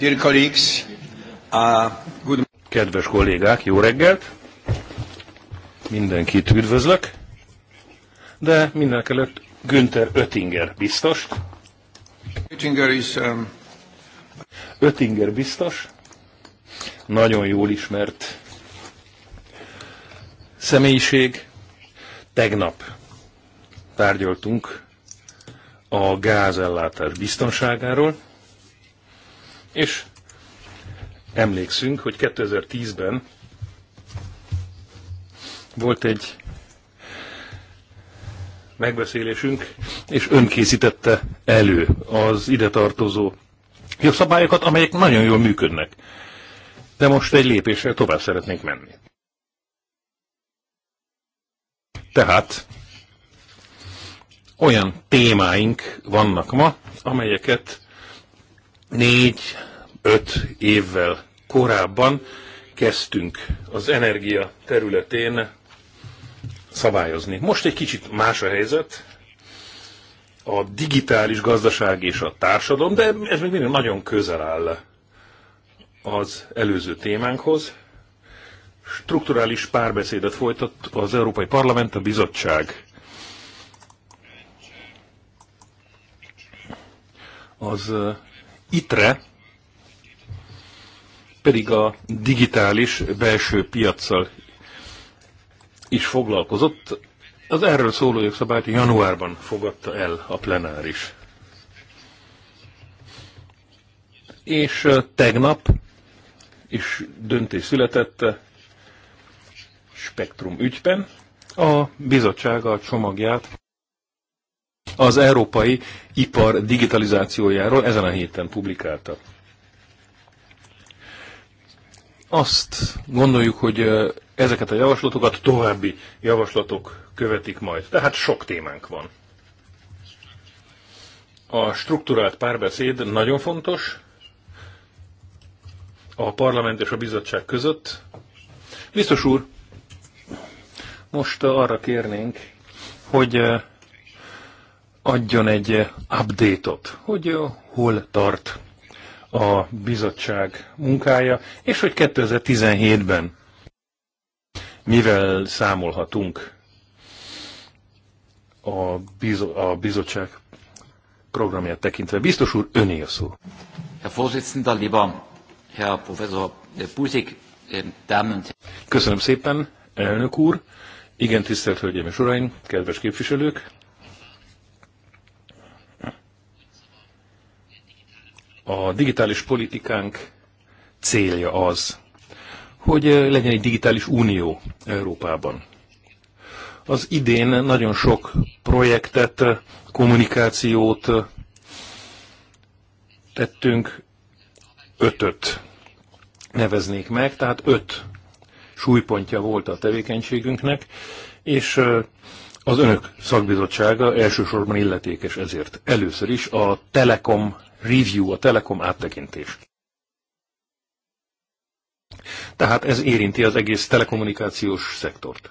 Dear colleagues, uh, good... Kedves kollégák, jó reggelt! Mindenkit üdvözlök, de mindenek előtt Günther Öttinger biztos. Öttinger is... Um... Öttinger biztos, nagyon jól ismert személyiség. Tegnap tárgyaltunk a gázellátás biztonságáról, és emlékszünk, hogy 2010-ben volt egy megbeszélésünk, és ön készítette elő az ide tartozó jogszabályokat, amelyek nagyon jól működnek. De most egy lépéssel tovább szeretnénk menni. Tehát olyan témáink vannak ma, amelyeket négy-öt évvel korábban kezdtünk az energia területén szabályozni. Most egy kicsit más a helyzet, a digitális gazdaság és a társadalom, de ez még mindig nagyon közel áll az előző témánkhoz. Strukturális párbeszédet folytat az Európai Parlament, a bizottság. Az ITRE pedig a digitális belső piaccal is foglalkozott. Az erről szóló jogszabályt januárban fogadta el a plenáris. És tegnap is döntés született Spektrum ügyben. A bizottság a csomagját az európai ipar digitalizációjáról ezen a héten publikálta. Azt gondoljuk, hogy ezeket a javaslatokat további javaslatok követik majd. Tehát sok témánk van. A strukturált párbeszéd nagyon fontos a parlament és a bizottság között. Biztos úr, most arra kérnénk, hogy adjon egy update-ot, hogy hol tart a bizottság munkája, és hogy 2017-ben mivel számolhatunk a, bizo- a bizottság programját tekintve. Biztos úr, öné a szó. Herr Vorsitzender, lieber Herr Professor Busik, ähm, Damen Köszönöm szépen, elnök úr. Igen, tisztelt Hölgyeim és Uraim, kedves képviselők, a digitális politikánk célja az, hogy eh, legyen egy digitális unió Európában. Az idén nagyon sok projektet, kommunikációt eh, tettünk, ötöt neveznék meg, tehát öt súlypontja volt a tevékenységünknek, és eh, az önök szakbizottsága elsősorban illetékes ezért. Először is a Telekom review, a Telekom áttekintés. Tehát ez érinti az egész telekommunikációs szektort.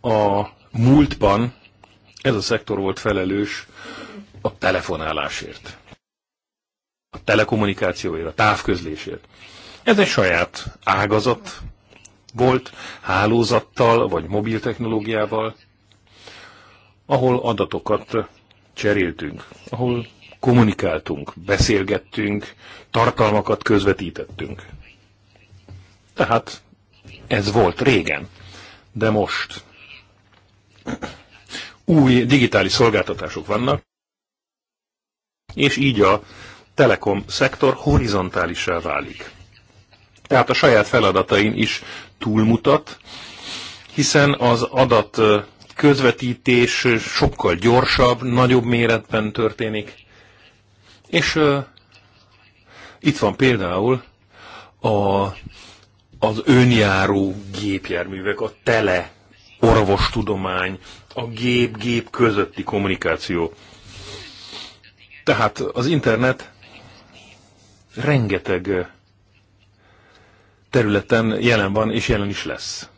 A múltban ez a szektor volt felelős a telefonálásért, a telekommunikációért, a távközlésért. Ez egy saját ágazat volt, hálózattal vagy mobiltechnológiával, ahol adatokat cseréltünk, ahol kommunikáltunk, beszélgettünk, tartalmakat közvetítettünk. Tehát ez volt régen, de most új digitális szolgáltatások vannak, és így a telekom szektor horizontálisra válik. Tehát a saját feladatain is túlmutat, hiszen az adat közvetítés sokkal gyorsabb, nagyobb méretben történik, és uh, itt van például a, az önjáró gépjárművek, a tele orvostudomány, a gép-gép közötti kommunikáció. Tehát az internet rengeteg területen jelen van, és jelen is lesz.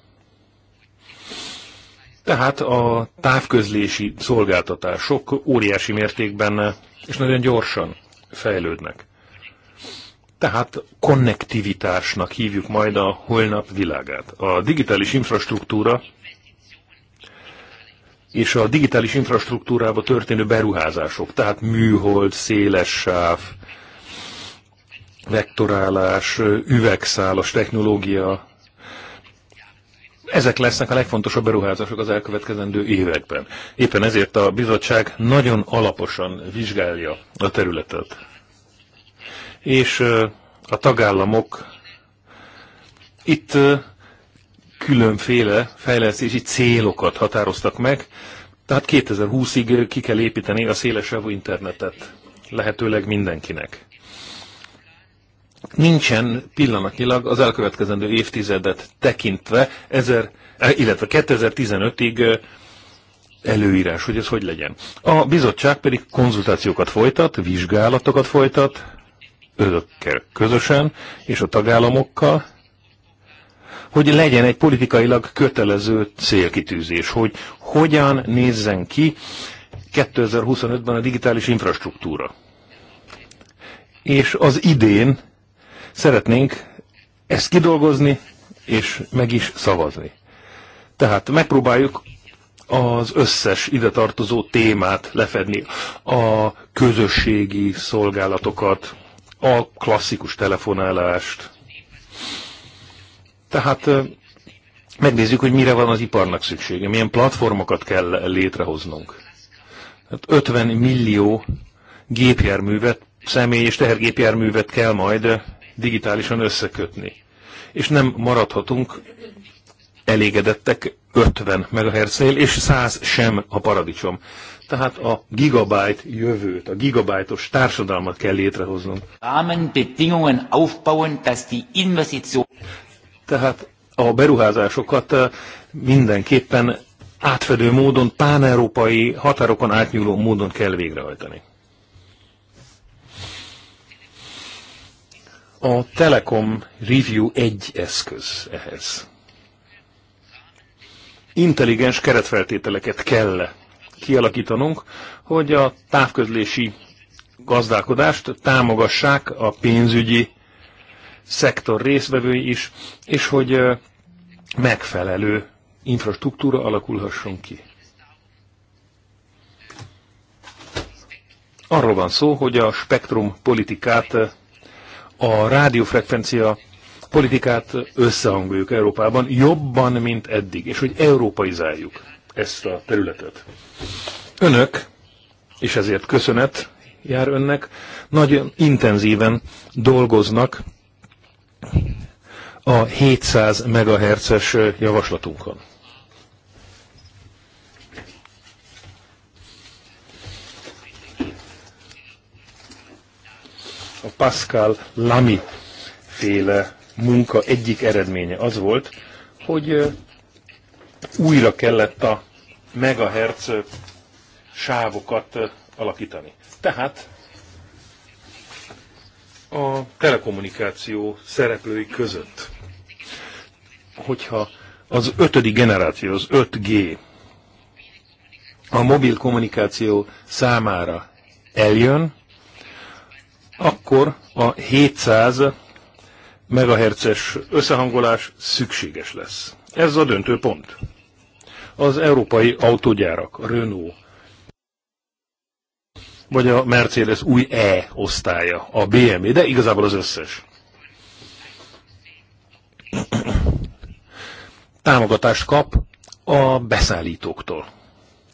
Tehát a távközlési szolgáltatások óriási mértékben és nagyon gyorsan fejlődnek. Tehát konnektivitásnak hívjuk majd a holnap világát. A digitális infrastruktúra és a digitális infrastruktúrába történő beruházások, tehát műhold, széles sáv, vektorálás, üvegszálas technológia, ezek lesznek a legfontosabb beruházások az elkövetkezendő években. Éppen ezért a bizottság nagyon alaposan vizsgálja a területet. És a tagállamok itt különféle fejlesztési célokat határoztak meg, tehát 2020-ig ki kell építeni a szélesebb internetet lehetőleg mindenkinek nincsen pillanatilag az elkövetkezendő évtizedet tekintve, ezer, eh, illetve 2015-ig eh, előírás, hogy ez hogy legyen. A bizottság pedig konzultációkat folytat, vizsgálatokat folytat, önökkel közösen és a tagállamokkal, hogy legyen egy politikailag kötelező célkitűzés, hogy hogyan nézzen ki 2025-ben a digitális infrastruktúra. És az idén Szeretnénk ezt kidolgozni, és meg is szavazni. Tehát megpróbáljuk az összes ide tartozó témát lefedni. A közösségi szolgálatokat, a klasszikus telefonálást. Tehát megnézzük, hogy mire van az iparnak szüksége, milyen platformokat kell létrehoznunk. Hát 50 millió gépjárművet, személy és tehergépjárművet kell majd digitálisan összekötni. És nem maradhatunk elégedettek 50 MHz-nél, és 100 sem a paradicsom. Tehát a gigabyte jövőt, a gigabajtos társadalmat kell létrehoznunk. aufbauen, dass die Tehát a beruházásokat eh, mindenképpen átfedő módon, páneurópai határokon átnyúló módon kell végrehajtani. A Telekom Review egy eszköz ehhez. Intelligens keretfeltételeket kell kialakítanunk, hogy a távközlési gazdálkodást támogassák a pénzügyi szektor részvevői is, és hogy megfelelő infrastruktúra alakulhasson ki. Arról van szó, hogy a spektrum politikát a rádiófrekvencia politikát összehangoljuk Európában jobban, mint eddig, és hogy európaizáljuk ezt a területet. Önök, és ezért köszönet jár önnek, nagyon intenzíven dolgoznak a 700 MHz-es javaslatunkon. a Pascal Lamy féle munka egyik eredménye az volt, hogy újra kellett a megahertz sávokat alakítani. Tehát a telekommunikáció szereplői között, hogyha az ötödik generáció, az 5G a mobil kommunikáció számára eljön, akkor a 700 megaherces összehangolás szükséges lesz. Ez a döntő pont. Az európai autógyárak, a Renault, vagy a Mercedes új E osztálya, a BMW, de igazából az összes. Támogatást kap a beszállítóktól.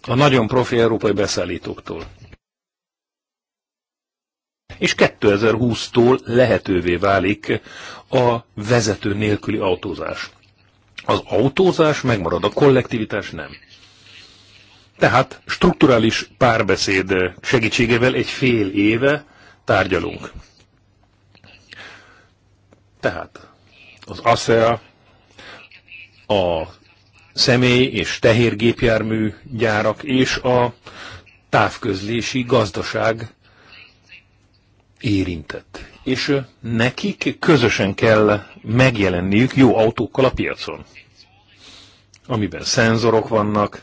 A nagyon profi európai beszállítóktól és 2020-tól lehetővé válik a vezető nélküli autózás. Az autózás megmarad, a kollektivitás nem. Tehát strukturális párbeszéd segítségével egy fél éve tárgyalunk. Tehát az ASEA, e a személy és tehérgépjármű gyárak és a távközlési gazdaság érintett. És nekik közösen kell megjelenniük jó autókkal a piacon, amiben szenzorok vannak,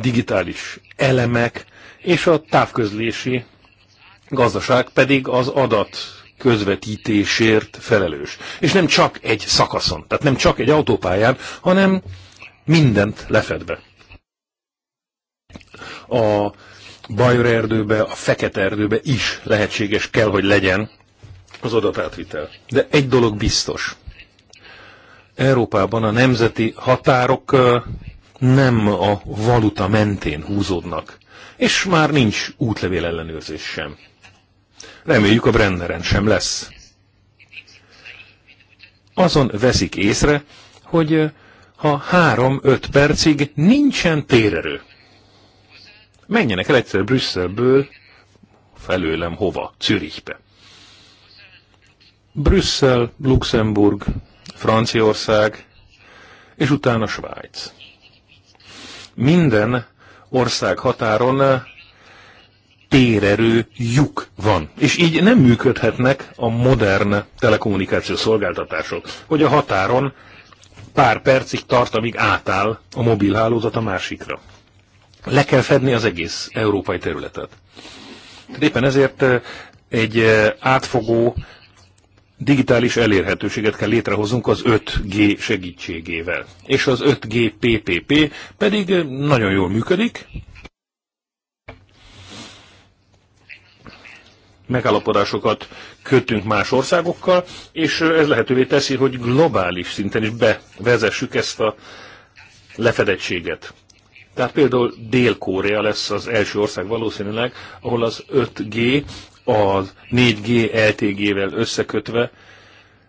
digitális elemek, és a távközlési gazdaság pedig az adat közvetítésért felelős. És nem csak egy szakaszon, tehát nem csak egy autópályán, hanem mindent lefedve. A Bajor erdőbe, a Fekete erdőbe is lehetséges kell, hogy legyen az adatátvitel. De egy dolog biztos. Európában a nemzeti határok nem a valuta mentén húzódnak, és már nincs útlevél ellenőrzés sem. Reméljük a Brenneren sem lesz. Azon veszik észre, hogy ha három-öt percig nincsen térerő, menjenek el egyszer Brüsszelből felőlem hova? Zürichbe. Brüsszel, Luxemburg, Franciaország, és utána Svájc. Minden ország határon eh, térerő lyuk van. És így nem működhetnek a modern telekommunikációs szolgáltatások, hogy a határon pár percig tart, amíg átáll a mobilhálózat a másikra le kell fedni az egész európai területet. Tehát éppen ezért eh, egy eh, átfogó digitális elérhetőséget kell létrehozunk az 5G segítségével. És az 5G PPP pedig eh, nagyon jól működik. Megállapodásokat kötünk más országokkal, és ez lehetővé teszi, hogy globális szinten is bevezessük ezt a lefedettséget. Tehát például Dél-Korea lesz az első ország valószínűleg, ahol az 5G az 4G LTG-vel összekötve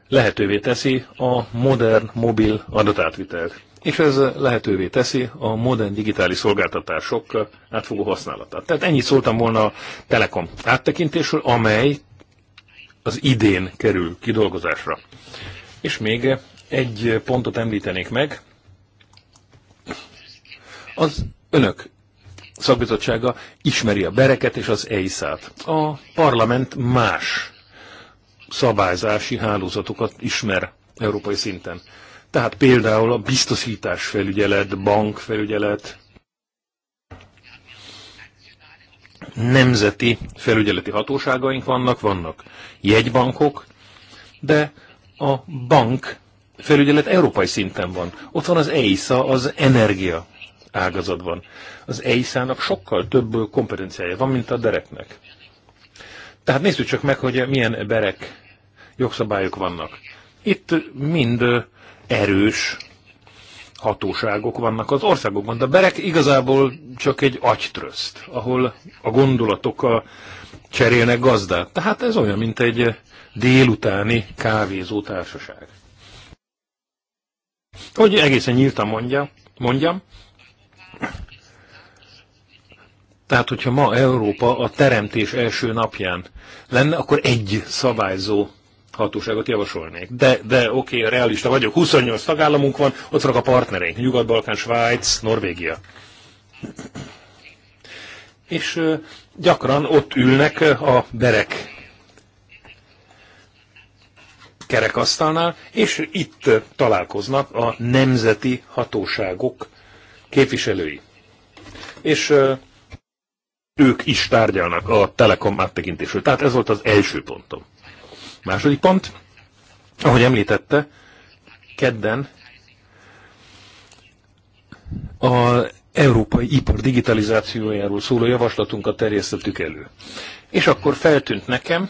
lehetővé teszi a modern mobil adatátvitelt. És ez lehetővé teszi a modern digitális szolgáltatások átfogó használatát. Tehát ennyit szóltam volna a Telekom áttekintésről, amely az idén kerül kidolgozásra. És még egy pontot említenék meg, az önök szakbizottsága ismeri a bereket és az EISZ-át. A parlament más szabályzási hálózatokat ismer európai szinten. Tehát például a biztosítás felügyelet, bankfelügyelet, nemzeti felügyeleti hatóságaink vannak, vannak jegybankok, de a bank felügyelet európai szinten van. Ott van az EISA, az energia ágazatban. Az eisz nak sokkal több kompetenciája van, mint a dereknek. Tehát nézzük csak meg, hogy milyen berek jogszabályok vannak. Itt mind erős hatóságok vannak az országokban, de a berek igazából csak egy agytröszt, ahol a gondolatok a cserélnek gazdát. Tehát ez olyan, mint egy délutáni kávézó társaság. Hogy egészen nyíltan mondja, mondjam, tehát, hogyha ma Európa a teremtés első napján lenne, akkor egy szabályzó hatóságot javasolnék. De, de oké, okay, realista vagyok, 28 tagállamunk van, ott vannak a partnereink, Nyugat-Balkán, Svájc, Norvégia. És gyakran ott ülnek a berek kerekasztalnál, és itt találkoznak a nemzeti hatóságok képviselői. És ők is tárgyalnak a Telekom áttekintésről. Tehát ez volt az első pontom. Második pont, ahogy említette, kedden a európai ipar digitalizációjáról szóló javaslatunkat terjesztettük elő. És akkor feltűnt nekem,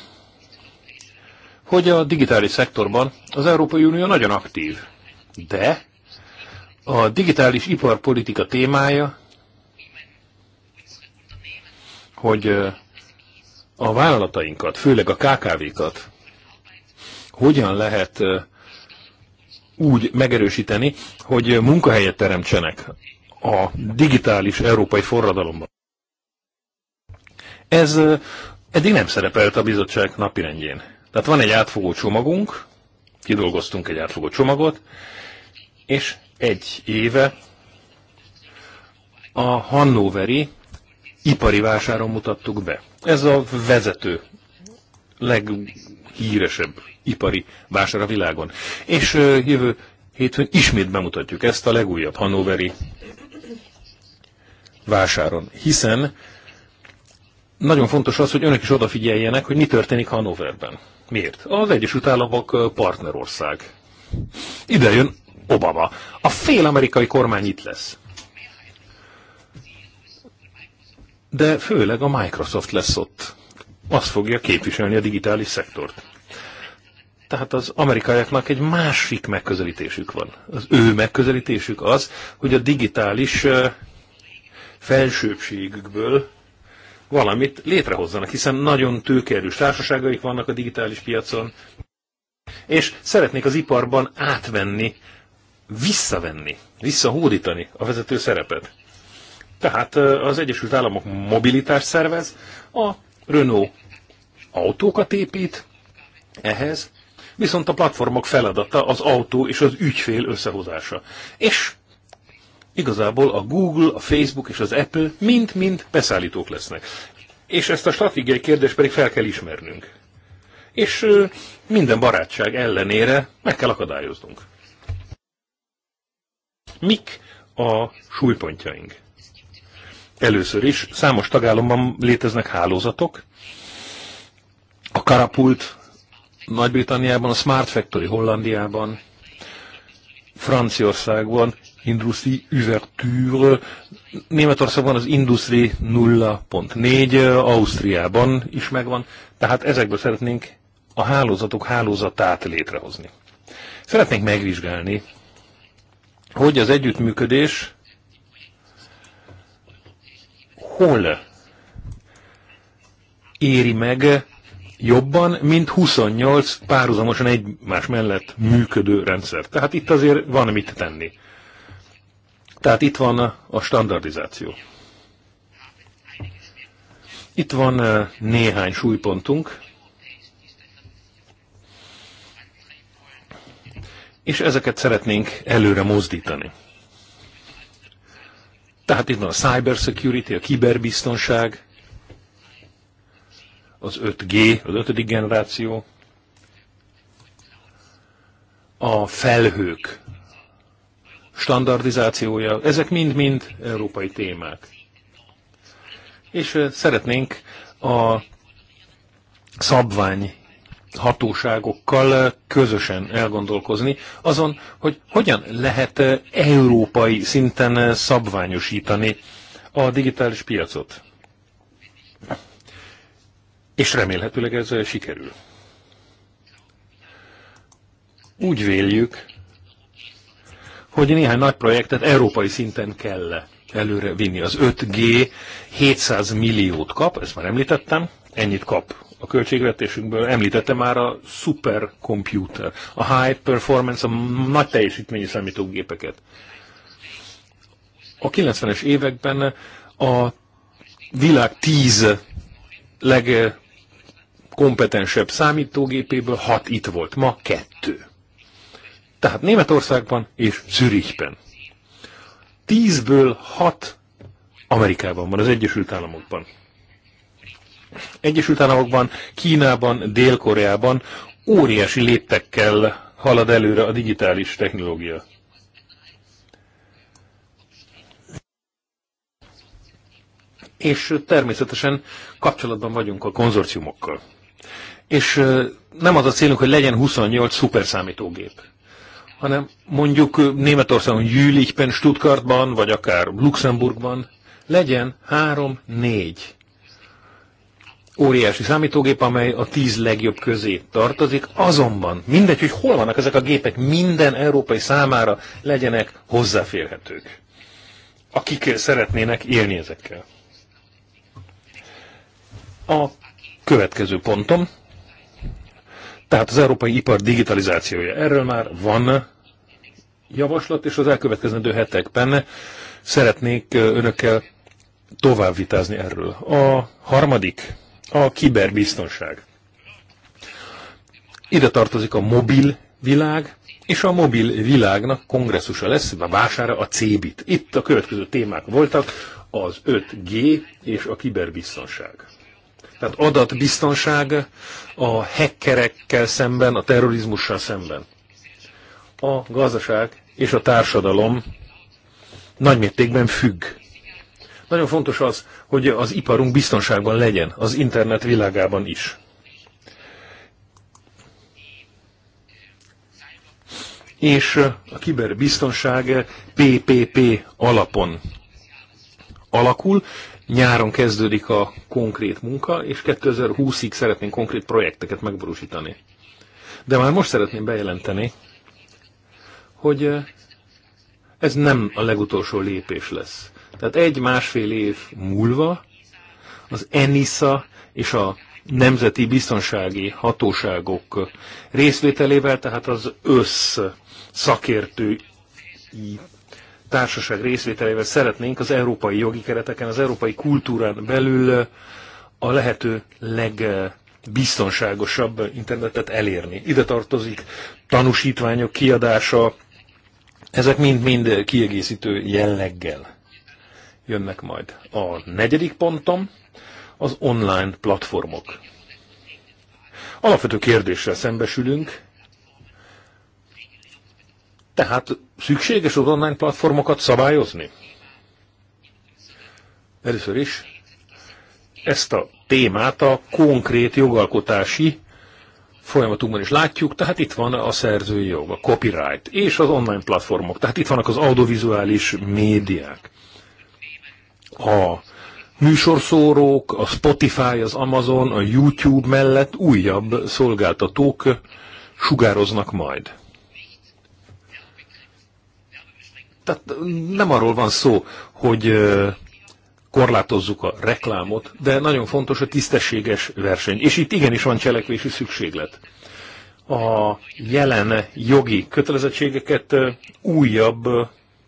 hogy a digitális szektorban az Európai Unió nagyon aktív, de a digitális iparpolitika témája hogy a vállalatainkat, főleg a KKV-kat hogyan lehet úgy megerősíteni, hogy munkahelyet teremtsenek a digitális európai forradalomban. Ez eddig nem szerepelt a bizottság napirendjén. Tehát van egy átfogó csomagunk, kidolgoztunk egy átfogó csomagot, és egy éve a Hannoveri ipari vásáron mutattuk be. Ez a vezető, leghíresebb ipari vásár a világon. És jövő hétfőn ismét bemutatjuk ezt a legújabb hanoveri vásáron, hiszen nagyon fontos az, hogy önök is odafigyeljenek, hogy mi történik Hanoverben. Miért? Az Egyesült Államok partnerország. Ide jön Obama. A fél amerikai kormány itt lesz. de főleg a Microsoft lesz ott. Azt fogja képviselni a digitális szektort. Tehát az amerikaiaknak egy másik megközelítésük van. Az ő megközelítésük az, hogy a digitális felsőbségükből valamit létrehozzanak, hiszen nagyon tőkerős társaságaik vannak a digitális piacon, és szeretnék az iparban átvenni, visszavenni, visszahódítani a vezető szerepet. Tehát az Egyesült Államok mobilitás szervez, a Renault autókat épít ehhez, viszont a platformok feladata az autó és az ügyfél összehozása. És igazából a Google, a Facebook és az Apple mind-mind beszállítók lesznek. És ezt a stratégiai kérdést pedig fel kell ismernünk. És minden barátság ellenére meg kell akadályoznunk. Mik a súlypontjaink? Először is számos tagállamban léteznek hálózatok. A Karapult Nagy-Britanniában, a Smart Factory Hollandiában, Franciaországban, Industri Ouverture, Németországban az Industri 0.4, Ausztriában is megvan, tehát ezekből szeretnénk a hálózatok hálózatát létrehozni. Szeretnénk megvizsgálni, hogy az együttműködés hol éri meg jobban, mint 28 párhuzamosan egymás mellett működő rendszer. Tehát itt azért van mit tenni. Tehát itt van a standardizáció. Itt van eh, néhány súlypontunk, és ezeket szeretnénk előre mozdítani. Tehát itt van a cybersecurity, a kiberbiztonság, az 5G, az ötödik generáció, a felhők standardizációja, ezek mind-mind európai témák. És szeretnénk a szabvány hatóságokkal közösen elgondolkozni azon, hogy hogyan lehet európai szinten szabványosítani a digitális piacot. És remélhetőleg ez sikerül. Úgy véljük, hogy néhány nagy projektet európai szinten kell előre vinni. Az 5G 700 milliót kap, ezt már említettem, ennyit kap a költségvetésünkből. Említette már a supercomputer, a high performance, a nagy teljesítményű számítógépeket. A 90-es években a világ 10 legkompetensebb számítógépéből 6 itt volt, ma 2. Tehát Németországban és Zürichben. Tízből hat Amerikában van, az Egyesült Államokban. Egyesült Államokban, Kínában, Dél-Koreában óriási léptekkel halad előre a digitális technológia. És természetesen kapcsolatban vagyunk a konzorciumokkal. És nem az a célunk, hogy legyen 28 szuperszámítógép, hanem mondjuk Németországon, Jülichben, Stuttgartban, vagy akár Luxemburgban legyen három-négy óriási számítógép, amely a tíz legjobb közé tartozik, azonban mindegy, hogy hol vannak ezek a gépek, minden európai számára legyenek hozzáférhetők, akik szeretnének élni ezekkel. A következő pontom, tehát az európai ipar digitalizációja. Erről már van javaslat, és az elkövetkezendő hetekben szeretnék önökkel tovább vitázni erről. A harmadik a kiberbiztonság. Ide tartozik a mobil világ, és a mobil világnak kongresszusa lesz, a vására a CBIT. Itt a következő témák voltak, az 5G és a kiberbiztonság. Tehát adatbiztonság a hekkerekkel szemben, a terrorizmussal szemben. A gazdaság és a társadalom nagymértékben függ nagyon fontos az, hogy az iparunk biztonságban legyen, az internet világában is. És a kiberbiztonság PPP alapon alakul. Nyáron kezdődik a konkrét munka, és 2020-ig szeretnénk konkrét projekteket megborúsítani. De már most szeretném bejelenteni, hogy ez nem a legutolsó lépés lesz. Tehát egy-másfél év múlva az ENISA és a nemzeti biztonsági hatóságok részvételével, tehát az össz szakértői társaság részvételével szeretnénk az európai jogi kereteken, az európai kultúrán belül a lehető legbiztonságosabb internetet elérni. Ide tartozik tanúsítványok kiadása, ezek mind-mind kiegészítő jelleggel jönnek majd. A negyedik pontom az online platformok. Alapvető kérdéssel szembesülünk, tehát szükséges az online platformokat szabályozni? Először is ezt a témát a konkrét jogalkotási folyamatunkban is látjuk, tehát itt van a szerzői jog, a copyright és az online platformok, tehát itt vannak az audiovizuális médiák a műsorszórók, a Spotify, az Amazon, a YouTube mellett újabb szolgáltatók sugároznak majd. Tehát nem arról van szó, hogy korlátozzuk a reklámot, de nagyon fontos a tisztességes verseny. És itt igenis van cselekvési szükséglet. A jelen jogi kötelezettségeket újabb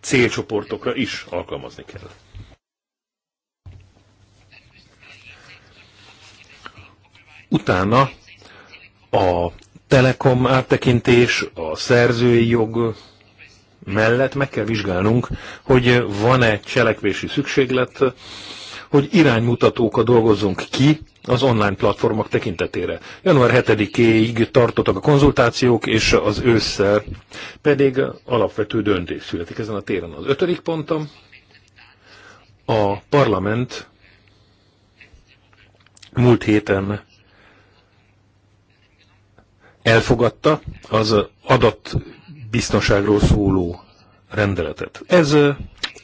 célcsoportokra is alkalmazni kell. Utána a telekom áttekintés, a szerzői jog mellett meg kell vizsgálnunk, hogy van-e cselekvési szükséglet, hogy iránymutatókat dolgozzunk ki az online platformok tekintetére. Január 7-ig tartottak a konzultációk, és az ősszel pedig alapvető döntés születik ezen a téren. Az ötödik pontom, a parlament múlt héten elfogadta az adatbiztonságról szóló rendeletet. Ez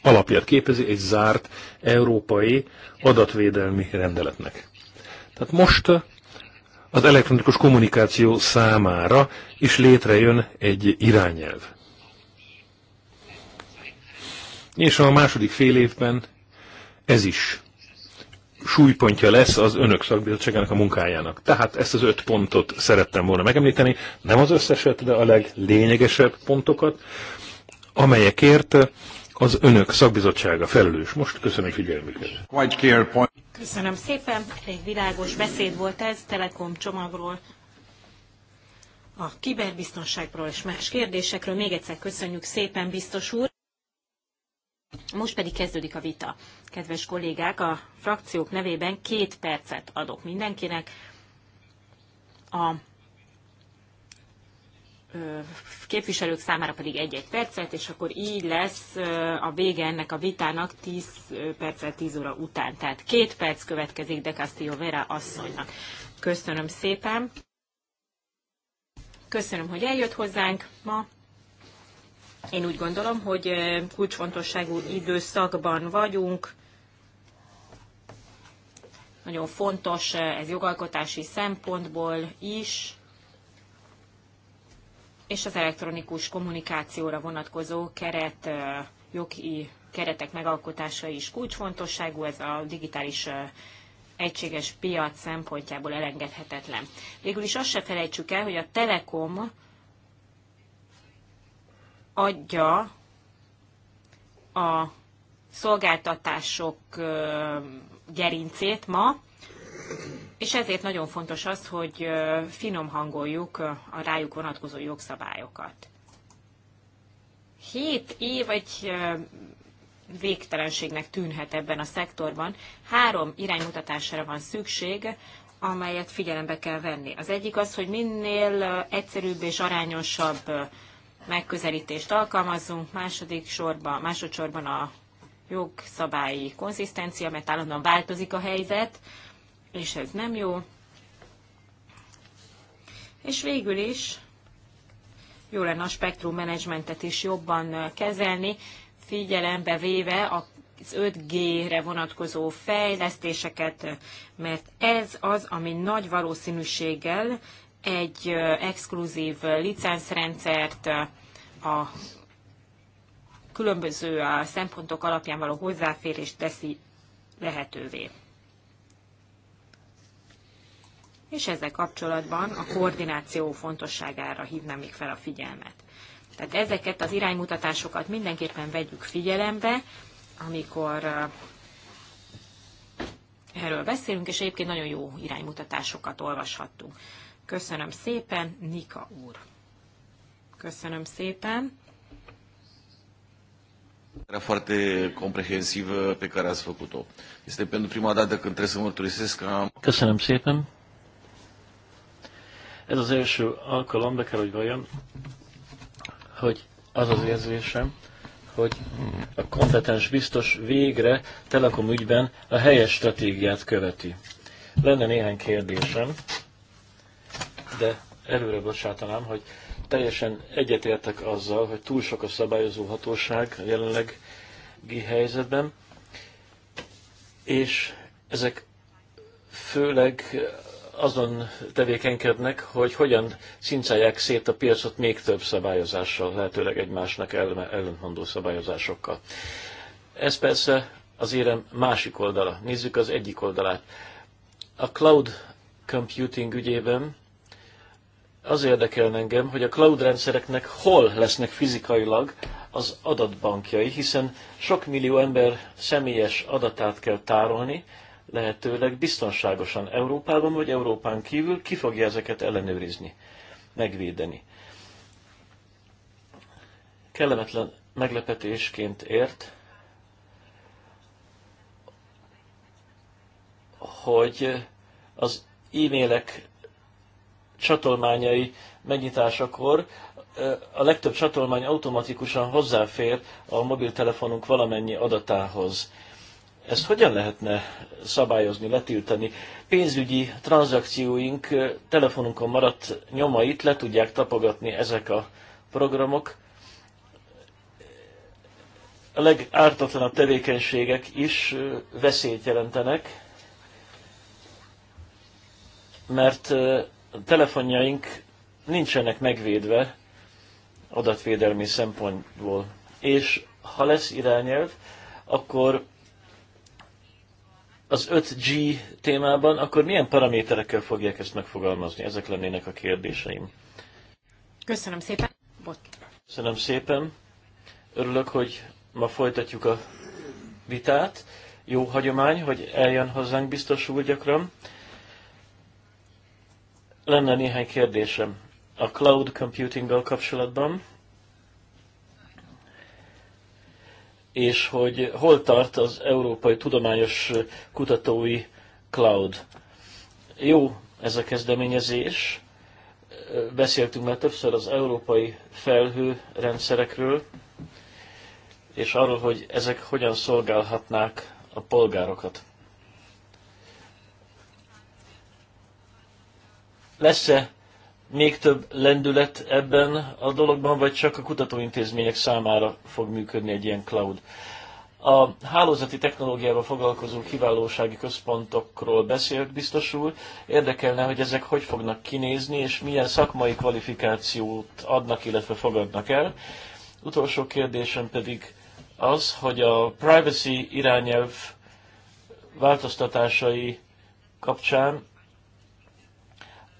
alapját képezi egy zárt európai adatvédelmi rendeletnek. Tehát most az elektronikus kommunikáció számára is létrejön egy irányelv. És a második fél évben ez is súlypontja lesz az önök szakbizottságának a munkájának. Tehát ezt az öt pontot szerettem volna megemlíteni, nem az összeset, de a leglényegesebb pontokat, amelyekért az önök szakbizottsága felelős. Most köszönöm figyelmüket. Köszönöm szépen, egy világos beszéd volt ez, Telekom csomagról, a kiberbiztonságról és más kérdésekről. Még egyszer köszönjük szépen, biztos úr. Most pedig kezdődik a vita. Kedves kollégák, a frakciók nevében két percet adok mindenkinek. A képviselők számára pedig egy-egy percet, és akkor így lesz a vége ennek a vitának 10 perccel 10 óra után. Tehát két perc következik De Castillo Vera asszonynak. Köszönöm szépen! Köszönöm, hogy eljött hozzánk ma. Én úgy gondolom, hogy kulcsfontosságú időszakban vagyunk. Nagyon fontos ez jogalkotási szempontból is, és az elektronikus kommunikációra vonatkozó keret, jogi keretek megalkotása is kulcsfontosságú, ez a digitális egységes piac szempontjából elengedhetetlen. Végül is azt se felejtsük el, hogy a Telekom adja a szolgáltatások gerincét ma, és ezért nagyon fontos az, hogy finom hangoljuk a rájuk vonatkozó jogszabályokat. Hét év egy végtelenségnek tűnhet ebben a szektorban. Három iránymutatásra van szükség, amelyet figyelembe kell venni. Az egyik az, hogy minél egyszerűbb és arányosabb megközelítést alkalmazzunk, második sorban, másodszorban a jogszabályi konzisztencia, mert állandóan változik a helyzet, és ez nem jó. És végül is jó lenne a spektrum menedzsmentet is jobban kezelni, figyelembe véve az 5G-re vonatkozó fejlesztéseket, mert ez az, ami nagy valószínűséggel egy exkluzív licenszrendszert, a különböző szempontok alapján való hozzáférést teszi lehetővé. És ezzel kapcsolatban a koordináció fontosságára hívnám még fel a figyelmet. Tehát ezeket az iránymutatásokat mindenképpen vegyük figyelembe, amikor erről beszélünk, és egyébként nagyon jó iránymutatásokat olvashattunk. Köszönöm szépen, Nika úr. Köszönöm szépen. Era foarte comprehensivă pe care ați făcut-o. Este pentru prima dată când trebuie să mărturisesc că am... Köszönöm szépen. Ez az első alkalom, de kell, hogy vajon, hogy az az érzésem, hogy a kompetens biztos végre Telekom ügyben a helyes stratégiát követi. Lenne néhány kérdésem de előre bocsátanám, hogy teljesen egyetértek azzal, hogy túl sok a szabályozó hatóság a jelenlegi helyzetben, és ezek főleg azon tevékenykednek, hogy hogyan cincálják szét a piacot még több szabályozással, lehetőleg egymásnak ellentmondó szabályozásokkal. Ez persze az érem másik oldala. Nézzük az egyik oldalát. A cloud computing ügyében az érdekel engem, hogy a cloud rendszereknek hol lesznek fizikailag az adatbankjai, hiszen sok millió ember személyes adatát kell tárolni, lehetőleg biztonságosan Európában vagy Európán kívül ki fogja ezeket ellenőrizni, megvédeni. Kellemetlen meglepetésként ért, hogy az e-mailek csatolmányai megnyitásakor a legtöbb csatolmány automatikusan hozzáfér a mobiltelefonunk valamennyi adatához. Ezt hogyan lehetne szabályozni, letiltani? Pénzügyi tranzakcióink telefonunkon maradt nyomait le tudják tapogatni ezek a programok. A legártatlanabb tevékenységek is veszélyt jelentenek, mert a telefonjaink nincsenek megvédve adatvédelmi szempontból. És ha lesz irányelv, akkor az 5G témában, akkor milyen paraméterekkel fogják ezt megfogalmazni? Ezek lennének a kérdéseim. Köszönöm szépen. Bot. Köszönöm szépen. Örülök, hogy ma folytatjuk a vitát. Jó hagyomány, hogy eljön hozzánk biztos úr gyakran. Lenne néhány kérdésem a cloud computinggal kapcsolatban, és hogy hol tart az Európai Tudományos Kutatói Cloud. Jó ez a kezdeményezés, beszéltünk már többször az európai felhő rendszerekről, és arról, hogy ezek hogyan szolgálhatnák a polgárokat. lesz-e még több lendület ebben a dologban, vagy csak a kutatóintézmények számára fog működni egy ilyen cloud. A hálózati technológiával foglalkozó kiválósági központokról beszélt biztos úr. Érdekelne, hogy ezek hogy fognak kinézni, és milyen szakmai kvalifikációt adnak, illetve fogadnak el. Utolsó kérdésem pedig az, hogy a privacy irányelv változtatásai kapcsán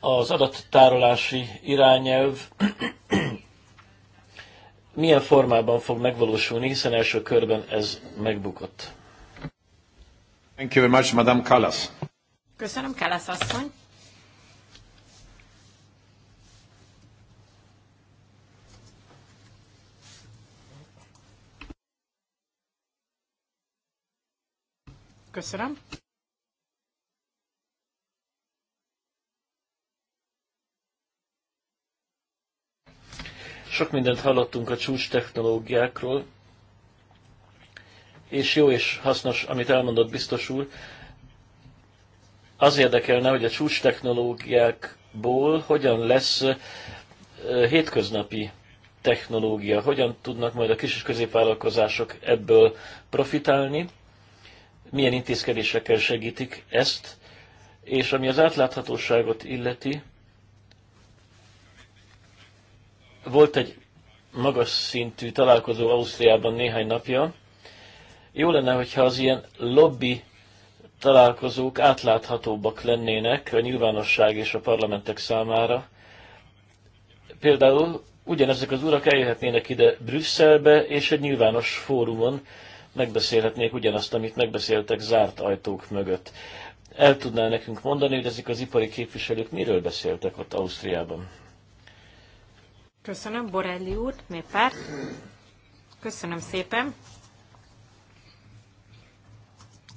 az adattárolási irányelv milyen formában fog megvalósulni, hiszen első körben ez megbukott. Thank you very much, Madame Kallas. Köszönöm, Kallas asszony. Köszönöm. Sok mindent hallottunk a csúcs technológiákról, és jó és hasznos, amit elmondott biztos úr. Az érdekelne, hogy a csúcs technológiákból hogyan lesz hétköznapi technológia, hogyan tudnak majd a kis és középvállalkozások ebből profitálni, milyen intézkedésekkel segítik ezt, és ami az átláthatóságot illeti, Volt egy magas szintű találkozó Ausztriában néhány napja. Jó lenne, hogyha az ilyen lobby találkozók átláthatóbbak lennének a nyilvánosság és a parlamentek számára. Például ugyanezek az urak eljöhetnének ide Brüsszelbe, és egy nyilvános fórumon megbeszélhetnék ugyanazt, amit megbeszéltek zárt ajtók mögött. El tudná nekünk mondani, hogy ezek az ipari képviselők miről beszéltek ott Ausztriában? Köszönöm, Borelli úr, néppárt. Köszönöm szépen.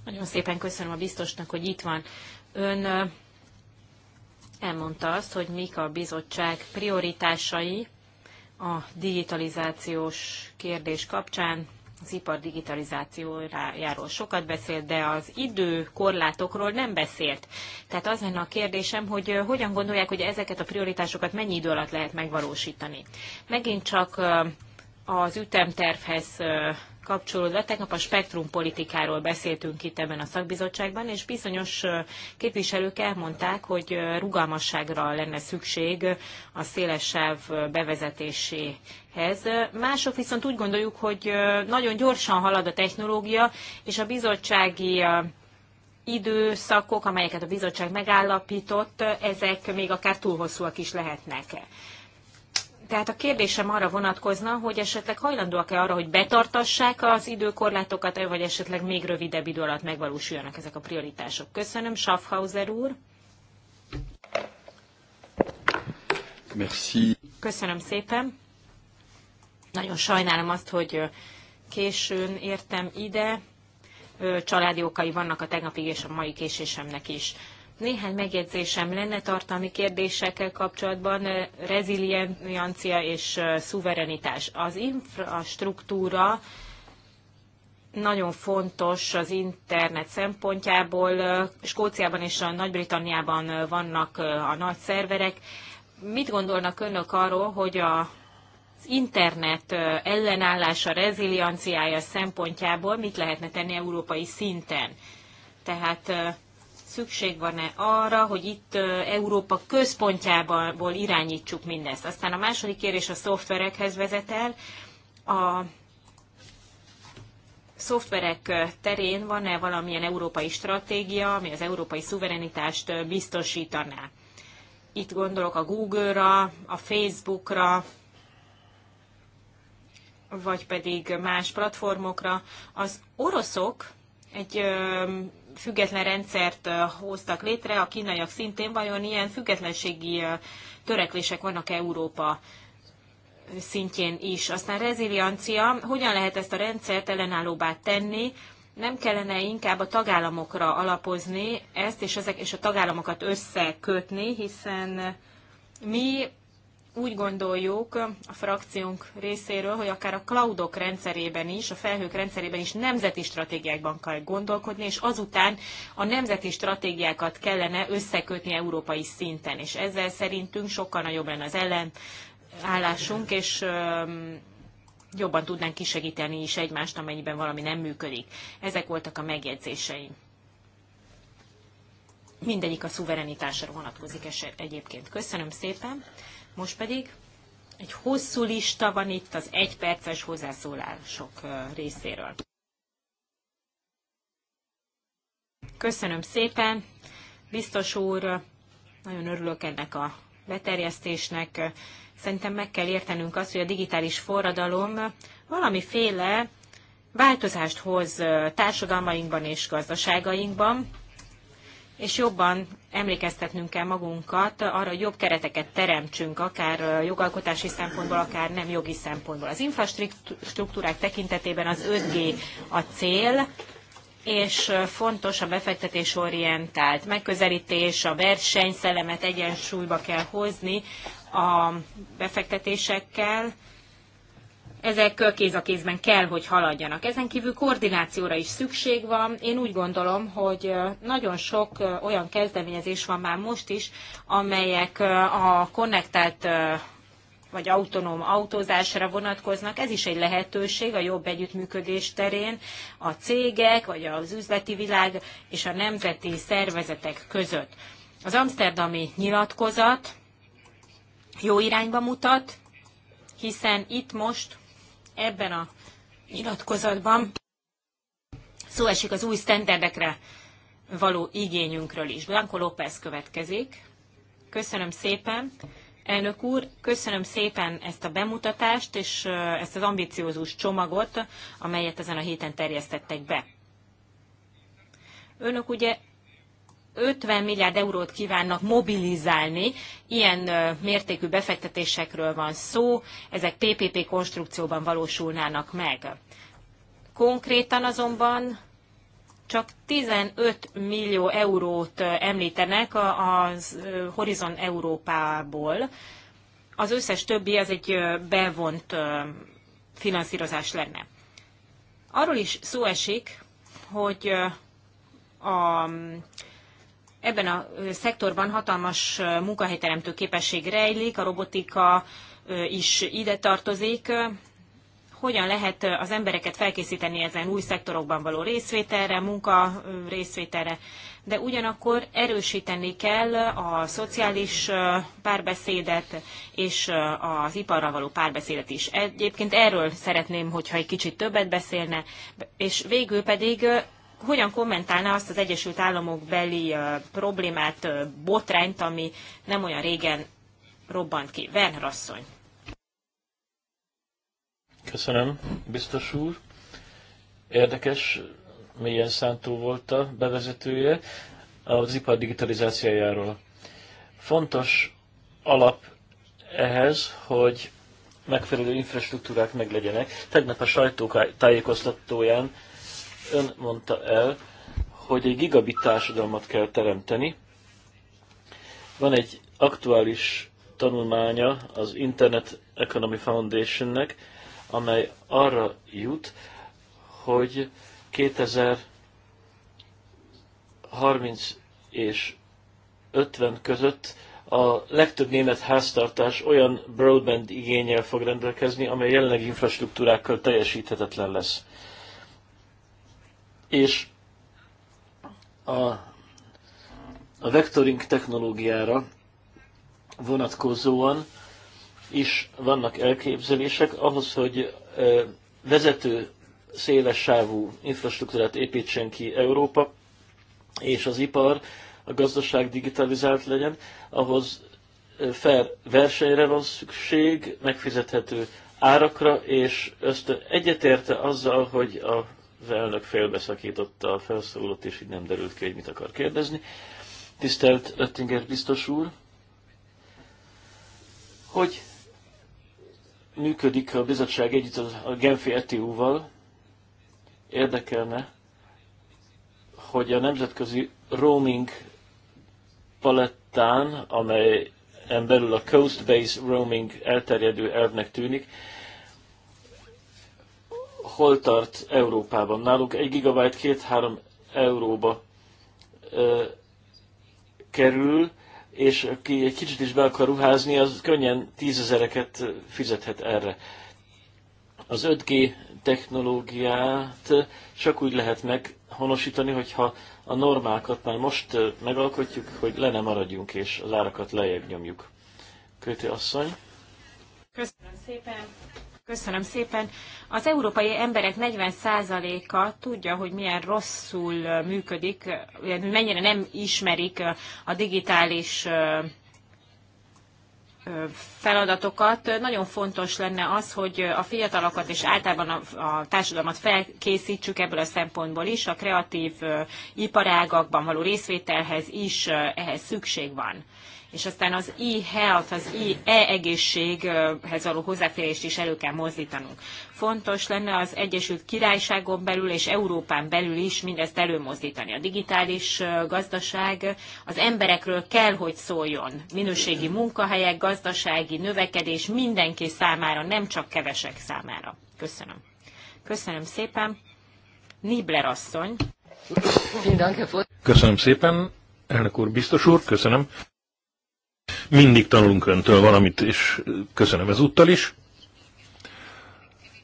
Nagyon szépen köszönöm a biztosnak, hogy itt van. Ön elmondta azt, hogy mik a bizottság prioritásai a digitalizációs kérdés kapcsán, az ipar digitalizációjáról sokat beszélt, de az időkorlátokról nem beszélt. Tehát az lenne a kérdésem, hogy hogyan gondolják, hogy ezeket a prioritásokat mennyi idő alatt lehet megvalósítani. Megint csak az ütemtervhez kapcsolódva, tegnap a spektrumpolitikáról beszéltünk itt ebben a szakbizottságban, és bizonyos képviselők elmondták, hogy rugalmasságra lenne szükség a széles sáv bevezetéséhez. Mások viszont úgy gondoljuk, hogy nagyon gyorsan halad a technológia, és a bizottsági időszakok, amelyeket a bizottság megállapított, ezek még akár túl hosszúak is lehetnek. Tehát a kérdésem arra vonatkozna, hogy esetleg hajlandóak-e arra, hogy betartassák az időkorlátokat, vagy esetleg még rövidebb idő alatt megvalósuljanak ezek a prioritások. Köszönöm, Schaffhauser úr. Merci. Köszönöm szépen. Nagyon sajnálom azt, hogy későn értem ide. Családi okai vannak a tegnapi és a mai késésemnek is. Néhány megjegyzésem lenne tartalmi kérdésekkel kapcsolatban, reziliencia és szuverenitás. Az infrastruktúra nagyon fontos az internet szempontjából. Skóciában és a Nagy-Britanniában vannak a nagy szerverek. Mit gondolnak önök arról, hogy a az internet ellenállása, rezilianciája szempontjából mit lehetne tenni európai szinten? Tehát szükség van-e arra, hogy itt Európa központjából irányítsuk mindezt. Aztán a második kérés a szoftverekhez vezet el. A szoftverek terén van-e valamilyen európai stratégia, ami az európai szuverenitást biztosítaná? Itt gondolok a Google-ra, a Facebookra, vagy pedig más platformokra. Az oroszok egy független rendszert hoztak létre, a kínaiak szintén vajon ilyen függetlenségi törekvések vannak Európa szintjén is. Aztán reziliancia. hogyan lehet ezt a rendszert ellenállóbbá tenni, nem kellene inkább a tagállamokra alapozni ezt, és, ezek, és a tagállamokat összekötni, hiszen mi úgy gondoljuk a frakciónk részéről, hogy akár a cloudok rendszerében is, a felhők rendszerében is nemzeti stratégiákban kell gondolkodni, és azután a nemzeti stratégiákat kellene összekötni európai szinten, és ezzel szerintünk sokkal nagyobb lenne az ellenállásunk, és jobban tudnánk kisegíteni is egymást, amennyiben valami nem működik. Ezek voltak a megjegyzéseim. Mindegyik a szuverenitásra vonatkozik egyébként. Köszönöm szépen! Most pedig egy hosszú lista van itt az egyperces hozzászólások részéről. Köszönöm szépen, biztos úr, nagyon örülök ennek a beterjesztésnek. Szerintem meg kell értenünk azt, hogy a digitális forradalom valamiféle változást hoz társadalmainkban és gazdaságainkban és jobban emlékeztetnünk kell magunkat arra, hogy jobb kereteket teremtsünk, akár jogalkotási szempontból, akár nem jogi szempontból. Az infrastruktúrák tekintetében az 5G a cél, és fontos a befektetésorientált megközelítés, a versenyszellemet egyensúlyba kell hozni a befektetésekkel, ezek kéz a kézben kell, hogy haladjanak. Ezen kívül koordinációra is szükség van. Én úgy gondolom, hogy nagyon sok olyan kezdeményezés van már most is, amelyek a konnektált vagy autonóm autózásra vonatkoznak. Ez is egy lehetőség a jobb együttműködés terén a cégek, vagy az üzleti világ és a nemzeti szervezetek között. Az amsterdami nyilatkozat jó irányba mutat, hiszen itt most ebben a nyilatkozatban szó esik az új sztenderdekre való igényünkről is. Blanco López következik. Köszönöm szépen. Elnök úr, köszönöm szépen ezt a bemutatást és ezt az ambiciózus csomagot, amelyet ezen a héten terjesztettek be. Önök ugye 50 milliárd eurót kívánnak mobilizálni, ilyen mértékű befektetésekről van szó, ezek PPP konstrukcióban valósulnának meg. Konkrétan azonban csak 15 millió eurót említenek az Horizon Európából, az összes többi az egy bevont finanszírozás lenne. Arról is szó esik, hogy a Ebben a szektorban hatalmas munkahelyteremtő képesség rejlik, a robotika is ide tartozik. Hogyan lehet az embereket felkészíteni ezen új szektorokban való részvételre, munka részvételre, de ugyanakkor erősíteni kell a szociális párbeszédet és az iparra való párbeszédet is. Egyébként erről szeretném, hogyha egy kicsit többet beszélne, és végül pedig hogyan kommentálná azt az Egyesült Államok beli problémát, botrányt, ami nem olyan régen robbant ki? Werner asszony. Köszönöm, biztos úr. Érdekes, milyen szántó volt a bevezetője az ipar digitalizációjáról. Fontos alap ehhez, hogy megfelelő infrastruktúrák meglegyenek. Tegnap a sajtótájékoztatóján ön mondta el, hogy egy gigabit társadalmat kell teremteni. Van egy aktuális tanulmánya az Internet Economy Foundationnek, amely arra jut, hogy 2030 és 50 között a legtöbb német háztartás olyan broadband igényel fog rendelkezni, amely jelenlegi infrastruktúrákkal teljesíthetetlen lesz és a, a vectoring technológiára vonatkozóan is vannak elképzelések ahhoz, hogy vezető széles sávú infrastruktúrát építsen ki Európa, és az ipar, a gazdaság digitalizált legyen, ahhoz fel versenyre van szükség, megfizethető árakra, és ezt egyetérte azzal, hogy a az elnök félbeszakította a felszólót, és így nem derült ki, hogy mit akar kérdezni. Tisztelt Öttinger biztos úr, hogy működik a bizottság együtt a Genfi ETU-val, érdekelne, hogy a nemzetközi roaming palettán, amely belül a Coast Base Roaming elterjedő elvnek tűnik, hol tart Európában. Nálunk egy gigabyte két-három euróba ö, kerül, és aki egy kicsit is be akar ruházni, az könnyen tízezereket fizethet erre. Az 5G technológiát csak úgy lehet meghonosítani, hogyha a normákat már most megalkotjuk, hogy le ne maradjunk, és az árakat lejjebb nyomjuk. Köti asszony. Köszönöm szépen. Köszönöm szépen. Az európai emberek 40%-a tudja, hogy milyen rosszul működik, mennyire nem ismerik a digitális feladatokat. Nagyon fontos lenne az, hogy a fiatalokat és általában a, társadalmat felkészítsük ebből a szempontból is, a kreatív iparágakban való részvételhez is ehhez szükség van és aztán az e-health, az e-egészséghez való hozzáférést is elő kell mozdítanunk. Fontos lenne az Egyesült Királyságon belül és Európán belül is mindezt előmozdítani. A digitális gazdaság az emberekről kell, hogy szóljon. Minőségi munkahelyek, gazdasági növekedés mindenki számára, nem csak kevesek számára. Köszönöm. Köszönöm szépen. Nibler asszony. Köszönöm szépen, elnök úr, biztos úr, köszönöm mindig tanulunk öntől valamit, és köszönöm ezúttal is.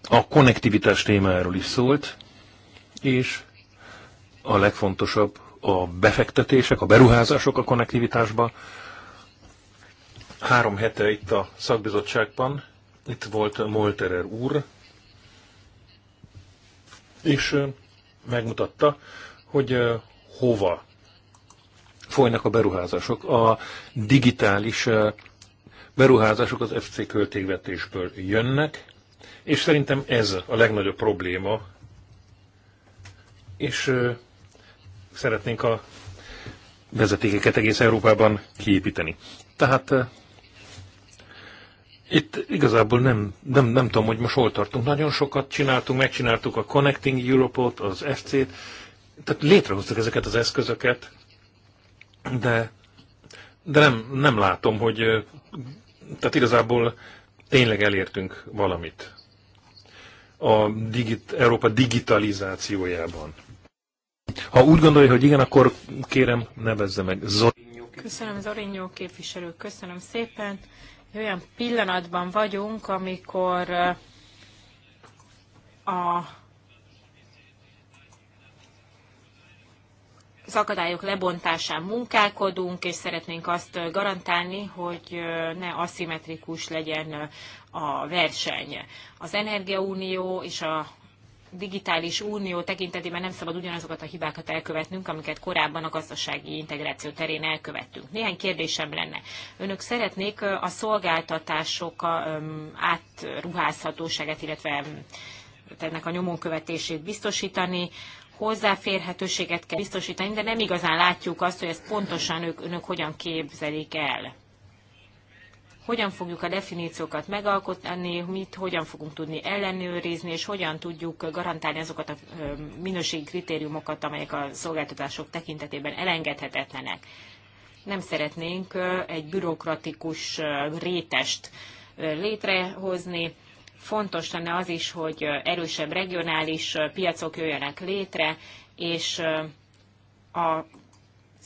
A konnektivitás témáról is szólt, és a legfontosabb a befektetések, a beruházások a konnektivitásba. Három hete itt a szakbizottságban, itt volt Molterer úr, és megmutatta, hogy hova folynak a beruházások. A digitális eh, beruházások az FC költségvetésből jönnek, és szerintem ez a legnagyobb probléma, és eh, szeretnénk a vezetékeket egész Európában kiépíteni. Tehát eh, itt igazából nem, nem, nem tudom, hogy most hol tartunk. Nagyon sokat csináltunk, megcsináltuk a Connecting Europe-ot, az FC-t, tehát létrehoztuk ezeket az eszközöket, de, de nem, nem látom, hogy tehát igazából tényleg elértünk valamit a digit, Európa digitalizációjában. Ha úgy gondolja, hogy igen, akkor kérem, nevezze meg. Zorinyó köszönöm, Zorinyó képviselő, köszönöm szépen. Olyan pillanatban vagyunk, amikor a az akadályok lebontásán munkálkodunk, és szeretnénk azt garantálni, hogy ne aszimmetrikus legyen a verseny. Az Energiaunió és a digitális unió tekintetében nem szabad ugyanazokat a hibákat elkövetnünk, amiket korábban a gazdasági integráció terén elkövettünk. Néhány kérdésem lenne. Önök szeretnék a szolgáltatások átruházhatóságát, illetve ennek a nyomon követését biztosítani hozzáférhetőséget kell biztosítani, de nem igazán látjuk azt, hogy ezt pontosan ők, önök hogyan képzelik el. Hogyan fogjuk a definíciókat megalkotni, mit hogyan fogunk tudni ellenőrizni, és hogyan tudjuk garantálni azokat a minőségi kritériumokat, amelyek a szolgáltatások tekintetében elengedhetetlenek. Nem szeretnénk egy bürokratikus rétest létrehozni, fontos lenne az is, hogy erősebb regionális piacok jöjjenek létre, és a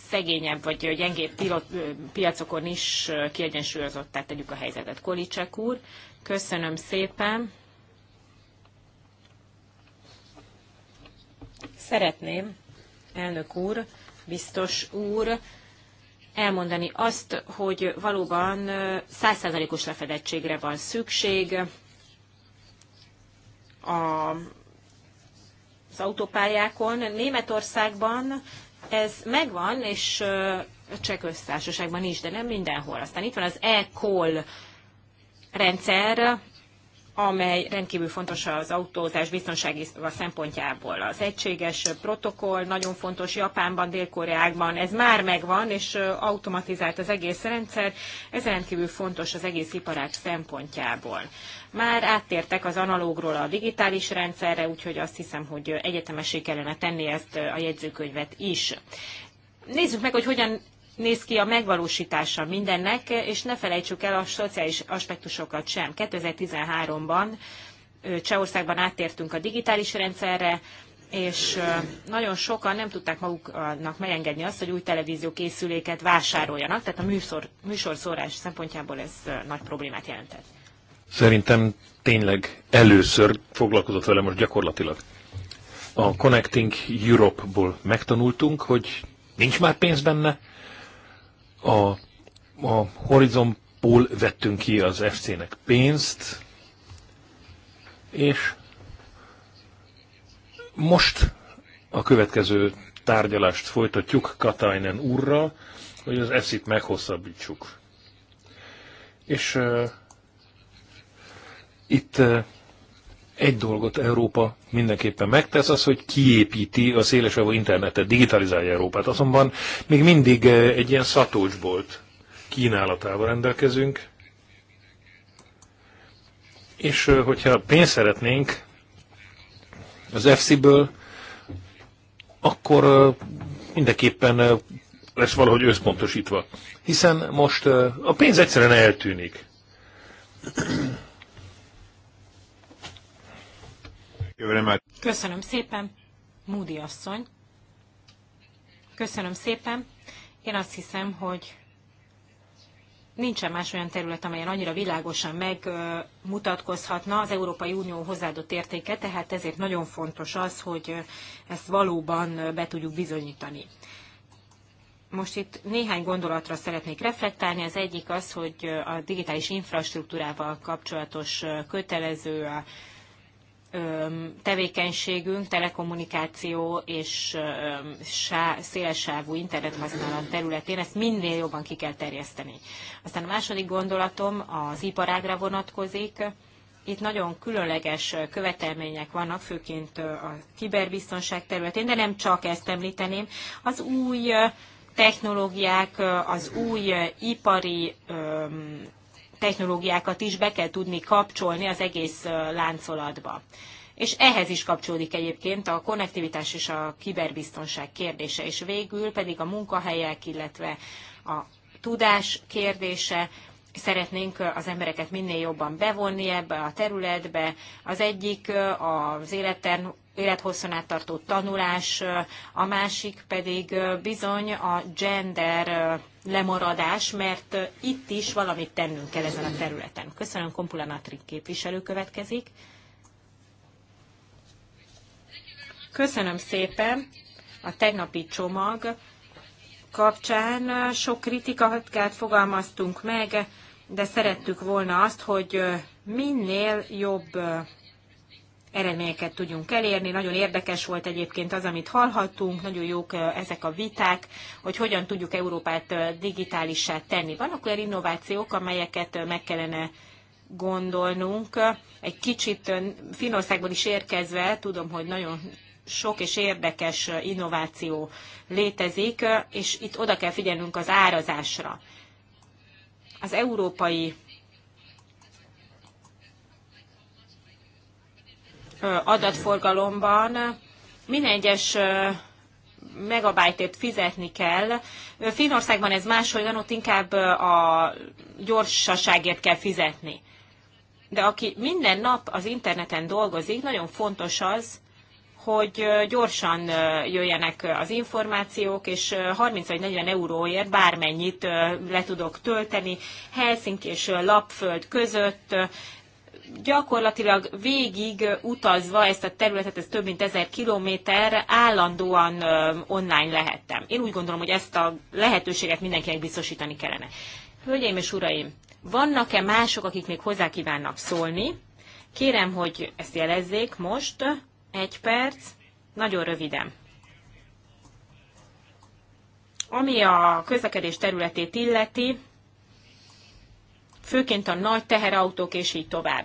szegényebb vagy gyengébb piacokon is kiegyensúlyozottá tegyük a helyzetet. Kolicsek úr, köszönöm szépen. Szeretném, elnök úr, biztos úr, elmondani azt, hogy valóban százszázalékos lefedettségre van szükség, a, az autópályákon. Németországban ez megvan, és a cseh köztársaságban is, de nem mindenhol. Aztán itt van az e-call rendszer, amely rendkívül fontos az autózás biztonsági szempontjából. Az egységes protokoll nagyon fontos Japánban, Dél-Koreákban, ez már megvan, és automatizált az egész rendszer, ez rendkívül fontos az egész iparág szempontjából. Már áttértek az analógról a digitális rendszerre, úgyhogy azt hiszem, hogy egyetemessé kellene tenni ezt a jegyzőkönyvet is. Nézzük meg, hogy hogyan néz ki a megvalósítása mindennek, és ne felejtsük el a szociális aspektusokat sem. 2013-ban Csehországban áttértünk a digitális rendszerre, és nagyon sokan nem tudták maguknak megengedni azt, hogy új televízió készüléket vásároljanak, tehát a műsor, műsorszórás szempontjából ez nagy problémát jelentett. Szerintem tényleg először foglalkozott vele most gyakorlatilag. A Connecting Europe-ból megtanultunk, hogy nincs már pénz benne, a, a Horizonból vettünk ki az FC-nek pénzt, és most a következő tárgyalást folytatjuk Katainen úrral, hogy az fc t meghosszabbítsuk. És uh, itt uh, egy dolgot Európa mindenképpen megtesz, az, hogy kiépíti a szélesebb internetet, digitalizálja Európát. Azonban még mindig eh, egy ilyen szatócsbolt kínálatával rendelkezünk, és eh, hogyha pénzt szeretnénk az FC-ből, akkor eh, mindenképpen lesz valahogy összpontosítva. Hiszen most a pénz egyszerűen eltűnik. Köszönöm szépen, Múdi asszony. Köszönöm szépen. Én azt hiszem, hogy nincsen más olyan terület, amelyen annyira világosan megmutatkozhatna az Európai Unió hozzáadott értéke, tehát ezért nagyon fontos az, hogy ezt valóban be tudjuk bizonyítani. Most itt néhány gondolatra szeretnék reflektálni. Az egyik az, hogy a digitális infrastruktúrával kapcsolatos kötelező a tevékenységünk, telekommunikáció és szélsávú internethasználat területén, ezt minél jobban ki kell terjeszteni. Aztán a második gondolatom az iparágra vonatkozik. Itt nagyon különleges követelmények vannak, főként a kiberbiztonság területén, de nem csak ezt említeném. Az új technológiák, az új ipari technológiákat is be kell tudni kapcsolni az egész láncolatba. És ehhez is kapcsolódik egyébként a konnektivitás és a kiberbiztonság kérdése, és végül pedig a munkahelyek, illetve a tudás kérdése, szeretnénk az embereket minél jobban bevonni ebbe a területbe. Az egyik az élettern élethosszon áttartó tanulás, a másik pedig bizony a gender lemaradás, mert itt is valamit tennünk kell ezen a területen. Köszönöm, Natri képviselő következik. Köszönöm szépen a tegnapi csomag kapcsán. Sok kritikát fogalmaztunk meg, de szerettük volna azt, hogy minél jobb eredményeket tudjunk elérni. Nagyon érdekes volt egyébként az, amit hallhattunk, nagyon jók ezek a viták, hogy hogyan tudjuk Európát digitálissá tenni. Vannak olyan innovációk, amelyeket meg kellene gondolnunk. Egy kicsit Finországból is érkezve, tudom, hogy nagyon sok és érdekes innováció létezik, és itt oda kell figyelnünk az árazásra. Az európai adatforgalomban minden egyes megabájtért fizetni kell. Finországban ez máshol van, ott inkább a gyorsaságért kell fizetni. De aki minden nap az interneten dolgozik, nagyon fontos az, hogy gyorsan jöjjenek az információk, és 30 vagy 40 euróért bármennyit le tudok tölteni Helsinki és Lapföld között, gyakorlatilag végig utazva ezt a területet, ez több mint ezer kilométer, állandóan online lehettem. Én úgy gondolom, hogy ezt a lehetőséget mindenkinek biztosítani kellene. Hölgyeim és uraim, vannak-e mások, akik még hozzá kívánnak szólni? Kérem, hogy ezt jelezzék most. Egy perc, nagyon röviden. Ami a közlekedés területét illeti, főként a nagy teherautók és így tovább.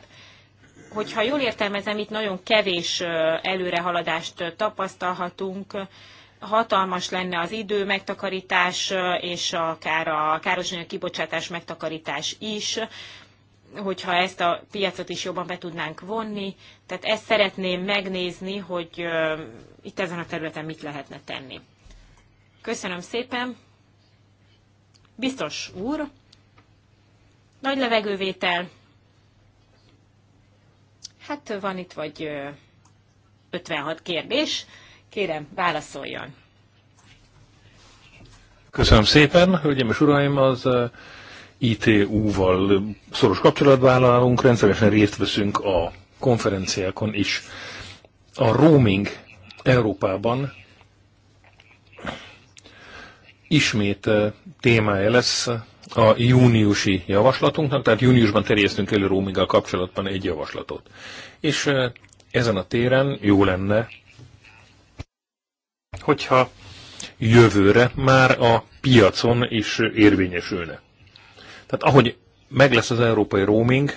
Hogyha jól értelmezem, itt nagyon kevés előrehaladást tapasztalhatunk, hatalmas lenne az idő megtakarítás, és akár a károsanyag kibocsátás megtakarítás is, hogyha ezt a piacot is jobban be tudnánk vonni. Tehát ezt szeretném megnézni, hogy itt ezen a területen mit lehetne tenni. Köszönöm szépen. Biztos úr, nagy levegővétel. Hát van itt vagy 56 kérdés. Kérem, válaszoljon. Köszönöm szépen, hölgyeim és uraim, az ITU-val szoros kapcsolatban állunk, rendszeresen részt veszünk a konferenciákon is. A roaming Európában ismét témája lesz a júniusi javaslatunknak, tehát júniusban terjesztünk elő roaminggal kapcsolatban egy javaslatot. És ezen a téren jó lenne, hogyha jövőre már a piacon is érvényesülne. Tehát ahogy meg lesz az európai roaming,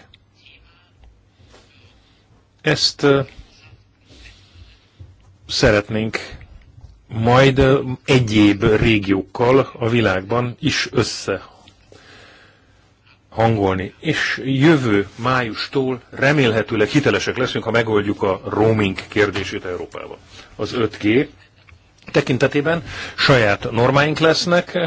ezt szeretnénk majd egyéb régiókkal a világban is össze hangolni, és jövő májustól remélhetőleg hitelesek leszünk, ha megoldjuk a roaming kérdését Európában. Az 5G tekintetében saját normáink lesznek,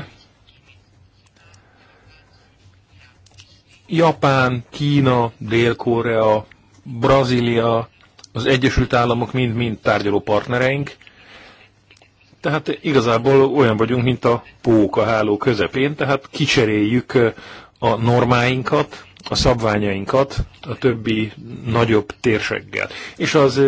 Japán, Kína, Dél-Korea, Brazília, az Egyesült Államok mind-mind tárgyaló partnereink. Tehát igazából olyan vagyunk, mint a pókaháló közepén, tehát kicseréljük a normáinkat, a szabványainkat a többi nagyobb térséggel. És az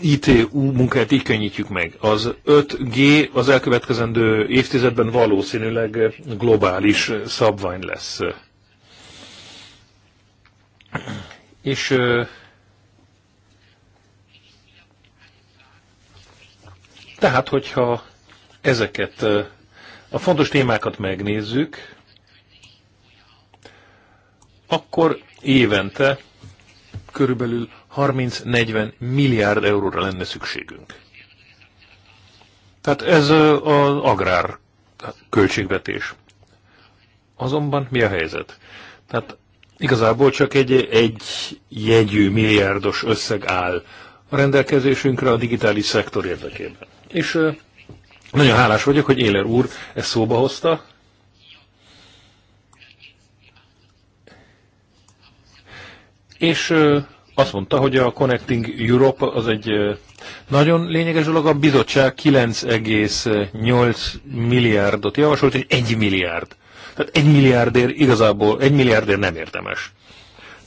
ITU munkát így könnyítjük meg. Az 5G az elkövetkezendő évtizedben valószínűleg globális szabvány lesz. És tehát, hogyha ezeket a fontos témákat megnézzük, akkor évente körülbelül 30-40 milliárd euróra lenne szükségünk. Tehát ez az agrár költségvetés. Azonban mi a helyzet? Tehát igazából csak egy, egy jegyű milliárdos összeg áll a rendelkezésünkre a digitális szektor érdekében. És nagyon hálás vagyok, hogy Éler úr ezt szóba hozta, és azt mondta, hogy a Connecting Europe az egy nagyon lényeges dolog, a bizottság 9,8 milliárdot javasolt, hogy 1 milliárd. Tehát 1 milliárdért igazából, 1 milliárdért nem érdemes.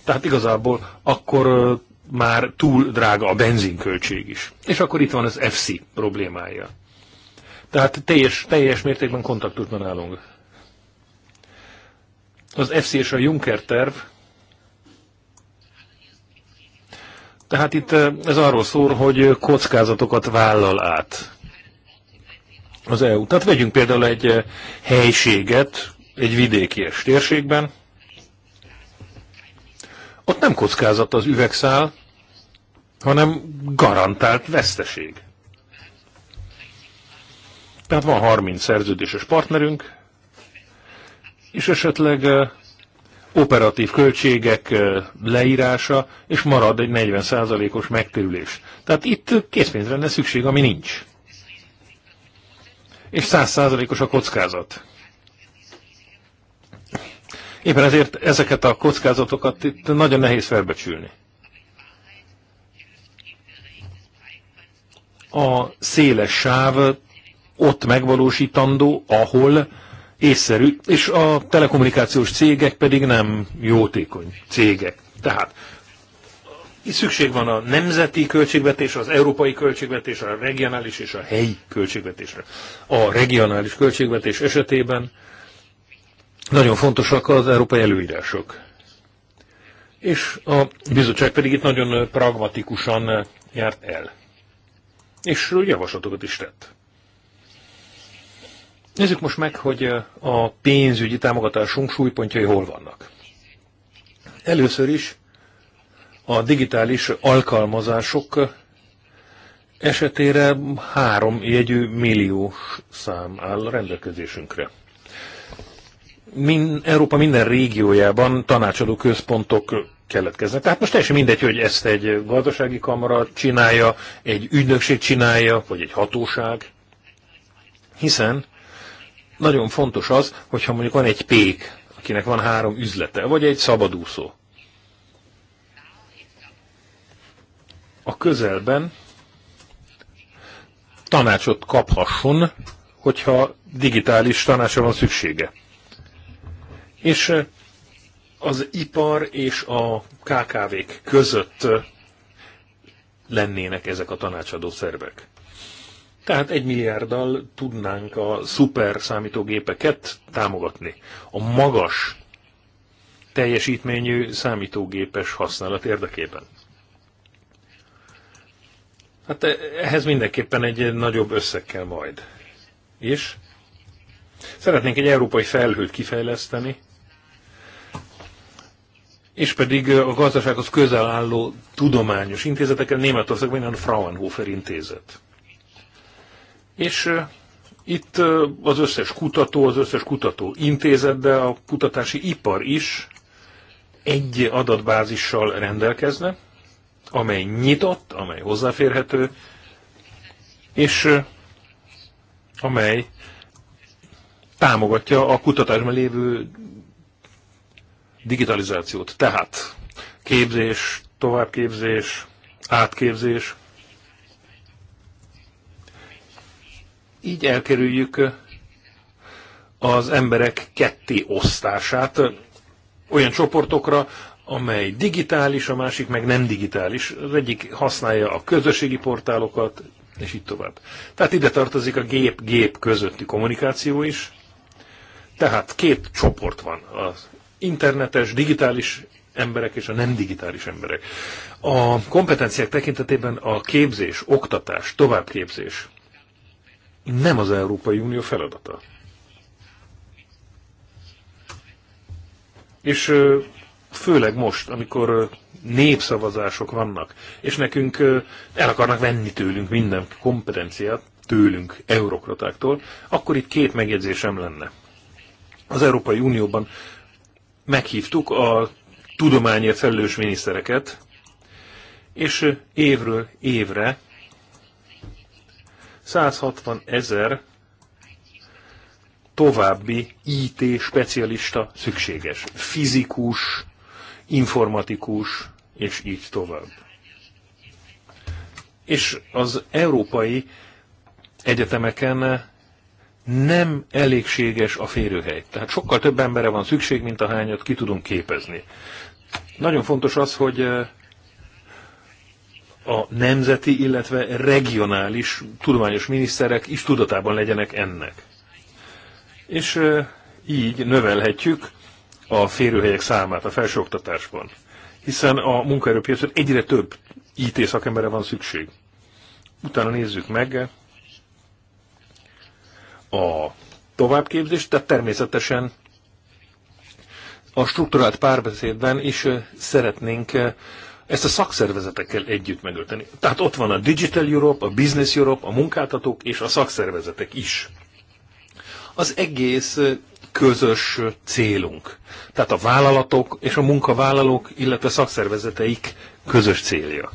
Tehát igazából akkor már túl drága a benzinköltség is. És akkor itt van az FC problémája. Tehát teljes, teljes mértékben kontaktusban állunk. Az FC és a Juncker terv Tehát itt ez arról szól, hogy kockázatokat vállal át az EU. Tehát vegyünk például egy helységet egy vidéki térségben, ott nem kockázat az üvegszál, hanem garantált veszteség. Tehát van 30 szerződéses partnerünk, és esetleg operatív költségek leírása, és marad egy 40%-os megtérülés. Tehát itt készpénzre lenne szükség, ami nincs. És 100%-os a kockázat. Éppen ezért ezeket a kockázatokat itt nagyon nehéz felbecsülni. A széles sáv ott megvalósítandó, ahol észszerű, és a telekommunikációs cégek pedig nem jótékony cégek. Tehát itt szükség van a nemzeti költségvetésre, az európai költségvetésre, a regionális és a helyi költségvetésre. A regionális költségvetés esetében nagyon fontosak az európai előírások. És a bizottság pedig itt nagyon pragmatikusan járt el. És javaslatokat is tett. Nézzük most meg, hogy a pénzügyi támogatásunk súlypontjai hol vannak. Először is a digitális alkalmazások esetére három jegyű milliós szám áll rendelkezésünkre. Min, Európa minden régiójában tanácsadó központok keletkeznek. Tehát most teljesen mindegy, hogy ezt egy gazdasági kamara csinálja, egy ügynökség csinálja, vagy egy hatóság, hiszen nagyon fontos az, hogyha mondjuk van egy pék, akinek van három üzlete, vagy egy szabadúszó. A közelben tanácsot kaphasson, hogyha digitális tanácsra van szüksége. És eh, az ipar és a KKV-k között eh, lennének ezek a tanácsadó szervek. Tehát egy milliárddal tudnánk a szuper számítógépeket támogatni. A magas teljesítményű számítógépes használat érdekében. Hát e- ehhez mindenképpen egy nagyobb összeg kell majd. És szeretnénk egy európai felhőt kifejleszteni, és pedig a gazdasághoz közel álló tudományos intézeteket, Németországban a Fraunhofer intézet. És itt az összes kutató, az összes kutató intézet, de a kutatási ipar is egy adatbázissal rendelkezne, amely nyitott, amely hozzáférhető, és amely támogatja a kutatásban lévő digitalizációt. Tehát képzés, továbbképzés, átképzés, Így elkerüljük az emberek ketté osztását olyan csoportokra, amely digitális, a másik meg nem digitális. Az egyik használja a közösségi portálokat, és így tovább. Tehát ide tartozik a gép-gép közötti kommunikáció is. Tehát két csoport van, az internetes, digitális emberek és a nem digitális emberek. A kompetenciák tekintetében a képzés, oktatás, továbbképzés nem az Európai Unió feladata. És főleg most, amikor népszavazások vannak, és nekünk el akarnak venni tőlünk minden kompetenciát, tőlünk, eurokratáktól, akkor itt két megjegyzésem lenne. Az Európai Unióban meghívtuk a tudományért felelős minisztereket, és évről évre 160 ezer további IT specialista szükséges. Fizikus, informatikus, és így tovább. És az európai egyetemeken nem elégséges a férőhely. Tehát sokkal több embere van szükség, mint hányat ki tudunk képezni. Nagyon fontos az, hogy a nemzeti, illetve regionális tudományos miniszterek is tudatában legyenek ennek. És így növelhetjük a férőhelyek számát a felsőoktatásban, hiszen a munkaerőpiacon egyre több IT szakemberre van szükség. Utána nézzük meg a továbbképzést, tehát természetesen a strukturált párbeszédben is szeretnénk ezt a szakszervezetekkel együtt megölteni. Tehát ott van a Digital Europe, a Business Europe, a munkáltatók és a szakszervezetek is. Az egész közös célunk. Tehát a vállalatok és a munkavállalók, illetve szakszervezeteik közös célja.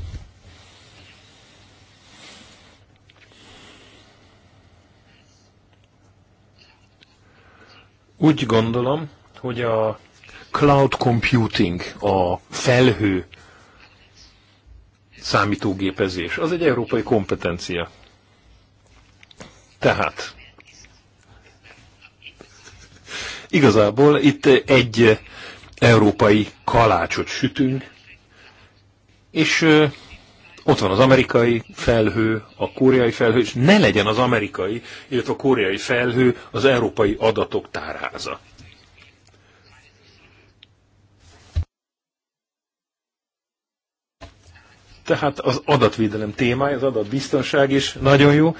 Úgy gondolom, hogy a cloud computing, a felhő számítógépezés. Az egy európai kompetencia. Tehát igazából itt egy európai kalácsot sütünk, és ott van az amerikai felhő, a koreai felhő, és ne legyen az amerikai, illetve a koreai felhő az európai adatok tárháza. Tehát az adatvédelem témája, az adatbiztonság is nagyon jó.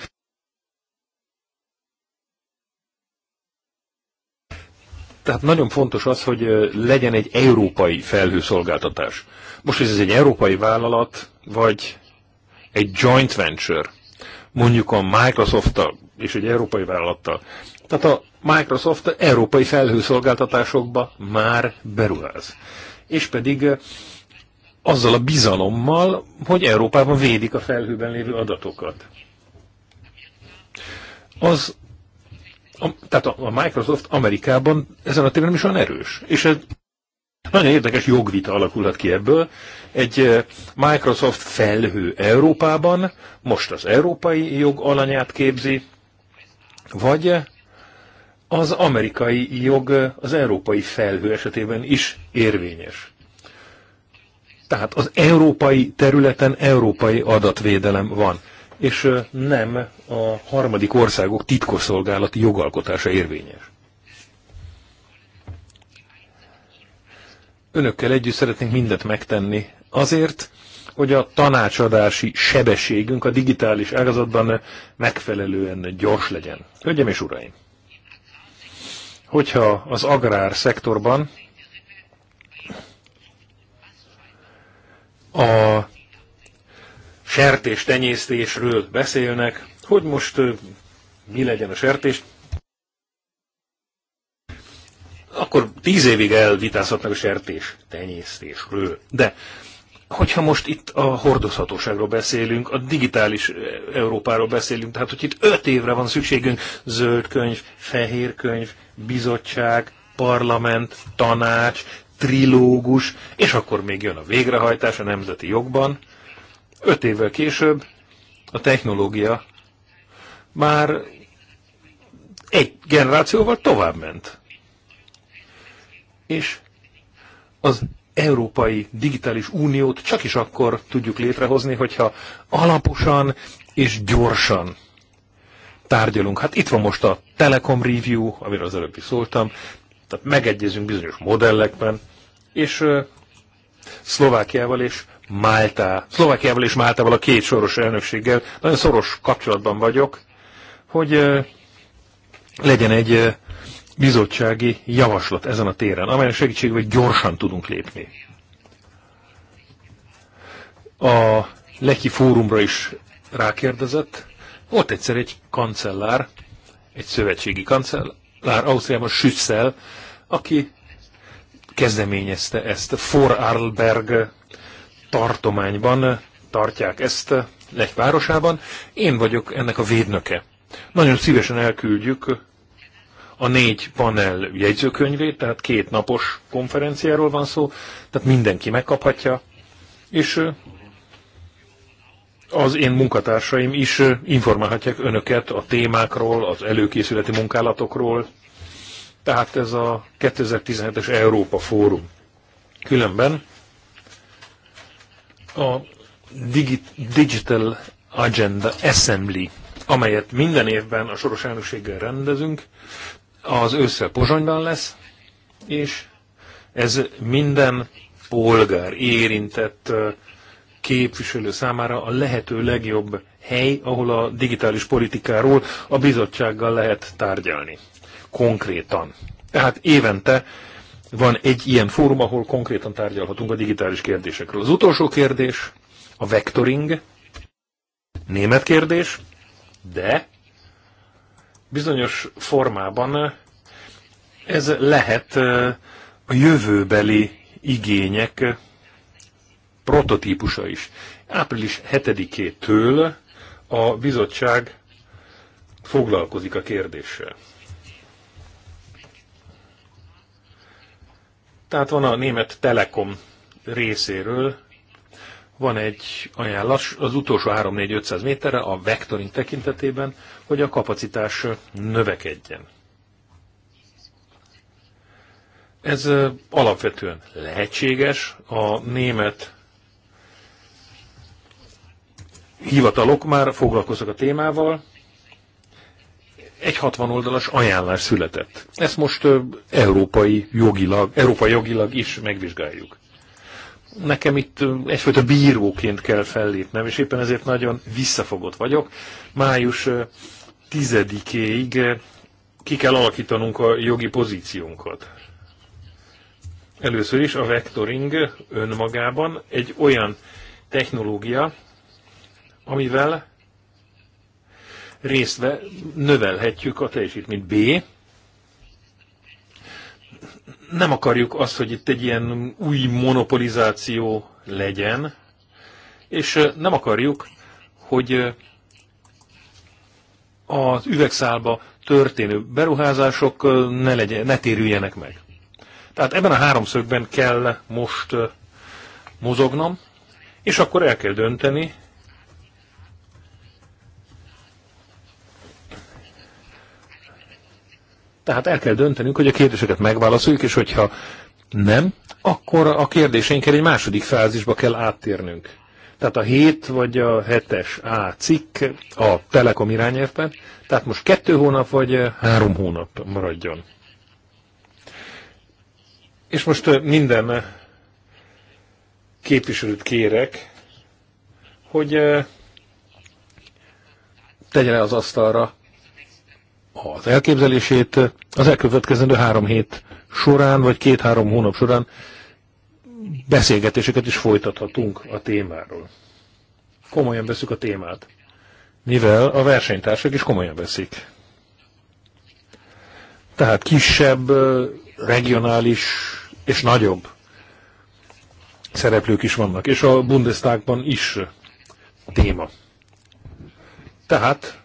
Tehát nagyon fontos az, hogy legyen egy európai felhőszolgáltatás. Most ez egy európai vállalat, vagy egy joint venture, mondjuk a microsoft és egy európai vállalattal. Tehát a Microsoft európai felhőszolgáltatásokba már beruház. És pedig azzal a bizalommal, hogy Európában védik a felhőben lévő adatokat. Az, a, tehát a, a Microsoft Amerikában ezen a téren is olyan erős. És ez nagyon érdekes jogvita alakulhat ki ebből. Egy Microsoft felhő Európában most az európai jog alanyát képzi, vagy az amerikai jog az európai felhő esetében is érvényes. Tehát az európai területen európai adatvédelem van, és nem a harmadik országok titkosszolgálati jogalkotása érvényes. Önökkel együtt szeretnénk mindent megtenni azért, hogy a tanácsadási sebességünk a digitális ágazatban megfelelően gyors legyen. Hölgyeim és uraim! Hogyha az agrár szektorban a sertés tenyésztésről beszélnek, hogy most mi legyen a sertés, akkor tíz évig elvitázhatnak a sertés tenyésztésről. De hogyha most itt a hordozhatóságról beszélünk, a digitális Európáról beszélünk, tehát hogy itt öt évre van szükségünk, zöld könyv, fehér könyv, bizottság, parlament, tanács, trilógus, és akkor még jön a végrehajtás a nemzeti jogban. Öt évvel később a technológia már egy generációval tovább ment. És az Európai Digitális Uniót csak is akkor tudjuk létrehozni, hogyha alaposan és gyorsan tárgyalunk. Hát itt van most a Telekom Review, amiről az előbb is szóltam, tehát megegyezünk bizonyos modellekben, és Szlovákiával és Máltá, Szlovákiával és Máltával a két soros elnökséggel nagyon szoros kapcsolatban vagyok, hogy legyen egy bizottsági javaslat ezen a téren, amelyen segítségével gyorsan tudunk lépni. A Leki fórumra is rákérdezett, ott egyszer egy kancellár, egy szövetségi kancellár, Ausztriában Süsszel, aki kezdeményezte ezt. Arlberg tartományban tartják ezt egy városában. Én vagyok ennek a védnöke. Nagyon szívesen elküldjük a négy panel jegyzőkönyvét, tehát két napos konferenciáról van szó, tehát mindenki megkaphatja, és az én munkatársaim is informálhatják önöket a témákról, az előkészületi munkálatokról, tehát ez a 2017-es Európa Fórum. Különben a Digital Agenda Assembly, amelyet minden évben a soros elnökséggel rendezünk, az össze Pozsonyban lesz, és ez minden polgár érintett képviselő számára a lehető legjobb hely, ahol a digitális politikáról a bizottsággal lehet tárgyalni konkrétan. Tehát évente van egy ilyen fórum, ahol konkrétan tárgyalhatunk a digitális kérdésekről. Az utolsó kérdés a vectoring, német kérdés, de bizonyos formában ez lehet a jövőbeli igények prototípusa is. Április 7-től a bizottság foglalkozik a kérdéssel. Tehát van a német Telekom részéről, van egy ajánlás az utolsó 3-4-500 méterre a vektoring tekintetében, hogy a kapacitás növekedjen. Ez alapvetően lehetséges. A német hivatalok már foglalkoznak a témával, egy 60 oldalas ajánlás született. Ezt most európai jogilag, európai jogilag is megvizsgáljuk. Nekem itt egyfajta bíróként kell fellépnem, és éppen ezért nagyon visszafogott vagyok. Május 10-éig ki kell alakítanunk a jogi pozíciónkat. Először is a vectoring önmagában egy olyan technológia, amivel részt növelhetjük a teljesítményt. B. Nem akarjuk azt, hogy itt egy ilyen új monopolizáció legyen, és nem akarjuk, hogy az üvegszálba történő beruházások ne, legyen, ne térüljenek meg. Tehát ebben a háromszögben kell most mozognom, és akkor el kell dönteni, Tehát el kell döntenünk, hogy a kérdéseket megválaszoljuk, és hogyha nem, akkor a kérdéseinkkel egy második fázisba kell áttérnünk. Tehát a 7 vagy a 7-es A cikk a Telekom irányelvben, tehát most kettő hónap vagy eh, három hónap maradjon. És most eh, minden eh, képviselőt kérek, hogy tegye le az asztalra az elképzelését az elkövetkezendő három hét során, vagy két-három hónap során beszélgetéseket is folytathatunk a témáról. Komolyan veszük a témát, mivel a versenytársak is komolyan veszik. Tehát kisebb, regionális és nagyobb szereplők is vannak, és a Bundestagban is téma. Tehát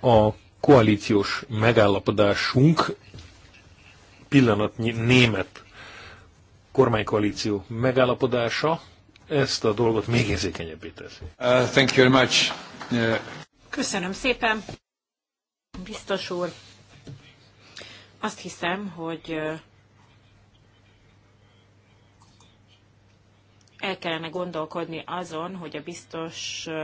a koalíciós megállapodásunk, pillanatnyi német kormánykoalíció megállapodása ezt a dolgot még érzékenyebbé teszi. Uh, thank you very much. Uh... Köszönöm szépen, biztos úr. Azt hiszem, hogy uh, el kellene gondolkodni azon, hogy a biztos uh,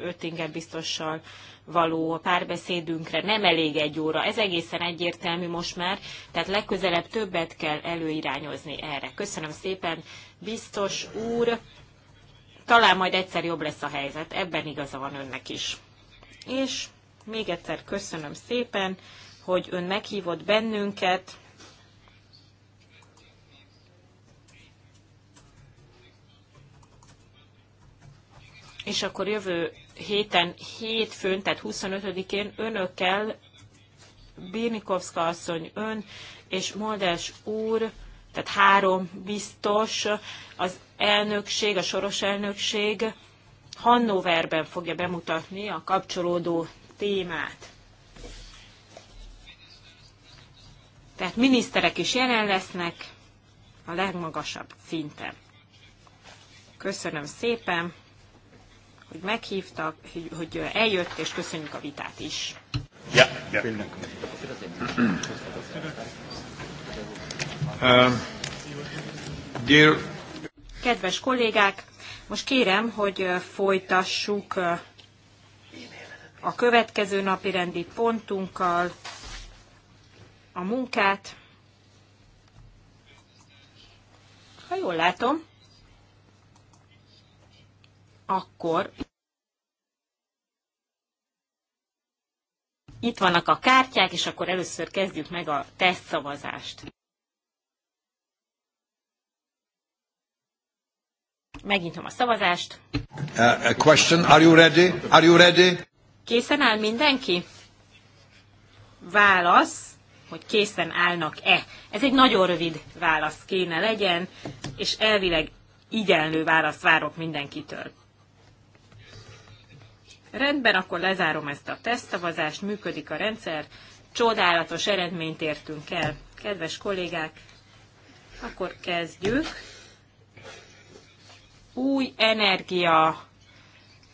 Öttingen biztossal való párbeszédünkre nem elég egy óra. Ez egészen egyértelmű most már, tehát legközelebb többet kell előirányozni erre. Köszönöm szépen, biztos úr. Talán majd egyszer jobb lesz a helyzet, ebben igaza van önnek is. És még egyszer köszönöm szépen, hogy ön meghívott bennünket. És akkor jövő héten, hétfőn, tehát 25-én önökkel Birnikovszka asszony ön és Moldes úr, tehát három biztos, az elnökség, a soros elnökség Hannoverben fogja bemutatni a kapcsolódó témát. Tehát miniszterek is jelen lesznek a legmagasabb szinten. Köszönöm szépen! hogy meghívtak, hogy eljött, és köszönjük a vitát is. Ja, ja. Um, Kedves kollégák, most kérem, hogy uh, folytassuk uh, a következő napi rendi pontunkkal a munkát. Ha jól látom, akkor Itt vannak a kártyák, és akkor először kezdjük meg a tesztszavazást. Megnyitom a szavazást. Uh, a question, are you ready? Are you ready? Készen áll mindenki? Válasz, hogy készen állnak-e. Ez egy nagyon rövid válasz kéne legyen, és elvileg igyenlő választ várok mindenkitől. Rendben, akkor lezárom ezt a tesztavazást, működik a rendszer, csodálatos eredményt értünk el. Kedves kollégák, akkor kezdjük. Új energia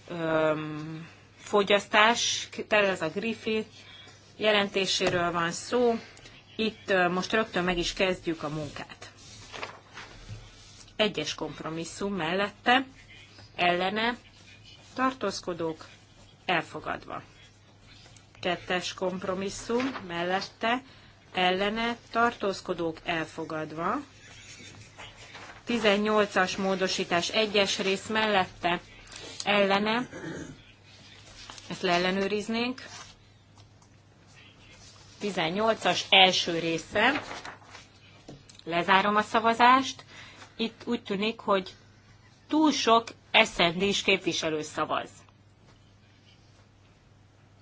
öm, fogyasztás, ez a Griffi jelentéséről van szó. Itt most rögtön meg is kezdjük a munkát. Egyes kompromisszum mellette, ellene, tartózkodók, elfogadva. Kettes kompromisszum mellette ellene tartózkodók elfogadva. 18-as módosítás egyes rész mellette ellene, ezt leellenőriznénk, 18-as első része, lezárom a szavazást, itt úgy tűnik, hogy túl sok eszendés képviselő szavaz.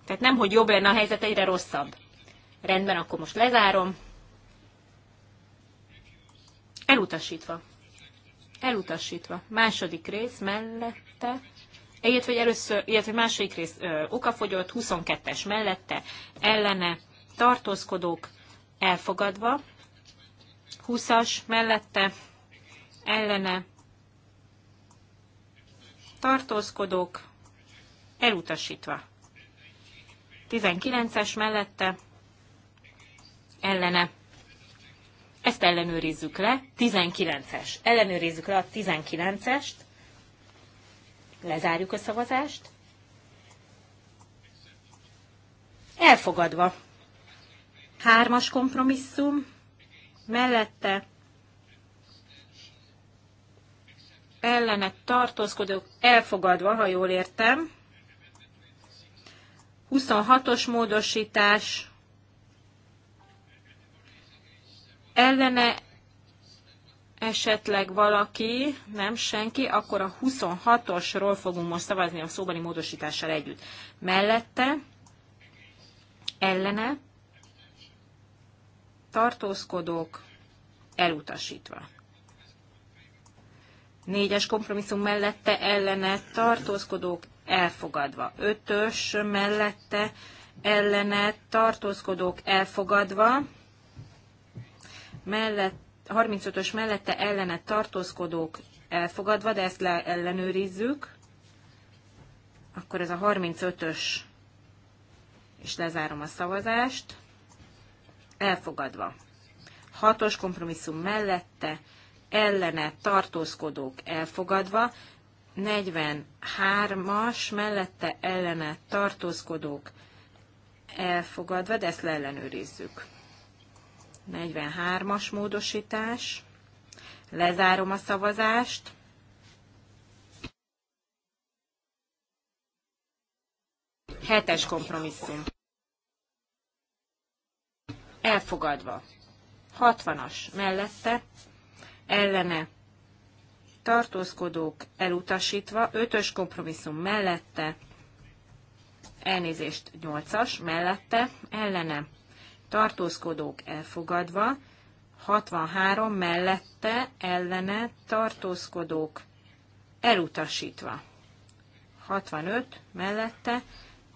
Tehát nem, hogy jobb lenne a helyzet, egyre rosszabb. Rendben, akkor most lezárom. Elutasítva. Elutasítva. Második rész mellette. Egyet, hogy először, illetve második rész ö, okafogyott, 22-es mellette, ellene tartózkodók elfogadva, 20-as mellette, ellene tartózkodók elutasítva. 19-es mellette ellene. Ezt ellenőrizzük le, 19-es. Ellenőrizzük le a 19-est, lezárjuk a szavazást. Elfogadva. Hármas kompromisszum, mellette ellene tartózkodók elfogadva, ha jól értem. 26-os módosítás ellene esetleg valaki, nem senki, akkor a 26-osról fogunk most szavazni a szóbeli módosítással együtt. Mellette, ellene, tartózkodók elutasítva. Négyes kompromisszum mellette ellene tartózkodók elfogadva. Ötös mellette ellene tartózkodók elfogadva, mellett, 35-ös mellette ellene tartózkodók elfogadva, de ezt leellenőrizzük, akkor ez a 35-ös, és lezárom a szavazást, elfogadva. 6-os kompromisszum mellette ellene tartózkodók elfogadva, 43-as mellette ellene tartózkodók elfogadva, de ezt leellenőrizzük. 43-as módosítás. Lezárom a szavazást. Hetes kompromisszum. Elfogadva. 60-as mellette, ellene tartózkodók elutasítva, ötös kompromisszum mellette, elnézést 8-as mellette, ellene tartózkodók elfogadva, 63 mellette, ellene tartózkodók elutasítva, 65 mellette,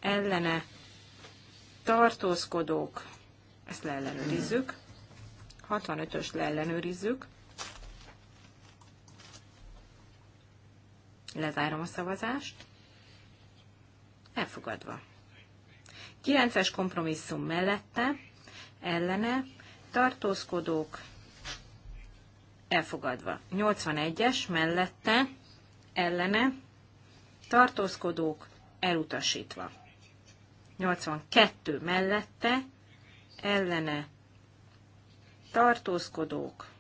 ellene tartózkodók, ezt leellenőrizzük, 65-ös leellenőrizzük, Lezárom a szavazást. Elfogadva. 9-es kompromisszum mellette, ellene, tartózkodók, elfogadva. 81-es mellette, ellene, tartózkodók, elutasítva. 82 mellette, ellene, tartózkodók,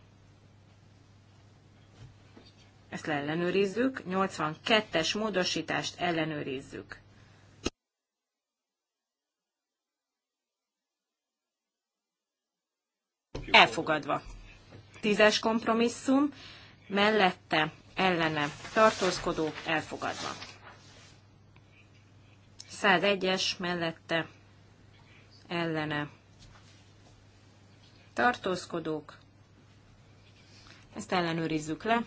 ezt leellenőrizzük. 82-es módosítást ellenőrizzük. Elfogadva. Tízes kompromisszum, mellette, ellene, tartózkodó, elfogadva. 101-es, mellette, ellene, tartózkodók. Ezt ellenőrizzük le.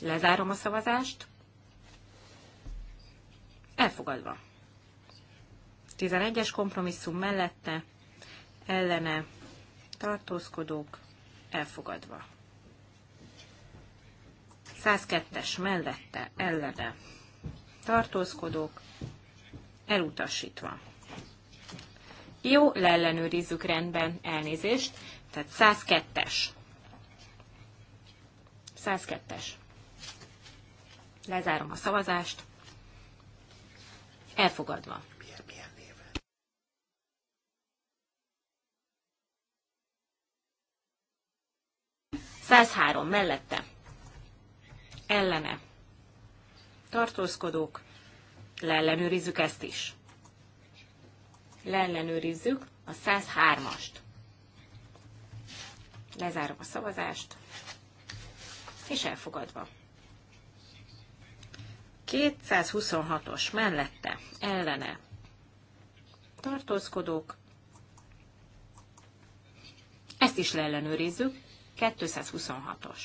Lezárom a szavazást. Elfogadva. 11-es kompromisszum mellette, ellene tartózkodók, elfogadva. 102-es mellette, ellene tartózkodók, elutasítva. Jó, leellenőrizzük rendben, elnézést. Tehát 102-es. 102-es. Lezárom a szavazást. Elfogadva. Milyen, milyen néven? Százhárom mellette. Ellene. Tartózkodók. Leellenőrizzük ezt is. Leellenőrizzük a 103-ast. Lezárom a szavazást. És elfogadva. 226-os mellette ellene tartózkodók. Ezt is leellenőrizzük. 226-os.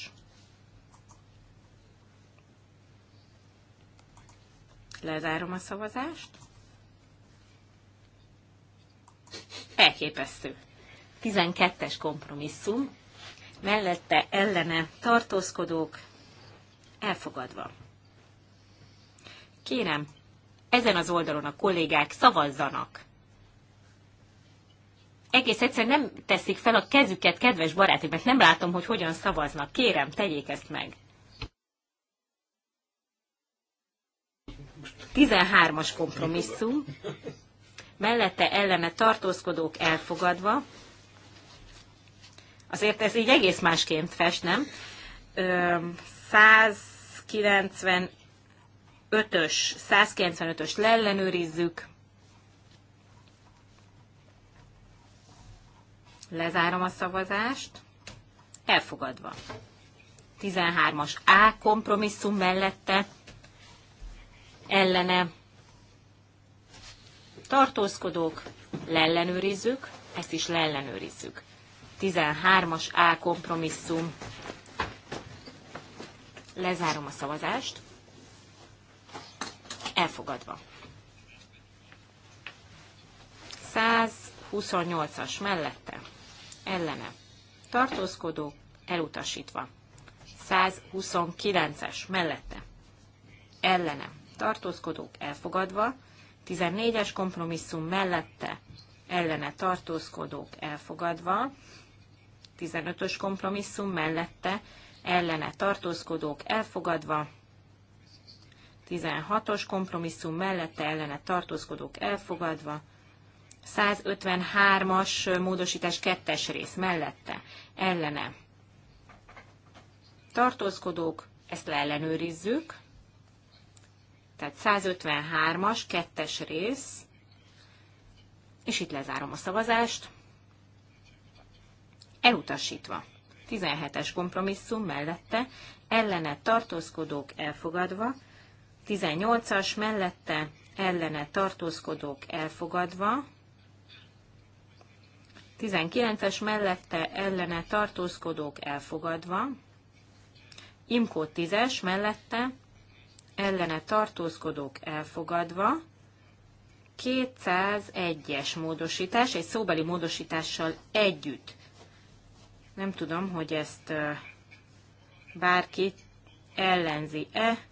Lezárom a szavazást. Elképesztő. 12-es kompromisszum. Mellette ellene tartózkodók elfogadva. Kérem, ezen az oldalon a kollégák szavazzanak. Egész egyszerűen nem teszik fel a kezüket, kedves barátok, mert nem látom, hogy hogyan szavaznak. Kérem, tegyék ezt meg. 13-as kompromisszum, mellette ellene tartózkodók elfogadva, azért ez így egész másként fest, nem? 190. 5-ös, 195-ös leellenőrizzük. Lezárom a szavazást. Elfogadva. 13-as A kompromisszum mellette ellene tartózkodók, leellenőrizzük, ezt is leellenőrizzük. 13-as A kompromisszum. Lezárom a szavazást elfogadva. 128-as mellette, ellene, tartózkodó, elutasítva. 129-es mellette, ellene, tartózkodók elfogadva, 14-es kompromisszum mellette, ellene tartózkodók elfogadva, 15-ös kompromisszum mellette, ellene tartózkodók elfogadva, 16-os kompromisszum mellette ellene tartózkodók elfogadva, 153-as módosítás kettes rész mellette ellene tartózkodók, ezt leellenőrizzük, tehát 153-as kettes rész, és itt lezárom a szavazást, elutasítva. 17-es kompromisszum mellette ellene tartózkodók elfogadva, 18-as mellette ellene tartózkodók elfogadva, 19-es mellette ellene tartózkodók elfogadva, Imkó 10-es mellette ellene tartózkodók elfogadva, 201-es módosítás, egy szóbeli módosítással együtt. Nem tudom, hogy ezt bárki ellenzi-e,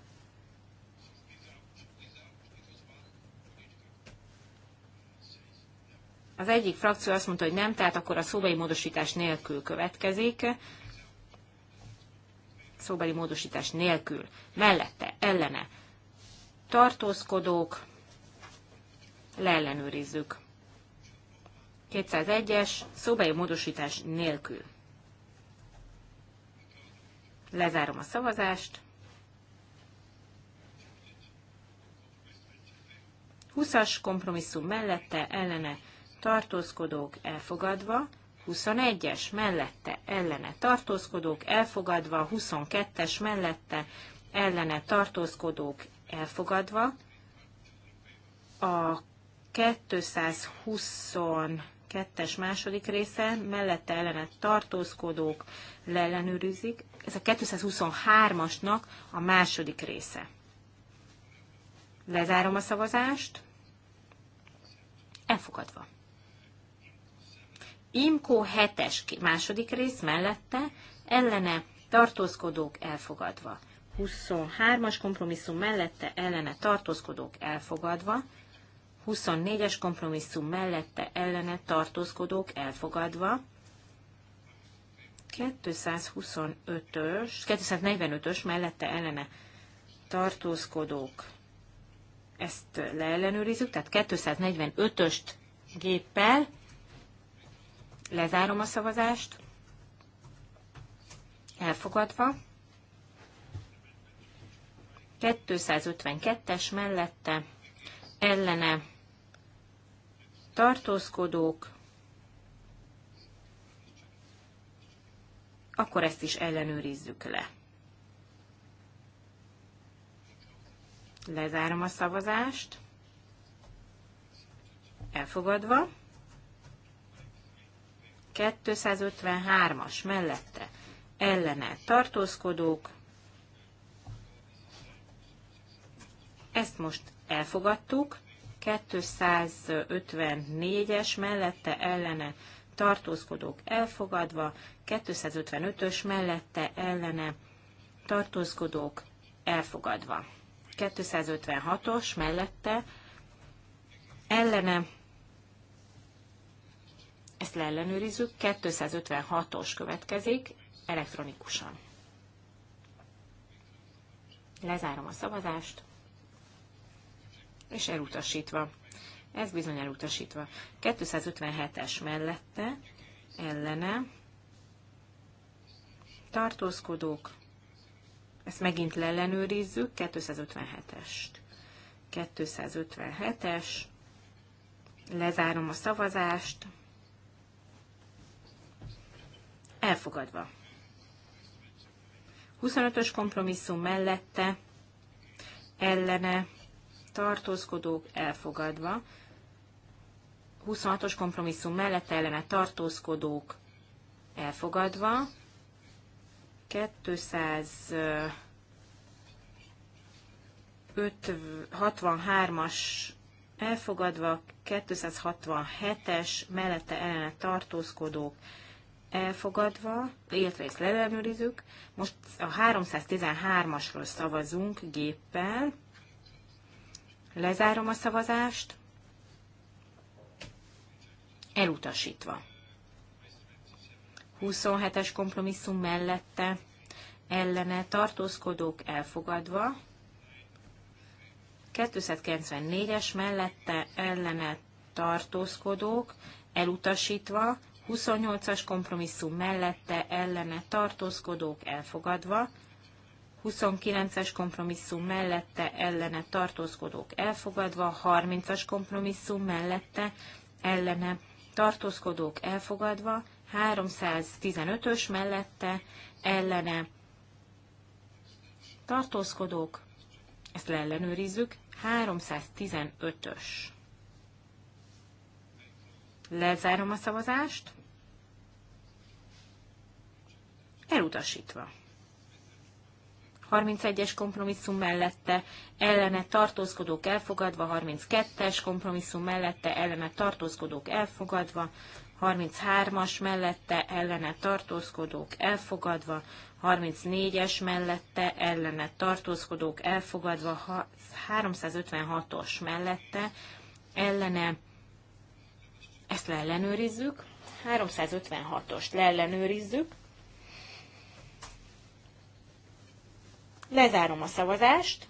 Az egyik frakció azt mondta, hogy nem, tehát akkor a szóbeli módosítás nélkül következik. Szóbeli módosítás nélkül. Mellette, ellene. Tartózkodók. Leellenőrizzük. 201-es, szóbeli módosítás nélkül. Lezárom a szavazást. 20-as kompromisszum mellette ellene tartózkodók elfogadva, 21-es mellette ellene tartózkodók elfogadva, 22-es mellette ellene tartózkodók elfogadva, a 222-es második része mellette ellene tartózkodók leellenőrizik, ez a 223-asnak a második része. Lezárom a szavazást, elfogadva. Imkó 7-es második rész mellette ellene tartózkodók elfogadva. 23-as kompromisszum mellette ellene tartózkodók elfogadva. 24-es kompromisszum mellette ellene tartózkodók elfogadva. 225-ös, 245-ös mellette ellene tartózkodók ezt leellenőrizzük, tehát 245-öst géppel Lezárom a szavazást. Elfogadva. 252-es mellette ellene tartózkodók, akkor ezt is ellenőrizzük le. Lezárom a szavazást. Elfogadva. 253-as mellette ellene tartózkodók. Ezt most elfogadtuk. 254-es mellette ellene tartózkodók elfogadva, 255-ös mellette ellene tartózkodók elfogadva. 256-os mellette ellene ezt leellenőrizzük, 256-os következik elektronikusan. Lezárom a szavazást, és elutasítva. Ez bizony elutasítva. 257-es mellette, ellene, tartózkodók, ezt megint leellenőrizzük, 257-est. 257-es, lezárom a szavazást, elfogadva. 25-ös kompromisszum mellette, ellene, tartózkodók elfogadva. 26-os kompromisszum mellette, ellene, tartózkodók elfogadva. 263-as elfogadva, 267-es mellette ellene tartózkodók elfogadva elfogadva, illetve ezt leellenőrizzük. Most a 313-asról szavazunk géppel. Lezárom a szavazást. Elutasítva. 27-es kompromisszum mellette ellene tartózkodók elfogadva. 294-es mellette ellene tartózkodók elutasítva. 28-as kompromisszum mellette ellene tartózkodók elfogadva, 29-es kompromisszum mellette ellene tartózkodók elfogadva, 30-as kompromisszum mellette ellene tartózkodók elfogadva, 315-ös mellette ellene tartózkodók, ezt leellenőrizzük, 315-ös. Lezárom a szavazást. elutasítva. 31-es kompromisszum mellette ellene tartózkodók elfogadva, 32-es kompromisszum mellette ellene tartózkodók elfogadva, 33-as mellette ellene tartózkodók elfogadva, 34-es mellette ellene tartózkodók elfogadva, 356-os mellette ellene, ezt leellenőrizzük, 356-ost leellenőrizzük, Lezárom a szavazást.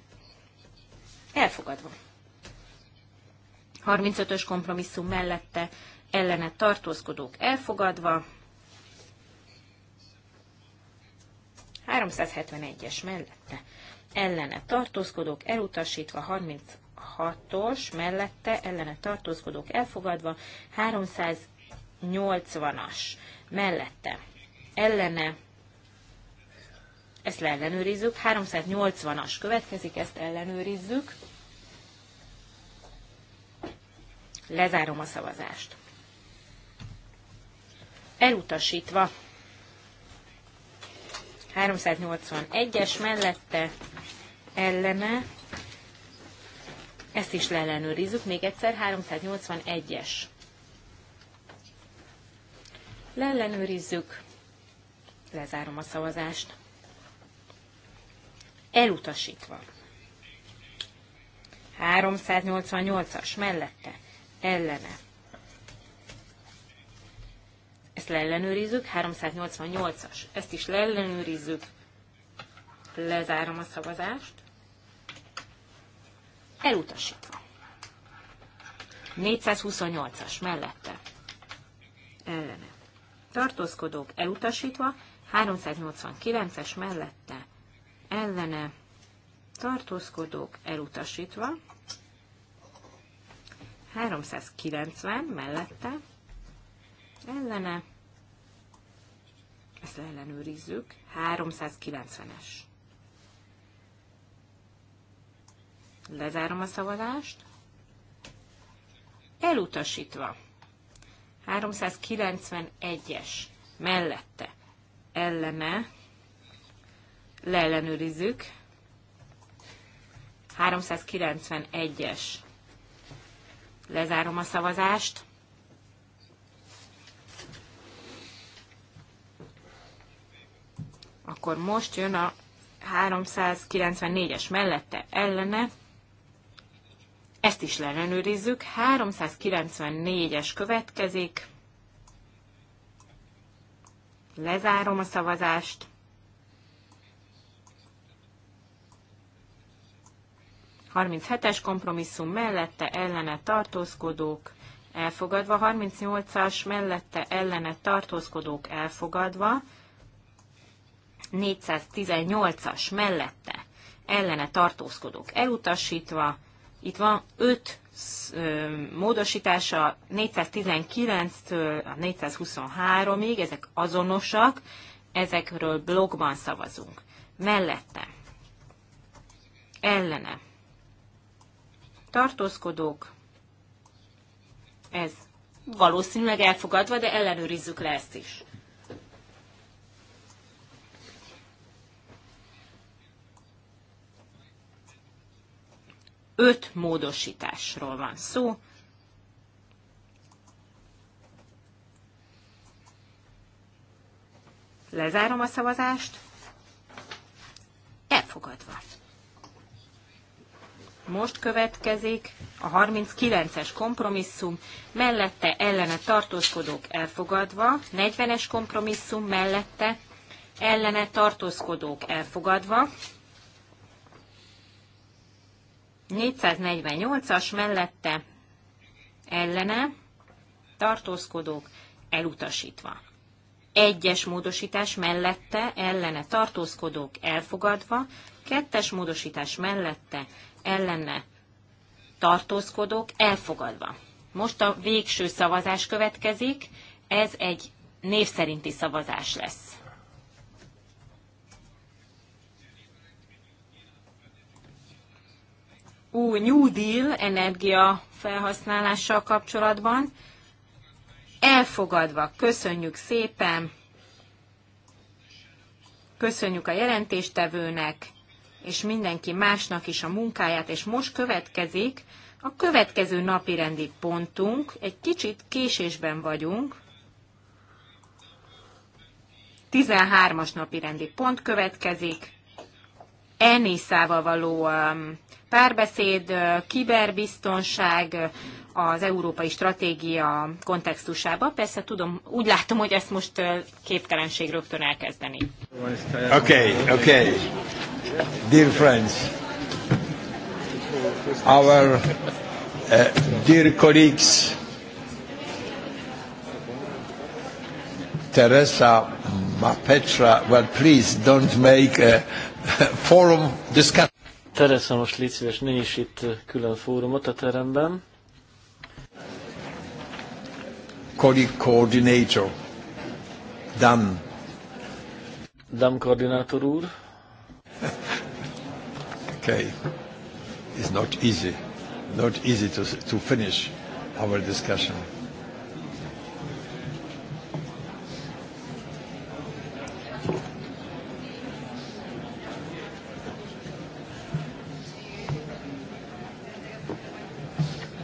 Elfogadva. 35-ös kompromisszum mellette ellene tartózkodók elfogadva. 371-es mellette ellene tartózkodók elutasítva 36-os mellette ellene tartózkodók elfogadva 380-as mellette ellene ezt leellenőrizzük. 380-as következik, ezt ellenőrizzük. Lezárom a szavazást. Elutasítva. 381-es mellette ellene. Ezt is leellenőrizzük. Még egyszer 381-es. Leellenőrizzük. Lezárom a szavazást elutasítva. 388-as mellette, ellene. Ezt leellenőrizzük, 388-as. Ezt is leellenőrizzük, lezárom a szavazást. Elutasítva. 428-as mellette, ellene. Tartózkodók elutasítva, 389-es mellette, ellene tartózkodók elutasítva, 390 mellette ellene, ezt ellenőrizzük, 390-es. Lezárom a szavazást. Elutasítva. 391-es mellette ellene leellenőrizzük. 391-es. Lezárom a szavazást. Akkor most jön a 394-es mellette ellene. Ezt is leellenőrizzük. 394-es következik. Lezárom a szavazást. 37-es kompromisszum mellette ellene tartózkodók elfogadva, 38-as mellette ellene tartózkodók elfogadva, 418-as mellette ellene tartózkodók elutasítva, itt van 5 módosítása 419-től a 423-ig, ezek azonosak, ezekről blogban szavazunk. Mellette, ellene, tartózkodók, ez valószínűleg elfogadva, de ellenőrizzük le ezt is. Öt módosításról van szó. Lezárom a szavazást. Elfogadva. Most következik a 39-es kompromisszum, mellette ellene tartózkodók elfogadva, 40-es kompromisszum mellette ellene tartózkodók elfogadva, 448-as mellette ellene tartózkodók elutasítva. Egyes módosítás mellette ellene tartózkodók elfogadva, kettes módosítás mellette ellene tartózkodók elfogadva. Most a végső szavazás következik, ez egy név szerinti szavazás lesz. új New Deal energia felhasználással kapcsolatban. Elfogadva, köszönjük szépen, köszönjük a jelentéstevőnek, és mindenki másnak is a munkáját, és most következik a következő napi rendi pontunk. Egy kicsit késésben vagyunk. 13-as napi rendi pont következik. Enészával való um, párbeszéd, uh, kiberbiztonság uh, az európai stratégia kontextusába. Persze tudom, úgy látom, hogy ezt most uh, képtelenség rögtön elkezdeni. Oké, okay, oké. Okay. Dear friends, our uh, dear colleagues, Teresa Petra, well, please don't make a forum discussion. Teresa, most légy szíves, ne is itt külön fórumot a teremben. Colleague coordinator, Dan. Dan koordinátor úr. okay. It's not easy, not easy to, to finish our discussion.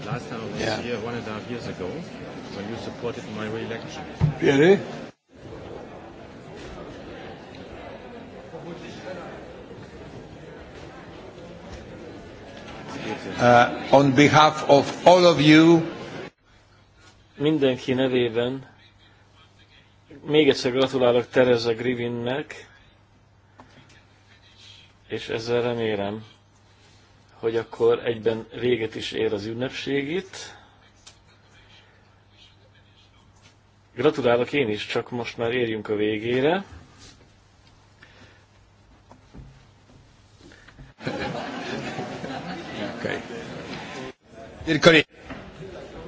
Last time I was yeah. here one and a half years ago when you supported my re-election. Really? Uh, on behalf of all of you, mindenki nevében még egyszer gratulálok Tereza Grivinnek, és ezzel remélem, hogy akkor egyben véget is ér az ünnepség itt. Gratulálok én is, csak most már érjünk a végére. Dear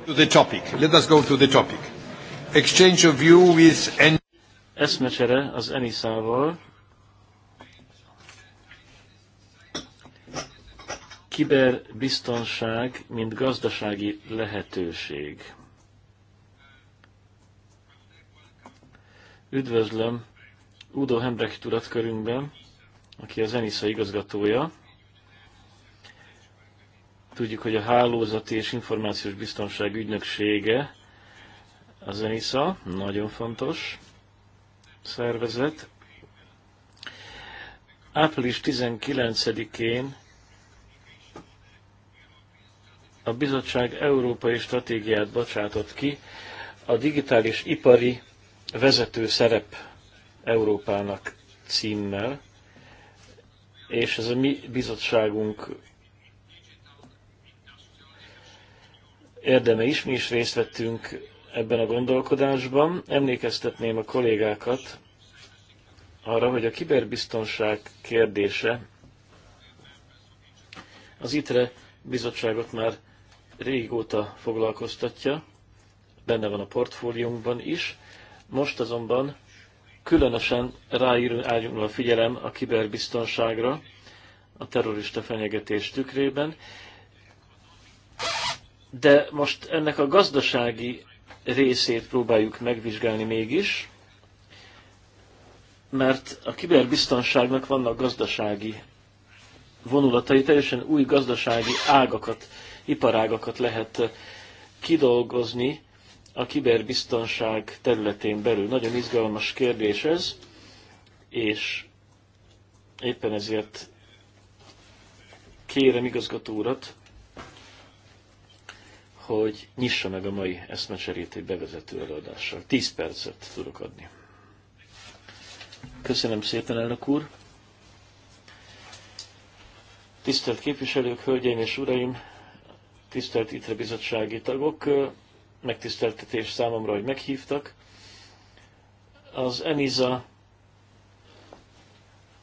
to the topic. Let us go to the topic. Exchange of view with en- Eszmecsere az Enisával. Kiberbiztonság, mint gazdasági lehetőség. Üdvözlöm Udo Hembrecht urat körünkben, aki az Enisza igazgatója. Tudjuk, hogy a Hálózati és Információs Biztonság ügynöksége az ENISA, nagyon fontos szervezet. Április 19-én a bizottság európai stratégiát bocsátott ki a digitális ipari vezető szerep Európának címmel, és ez a mi bizottságunk érdeme is, mi is részt vettünk ebben a gondolkodásban. Emlékeztetném a kollégákat arra, hogy a kiberbiztonság kérdése az ITRE bizottságot már régóta foglalkoztatja, benne van a portfóliumban is. Most azonban különösen ráírjunk a figyelem a kiberbiztonságra a terrorista fenyegetés tükrében, de most ennek a gazdasági részét próbáljuk megvizsgálni mégis, mert a kiberbiztonságnak vannak gazdasági vonulatai, teljesen új gazdasági ágakat, iparágakat lehet eh, kidolgozni a kiberbiztonság területén belül. Nagyon izgalmas kérdés ez, és éppen ezért kérem igazgató urat, hogy nyissa meg a mai eszmecserét egy bevezető előadással. Tíz percet tudok adni. Köszönöm szépen, elnök úr! Tisztelt képviselők, hölgyeim és uraim, tisztelt ITRE bizottsági tagok, megtiszteltetés számomra, hogy meghívtak. Az ENISA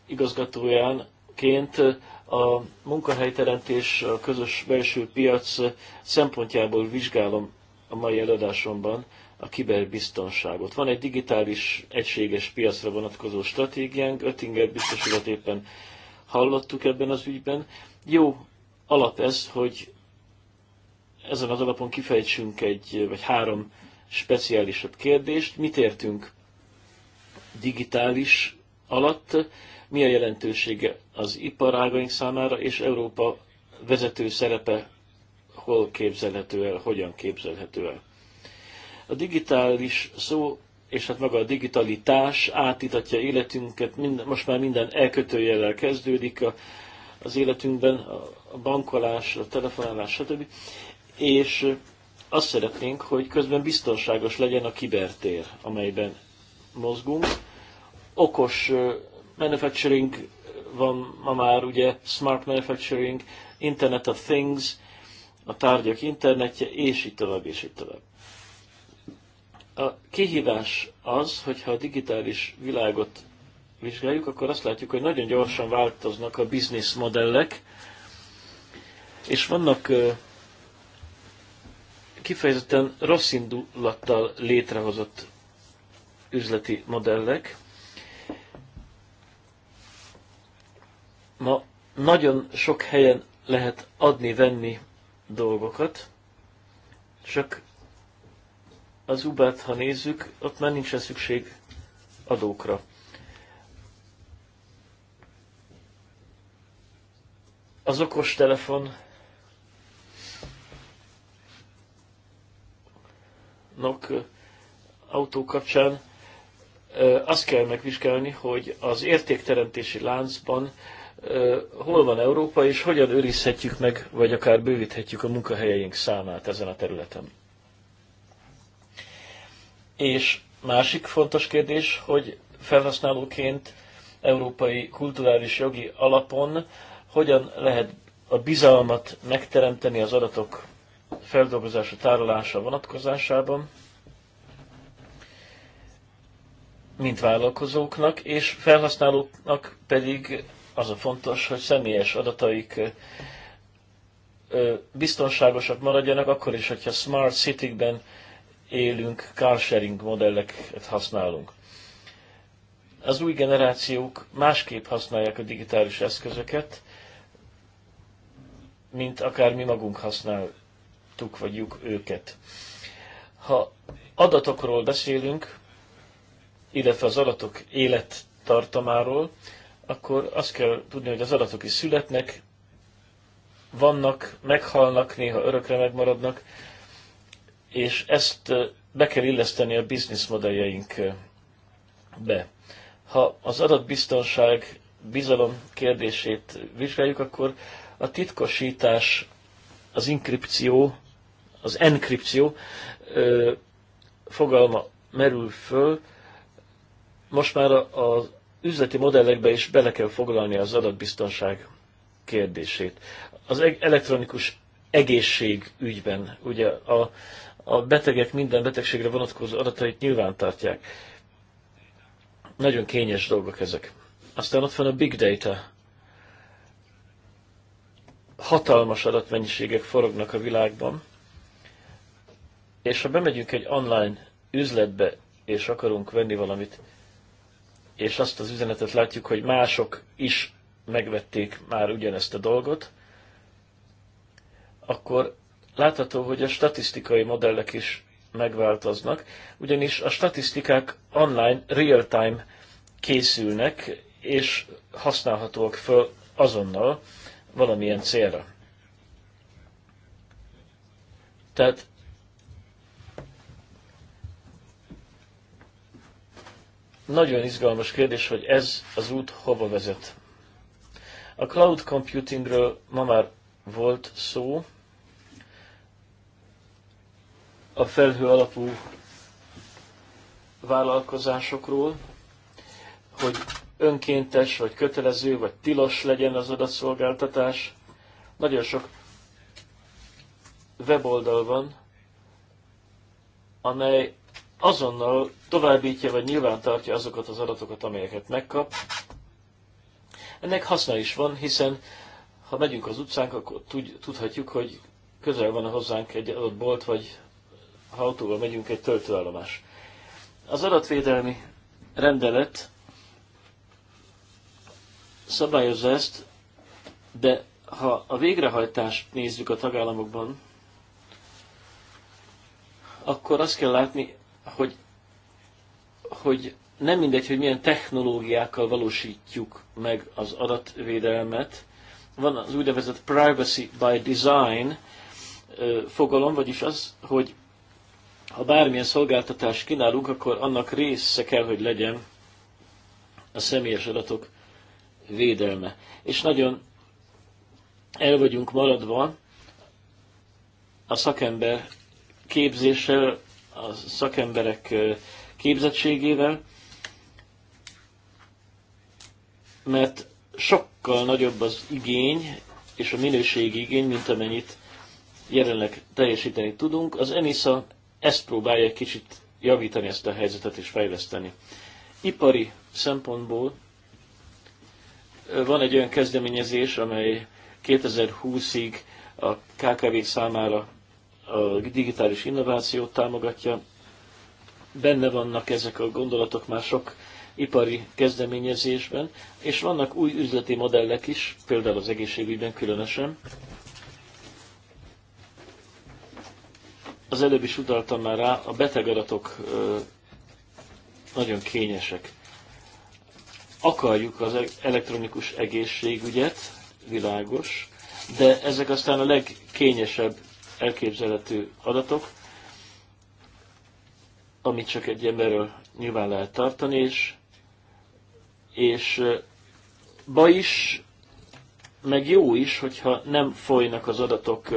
igazgatójánként a munkahelyteremtés, a közös belső piac szempontjából vizsgálom a mai előadásomban a kiberbiztonságot. Van egy digitális egységes piacra vonatkozó stratégiánk, Öttinger biztosulat éppen hallottuk ebben az ügyben. Jó alap ez, hogy ezen az alapon kifejtsünk egy vagy három speciálisabb kérdést. Mit értünk digitális alatt? milyen jelentősége az iparágaink számára, és Európa vezető szerepe hol képzelhető el, hogyan képzelhető el. A digitális szó és hát maga a digitalitás átítatja életünket, mind, most már minden elkötőjellel kezdődik a, az életünkben, a bankolás, a telefonálás, stb. És azt szeretnénk, hogy közben biztonságos legyen a kibertér, amelyben mozgunk, okos manufacturing van ma már, ugye smart manufacturing, Internet of Things, a tárgyak internetje, és így tovább, és így tovább. A kihívás az, hogyha a digitális világot vizsgáljuk, akkor azt látjuk, hogy nagyon gyorsan változnak a business modellek, és vannak kifejezetten rossz indulattal létrehozott üzleti modellek, Ma nagyon sok helyen lehet adni-venni dolgokat, csak az Ubát, ha nézzük, ott már nincsen szükség adókra. Az okos telefon nok autó kapcsán azt kell megvizsgálni, hogy az értékteremtési láncban hol van Európa, és hogyan őrizhetjük meg, vagy akár bővíthetjük a munkahelyeink számát ezen a területen. És másik fontos kérdés, hogy felhasználóként európai kulturális jogi alapon hogyan lehet a bizalmat megteremteni az adatok feldolgozása, tárolása vonatkozásában, mint vállalkozóknak, és felhasználóknak pedig az a fontos, hogy személyes adataik biztonságosak maradjanak, akkor is, hogyha smart city-ben élünk, carsharing modelleket használunk. Az új generációk másképp használják a digitális eszközöket, mint akár mi magunk használtuk, vagyjuk őket. Ha adatokról beszélünk, illetve az adatok élettartamáról, akkor azt kell tudni, hogy az adatok is születnek, vannak, meghalnak, néha örökre megmaradnak, és ezt be kell illeszteni a business modelljeinkbe. Ha az adatbiztonság bizalom kérdését vizsgáljuk, akkor a titkosítás, az inkripció, az enkripció fogalma merül föl. Most már az üzleti modellekbe is bele kell foglalni az adatbiztonság kérdését. Az e- elektronikus egészség ügyben, ugye a, a betegek minden betegségre vonatkozó adatait nyilván tartják. Nagyon kényes dolgok ezek. Aztán ott van a big data. Hatalmas adatmennyiségek forognak a világban, és ha bemegyünk egy online üzletbe, és akarunk venni valamit, és azt az üzenetet látjuk, hogy mások is megvették már ugyanezt a dolgot, akkor látható, hogy a statisztikai modellek is megváltoznak, ugyanis a statisztikák online, real-time készülnek, és használhatóak föl azonnal valamilyen célra. Tehát Nagyon izgalmas kérdés, hogy ez az út hova vezet. A cloud computingről ma már volt szó, a felhő alapú vállalkozásokról, hogy önkéntes, vagy kötelező, vagy tilos legyen az adatszolgáltatás. Nagyon sok weboldal van, amely azonnal továbbítja vagy nyilvántartja azokat az adatokat, amelyeket megkap. Ennek haszna is van, hiszen ha megyünk az utcán, akkor tudhatjuk, hogy közel van hozzánk egy adott bolt, vagy ha autóval megyünk egy töltőállomás. Az adatvédelmi rendelet szabályozza ezt, de ha a végrehajtást nézzük a tagállamokban, akkor azt kell látni, hogy, hogy nem mindegy, hogy milyen technológiákkal valósítjuk meg az adatvédelmet. Van az úgynevezett privacy by design fogalom, vagyis az, hogy ha bármilyen szolgáltatást kínálunk, akkor annak része kell, hogy legyen a személyes adatok védelme. És nagyon el vagyunk maradva a szakember képzéssel, a szakemberek képzettségével, mert sokkal nagyobb az igény és a minőségi igény, mint amennyit jelenleg teljesíteni tudunk. Az ENISA ezt próbálja kicsit javítani ezt a helyzetet és fejleszteni. Ipari szempontból van egy olyan kezdeményezés, amely 2020-ig a kkv számára a digitális innovációt támogatja. Benne vannak ezek a gondolatok már sok ipari kezdeményezésben, és vannak új üzleti modellek is, például az egészségügyben különösen. Az előbb is utaltam már rá, a betegadatok nagyon kényesek. Akarjuk az elektronikus egészségügyet, világos, de ezek aztán a legkényesebb elképzelhető adatok, amit csak egy emberről nyilván lehet tartani, és, és ba is, meg jó is, hogyha nem folynak az adatok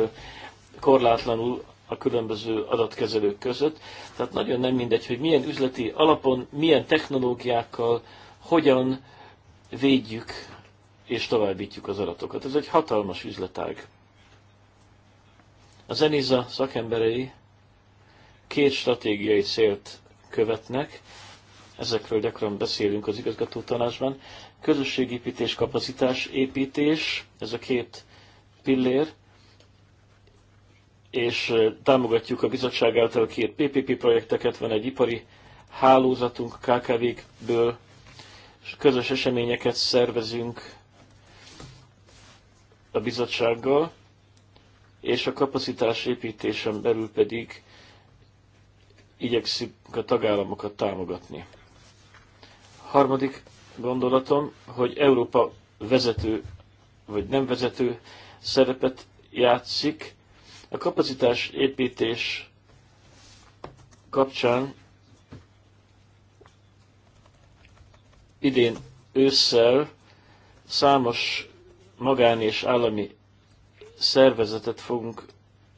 korlátlanul a különböző adatkezelők között. Tehát nagyon nem mindegy, hogy milyen üzleti alapon, milyen technológiákkal, hogyan védjük és továbbítjuk az adatokat. Ez egy hatalmas üzletág. A Zeniza szakemberei két stratégiai célt követnek, ezekről gyakran beszélünk az igazgató tanácsban. Közösségépítés, kapacitás építés, ez a két pillér, és támogatjuk a bizottság által két PPP projekteket, van egy ipari hálózatunk KKV-kből, és közös eseményeket szervezünk a bizottsággal, és a kapacitás építésen belül pedig igyekszik a tagállamokat támogatni. Harmadik gondolatom, hogy Európa vezető vagy nem vezető szerepet játszik. A kapacitás építés kapcsán idén ősszel számos magán és állami szervezetet fogunk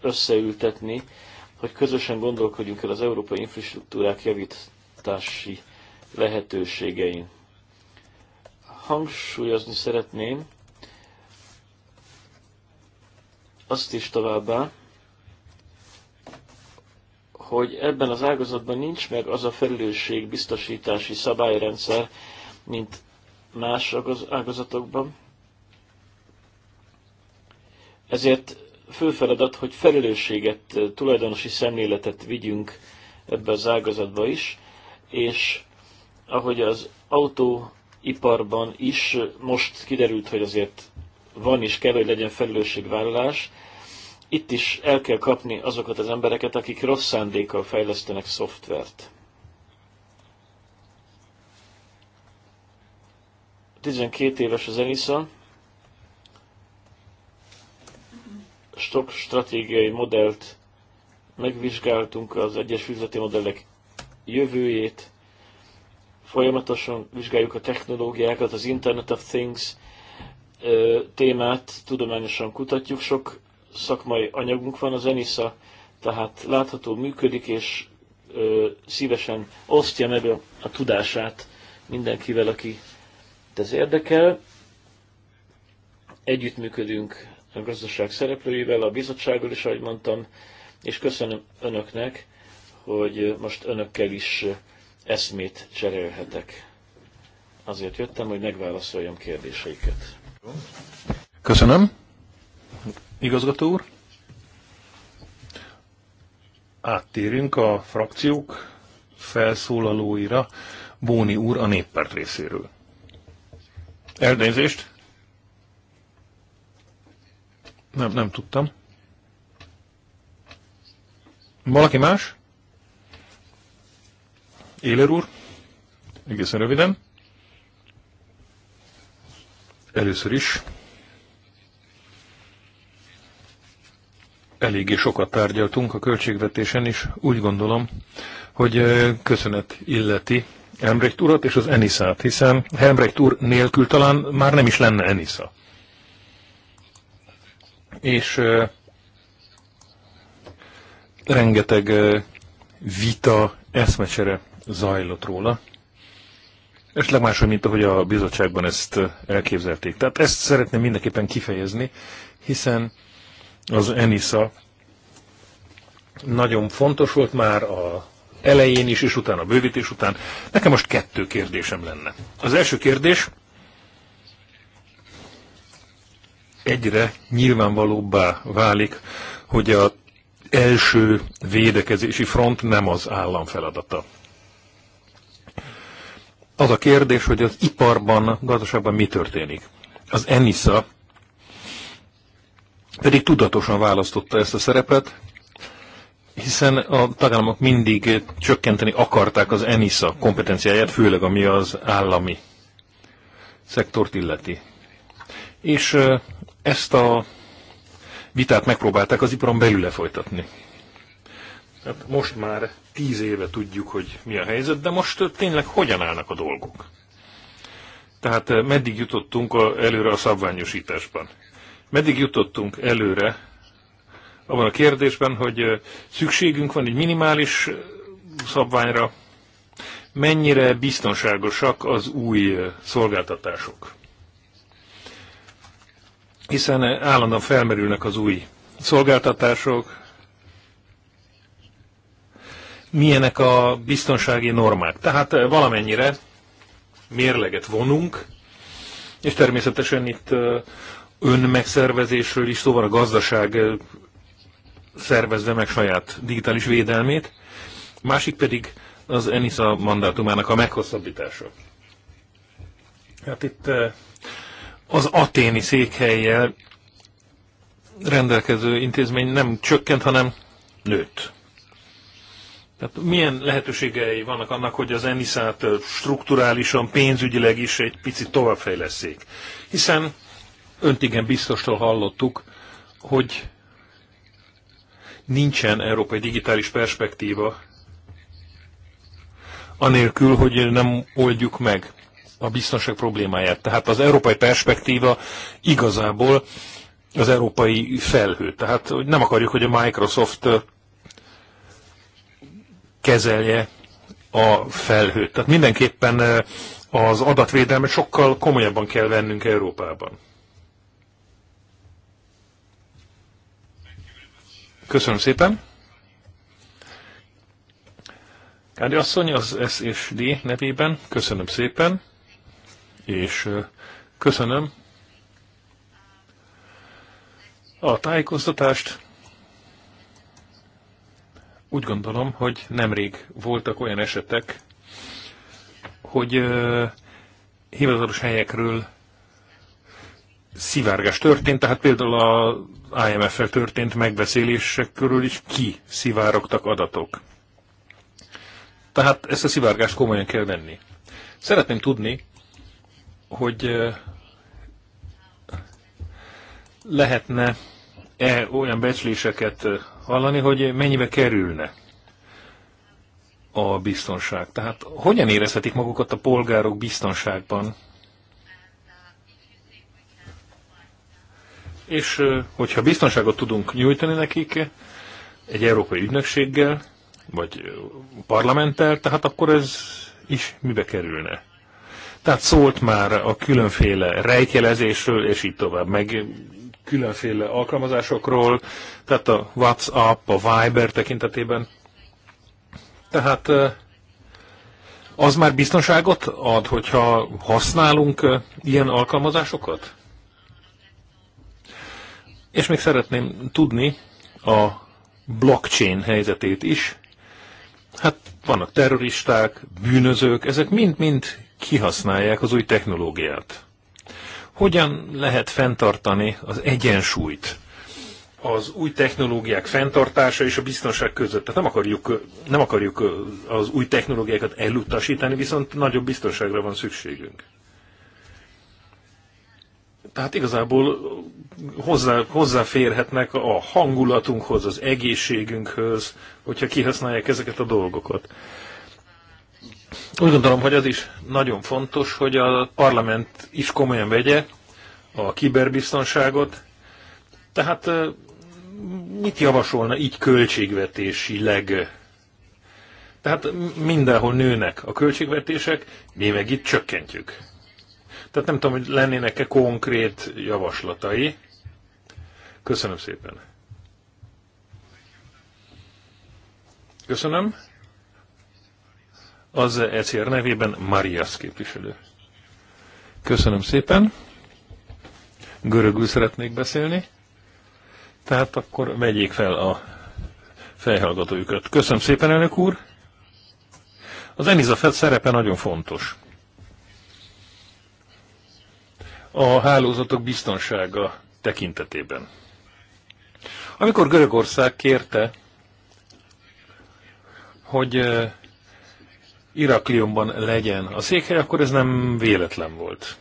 összeültetni, hogy közösen gondolkodjunk el az európai infrastruktúrák javítási lehetőségein. Hangsúlyozni szeretném azt is továbbá, hogy ebben az ágazatban nincs meg az a felelősség biztosítási szabályrendszer, mint más ágazatokban, ezért fő feladat, hogy felelősséget, eh, tulajdonosi szemléletet vigyünk ebbe az ágazatba is, és ahogy az autóiparban is eh, most kiderült, hogy azért van is kell, hogy legyen felelősségvállalás, itt is el kell kapni azokat az embereket, akik rossz szándékkal fejlesztenek szoftvert. 12 éves az Elisa. stok stratégiai modellt, megvizsgáltunk az egyes üzleti modellek jövőjét, folyamatosan vizsgáljuk a technológiákat, az Internet of Things témát, tudományosan kutatjuk, sok szakmai anyagunk van, az ENISA tehát látható működik, és ö, szívesen osztja meg a, a tudását mindenkivel, aki ez érdekel. Együttműködünk a gazdaság szereplőivel, a bizottsággal is, ahogy mondtam, és köszönöm önöknek, hogy most önökkel is eszmét cserélhetek. Azért jöttem, hogy megválaszoljam kérdéseiket. Köszönöm. Igazgató úr. Áttérünk a frakciók felszólalóira. Bóni úr a néppárt részéről. Elnézést, nem, nem tudtam. Valaki más? Éler úr? Egészen röviden. Először is eléggé sokat tárgyaltunk a költségvetésen is. Úgy gondolom, hogy köszönet illeti Hembrecht urat és az Enisát, hiszen Hembrecht úr nélkül talán már nem is lenne Enisa és rengeteg vita, eszmecsere zajlott róla. Esetleg máshogy, mint ahogy a bizottságban ezt elképzelték. Tehát ezt szeretném mindenképpen kifejezni, hiszen az ENISA nagyon fontos volt már a elején is, és utána a bővítés után. Nekem most kettő kérdésem lenne. Az első kérdés, egyre nyilvánvalóbbá válik, hogy a első védekezési front nem az állam feladata. Az a kérdés, hogy az iparban, gazdaságban mi történik. Az ENISA pedig tudatosan választotta ezt a szerepet, hiszen a tagállamok mindig csökkenteni akarták az ENISA kompetenciáját, főleg ami az állami szektort illeti. És ezt a vitát megpróbálták az iparon belül lefolytatni. Hát most már tíz éve tudjuk, hogy mi a helyzet, de most tényleg hogyan állnak a dolgok? Tehát eh, meddig jutottunk a, előre a szabványosításban? Meddig jutottunk előre abban a kérdésben, hogy eh, szükségünk van egy minimális eh, szabványra, mennyire biztonságosak az új szolgáltatások? hiszen állandóan felmerülnek az új szolgáltatások, milyenek a biztonsági normák. Tehát eh, valamennyire mérleget vonunk, és természetesen itt eh, önmegszervezésről is szóval a gazdaság eh, szervezve meg saját digitális védelmét, másik pedig az ENISA mandátumának a meghosszabbítása. Hát itt az aténi székhelyjel rendelkező intézmény nem csökkent, hanem nőtt. Tehát milyen lehetőségei vannak annak, hogy az Eniszát strukturálisan, pénzügyileg is egy picit továbbfejleszék? Hiszen önt igen biztostól hallottuk, hogy nincsen európai digitális perspektíva, anélkül, hogy nem oldjuk meg a biztonság problémáját. Tehát az európai perspektíva igazából az európai felhő. Tehát hogy nem akarjuk, hogy a Microsoft kezelje a felhőt. Tehát mindenképpen az adatvédelmet sokkal komolyabban kell vennünk Európában. Köszönöm szépen. Kádi asszony az SSD nevében, köszönöm szépen és köszönöm a tájékoztatást. Úgy gondolom, hogy nemrég voltak olyan esetek, hogy hivatalos helyekről szivárgás történt, tehát például a IMF-fel történt megbeszélések körül is ki szivárogtak adatok. Tehát ezt a szivárgást komolyan kell venni. Szeretném tudni, hogy lehetne -e olyan becsléseket hallani, hogy mennyibe kerülne a biztonság. Tehát hogyan érezhetik magukat a polgárok biztonságban? És hogyha biztonságot tudunk nyújtani nekik egy európai ügynökséggel, vagy parlamenttel, tehát akkor ez is mibe kerülne? Tehát szólt már a különféle rejtjelezésről, és így tovább, meg különféle alkalmazásokról, tehát a WhatsApp, a Viber tekintetében. Tehát az már biztonságot ad, hogyha használunk ilyen alkalmazásokat? És még szeretném tudni a blockchain helyzetét is. Hát vannak terroristák, bűnözők, ezek mind-mind kihasználják az új technológiát. Hogyan lehet fenntartani az egyensúlyt az új technológiák fenntartása és a biztonság között? Tehát nem akarjuk, nem akarjuk az új technológiákat elutasítani, viszont nagyobb biztonságra van szükségünk. Tehát igazából hozzá, hozzáférhetnek a hangulatunkhoz, az egészségünkhöz, hogyha kihasználják ezeket a dolgokat. Úgy gondolom, hogy az is nagyon fontos, hogy a parlament is komolyan vegye a kiberbiztonságot. Tehát mit javasolna így költségvetésileg? Tehát mindenhol nőnek a költségvetések, mi meg itt csökkentjük. Tehát nem tudom, hogy lennének-e konkrét javaslatai. Köszönöm szépen. Köszönöm az ECR nevében Marias képviselő. Köszönöm szépen. Görögül szeretnék beszélni. Tehát akkor vegyék fel a fejhallgatójukat. Köszönöm szépen, elnök úr. Az Eniza szerepe nagyon fontos. A hálózatok biztonsága tekintetében. Amikor Görögország kérte, hogy eh, Iraklionban legyen a székhely, akkor ez nem véletlen volt.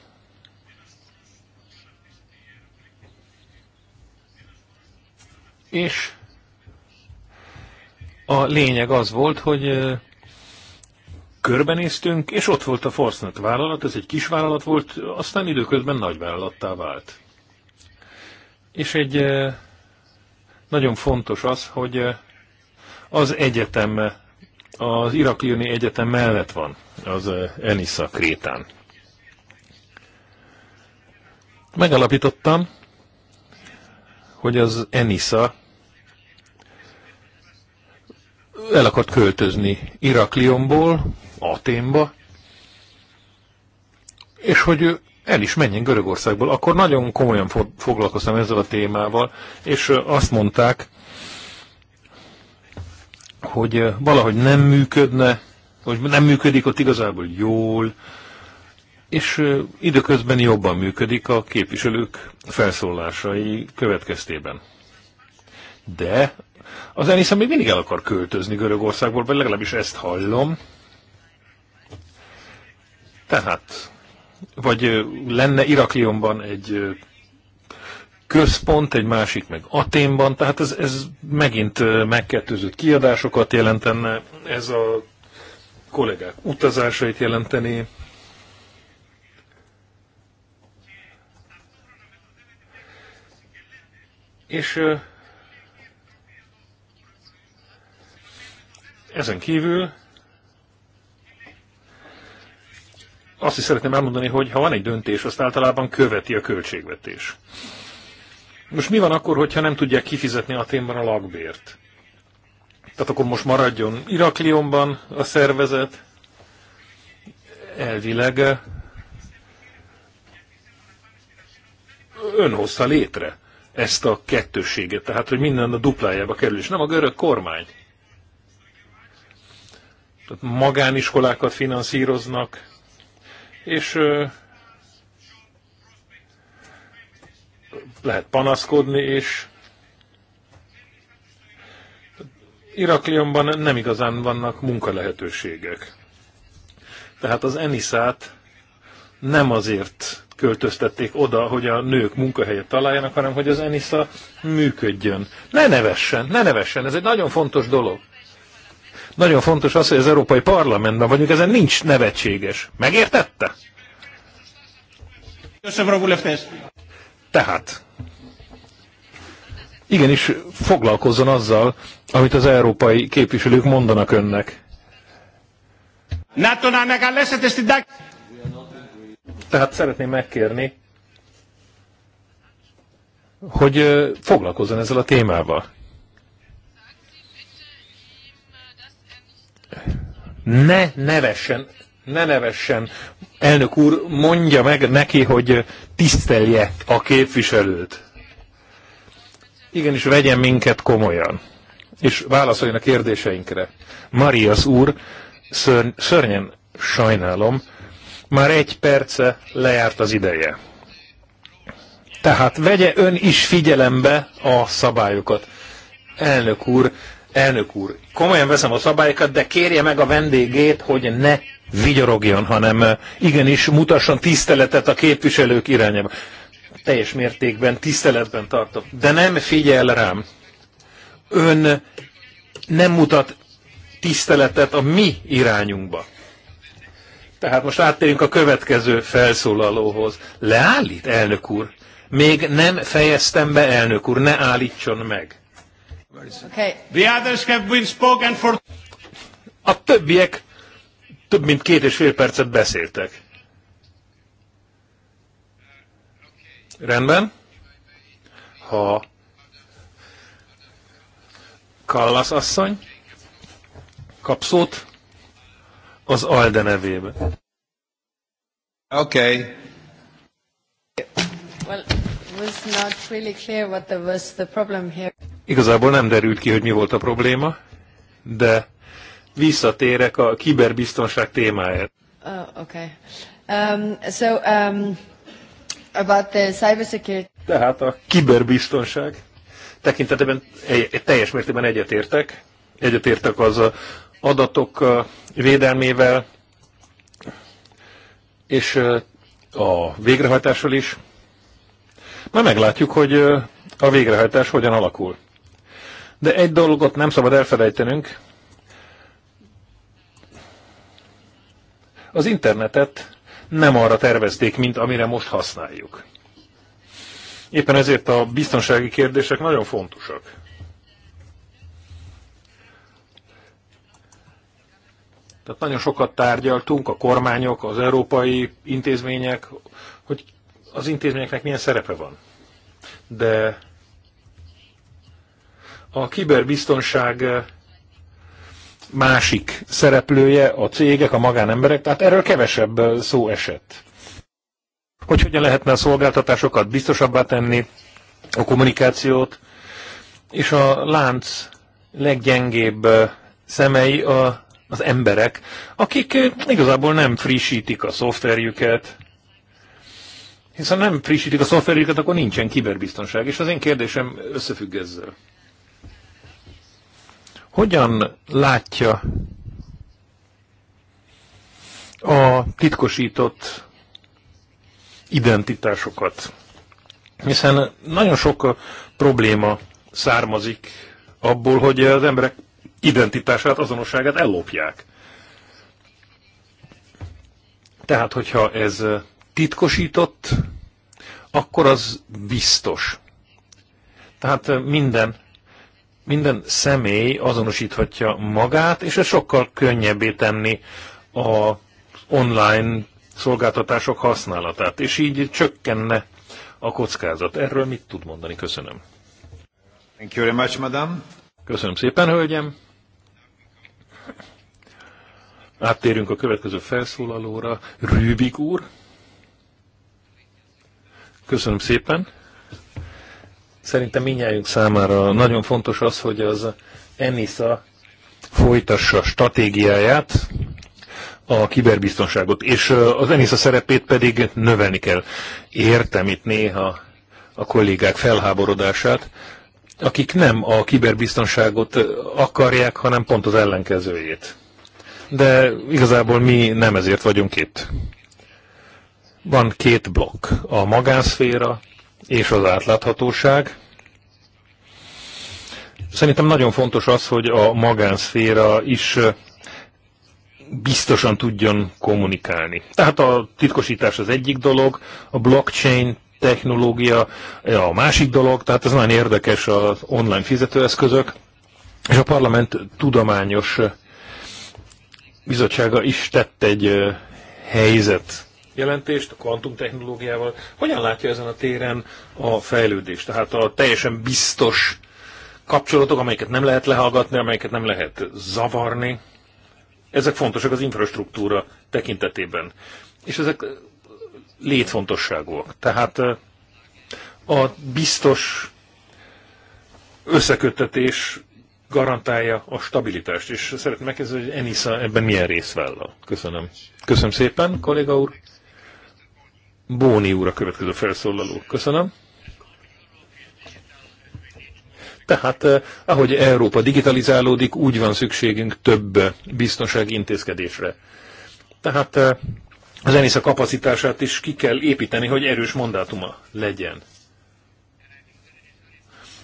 És a lényeg az volt, hogy körbenéztünk, és ott volt a Forsnet vállalat, ez egy kis vállalat volt, aztán időközben nagy vállalattá vált. És egy nagyon fontos az, hogy az egyetem az Iraklioni Egyetem mellett van, az Enisza Krétán. Megalapítottam, hogy az Enisza el akart költözni Iraklionból, Aténba, és hogy el is menjen Görögországból. Akkor nagyon komolyan foglalkoztam ezzel a témával, és azt mondták, hogy valahogy nem működne, hogy nem működik ott igazából jól, és időközben jobban működik a képviselők felszólásai következtében. De az Enisza még mindig el akar költözni Görögországból, vagy legalábbis ezt hallom. Tehát, vagy lenne Iraklionban egy központ, egy másik meg Aténban, tehát ez, ez megint megkettőzött kiadásokat jelentene, ez a kollégák utazásait jelenteni. És ezen kívül azt is szeretném elmondani, hogy ha van egy döntés, azt általában követi a költségvetés. Most mi van akkor, hogyha nem tudják kifizetni Aténban a lakbért? Tehát akkor most maradjon Iraklionban a szervezet, elvileg eh, ön hozta létre ezt a kettősséget, tehát hogy minden a duplájába kerül, és nem a görög kormány. Tehát magániskolákat finanszíroznak, és eh, lehet panaszkodni, és Iraklionban nem igazán vannak munkalehetőségek. Tehát az Enisát nem azért költöztették oda, hogy a nők munkahelyet találjanak, hanem hogy az Enisza működjön. Ne nevessen, ne nevessen, ez egy nagyon fontos dolog. Nagyon fontos az, hogy az Európai Parlamentben vagyunk, ezen nincs nevetséges. Megértette? Köszönöm, tehát igenis foglalkozzon azzal, amit az európai képviselők mondanak önnek. Tehát szeretném megkérni, hogy foglalkozzon ezzel a témával. Ne nevessen ne nevessen. Elnök úr, mondja meg neki, hogy tisztelje a képviselőt. Igenis, vegyen minket komolyan. És válaszoljon a kérdéseinkre. Marias úr, szörny, szörnyen sajnálom, már egy perce lejárt az ideje. Tehát vegye ön is figyelembe a szabályokat. Elnök úr, elnök úr, komolyan veszem a szabályokat, de kérje meg a vendégét, hogy ne vigyorogjon, hanem igenis mutasson tiszteletet a képviselők irányába. Teljes mértékben tiszteletben tartom. De nem figyel rám. Ön nem mutat tiszteletet a mi irányunkba. Tehát most áttérünk a következő felszólalóhoz. Leállít, elnök úr? Még nem fejeztem be, elnök úr, ne állítson meg. Okay. The others have been spoken for... A többiek több mint két és fél percet beszéltek. Rendben? Ha Kallas asszony kap szót az Alde nevébe. Okay. Well, was not really clear what was the problem here. Igazából nem derült ki, hogy mi volt a probléma, de visszatérek a kiberbiztonság témáért. Oh, okay. um, so, um, about the cybersecurity. Tehát a kiberbiztonság tekintetében teljes mértékben egyetértek. Egyetértek az adatok uh, védelmével, és uh, a végrehajtással is. Már meglátjuk, hogy uh, a végrehajtás hogyan alakul. De egy dolgot nem szabad elfelejtenünk, Az internetet nem arra tervezték, mint amire most használjuk. Éppen ezért a biztonsági kérdések nagyon fontosak. Tehát nagyon sokat tárgyaltunk, a kormányok, az európai intézmények, hogy az intézményeknek milyen szerepe van. De a kiberbiztonság másik szereplője a cégek, a magánemberek, tehát erről kevesebb szó esett. Hogy hogyan lehetne a szolgáltatásokat biztosabbá tenni, a kommunikációt, és a lánc leggyengébb szemei a, az emberek, akik igazából nem frissítik a szoftverjüket, hiszen nem frissítik a szoftverjüket, akkor nincsen kiberbiztonság, és az én kérdésem összefügg ezzel. Hogyan látja a titkosított identitásokat? Hiszen nagyon sok probléma származik abból, hogy az emberek identitását, azonosságát ellopják. Tehát, hogyha ez titkosított, akkor az biztos. Tehát minden minden személy azonosíthatja magát, és ez sokkal könnyebbé tenni a online szolgáltatások használatát, és így csökkenne a kockázat. Erről mit tud mondani? Köszönöm. Thank you very much, madam. Köszönöm szépen, hölgyem. Áttérünk a következő felszólalóra. Rübik úr. Köszönöm szépen. Szerintem minnyájunk számára nagyon fontos az, hogy az ENISA folytassa stratégiáját, a kiberbiztonságot, és az ENISA szerepét pedig növelni kell. Értem itt néha a kollégák felháborodását, akik nem a kiberbiztonságot akarják, hanem pont az ellenkezőjét. De igazából mi nem ezért vagyunk itt. Van két blokk, a magánszféra és az átláthatóság. Szerintem nagyon fontos az, hogy a magánszféra is biztosan tudjon kommunikálni. Tehát a titkosítás az egyik dolog, a blockchain technológia a másik dolog, tehát ez nagyon érdekes az online fizetőeszközök, és a parlament tudományos bizottsága is tett egy helyzet jelentést a kvantumtechnológiával. Hogyan látja ezen a téren a fejlődést? Tehát a teljesen biztos kapcsolatok, amelyeket nem lehet lehallgatni, amelyeket nem lehet zavarni. Ezek fontosak az infrastruktúra tekintetében. És ezek létfontosságúak. Tehát a biztos összeköttetés garantálja a stabilitást, és szeretném megkérdezni, hogy Enisa ebben milyen részt vállal. Köszönöm. Köszönöm szépen, kolléga úr. Bóni úr a következő felszólaló. Köszönöm. Tehát, eh, ahogy Európa digitalizálódik, úgy van szükségünk több biztonsági intézkedésre. Tehát eh, az ENISZA kapacitását is ki kell építeni, hogy erős mandátuma legyen.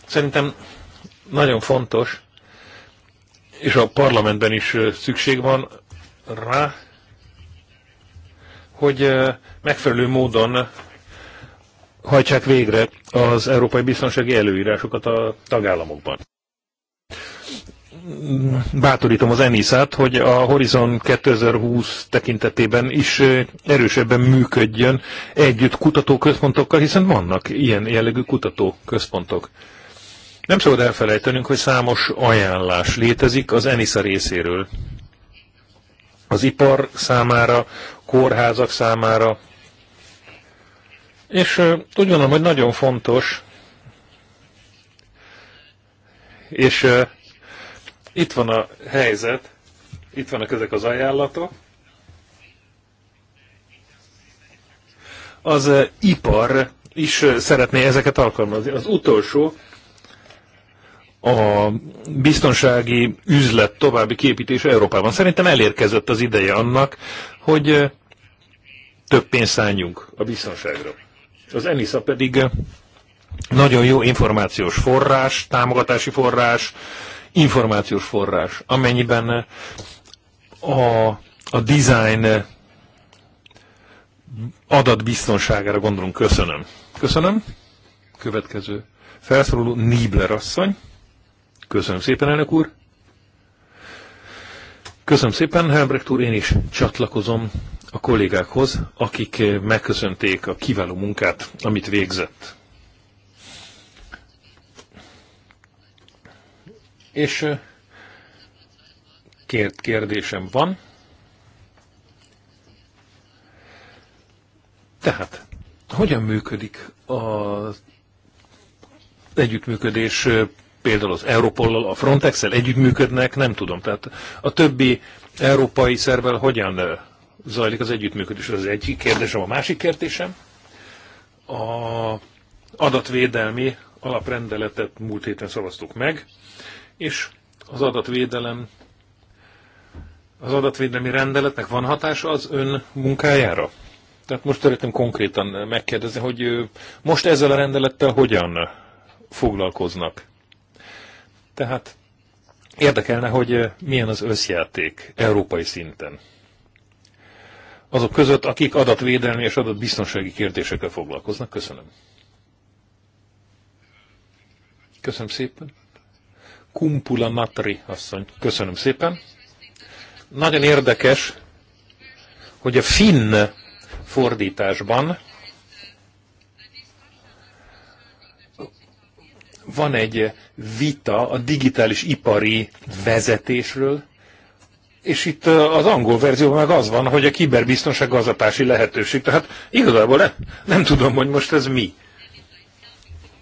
Szerintem nagyon fontos, és a parlamentben is eh, szükség van rá, hogy megfelelő módon hajtsák végre az európai biztonsági előírásokat a tagállamokban. Bátorítom az Enisát, hogy a Horizon 2020 tekintetében is erősebben működjön együtt kutatóközpontokkal, hiszen vannak ilyen jellegű kutatóközpontok. Nem szabad elfelejtenünk, hogy számos ajánlás létezik az Enisa részéről az ipar számára, kórházak számára. És úgy gondolom, hogy nagyon fontos, és itt van a helyzet, itt vannak ezek az ajánlatok. Az ipar is szeretné ezeket alkalmazni. Az utolsó a biztonsági üzlet további képítése Európában. Szerintem elérkezett az ideje annak, hogy eh, több pénzt szálljunk a biztonságra. Az ENISA pedig eh, nagyon jó információs forrás, támogatási forrás, információs forrás, amennyiben eh, a, a design adatbiztonságára gondolunk. Köszönöm. Köszönöm. Következő felszólaló Nibler asszony. Köszönöm szépen, elnök úr. Köszönöm szépen, Helmbrecht úr, én is csatlakozom a kollégákhoz, akik megköszönték a kiváló munkát, amit végzett. És két kérdésem van. Tehát, hogyan működik az együttműködés például az Európollal, a Frontex-el együttműködnek, nem tudom. Tehát a többi európai szervel hogyan zajlik az együttműködés? Ez az egyik kérdésem. A másik kérdésem, a adatvédelmi alaprendeletet múlt héten szavaztuk meg, és az adatvédelem az adatvédelmi rendeletnek van hatása az ön munkájára? Tehát most szeretném konkrétan megkérdezni, hogy most ezzel a rendelettel hogyan foglalkoznak? Tehát érdekelne, hogy milyen az összjáték európai szinten. Azok között, akik adatvédelmi és adatbiztonsági kérdésekkel foglalkoznak. Köszönöm. Köszönöm szépen. Kumpula Matri asszony. Köszönöm szépen. Nagyon érdekes, hogy a finn fordításban van egy vita a digitális ipari vezetésről, és itt az angol verzióban meg az van, hogy a kiberbiztonság gazdatási lehetőség. Tehát igazából nem, nem tudom, hogy most ez mi.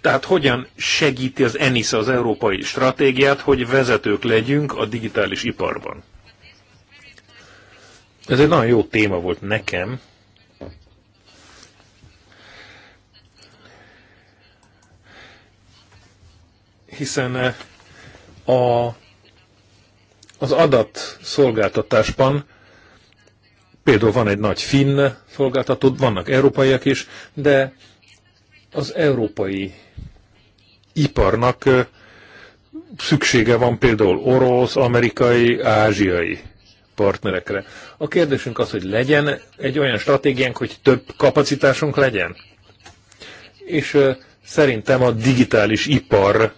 Tehát hogyan segíti az ENISA az európai stratégiát, hogy vezetők legyünk a digitális iparban? Ez egy nagyon jó téma volt nekem, hiszen eh, a, az adat szolgáltatásban például van egy nagy finn szolgáltató, vannak európaiak is, de az európai iparnak eh, szüksége van például orosz, amerikai, ázsiai partnerekre. A kérdésünk az, hogy legyen egy olyan stratégiánk, hogy több kapacitásunk legyen. És eh, szerintem a digitális ipar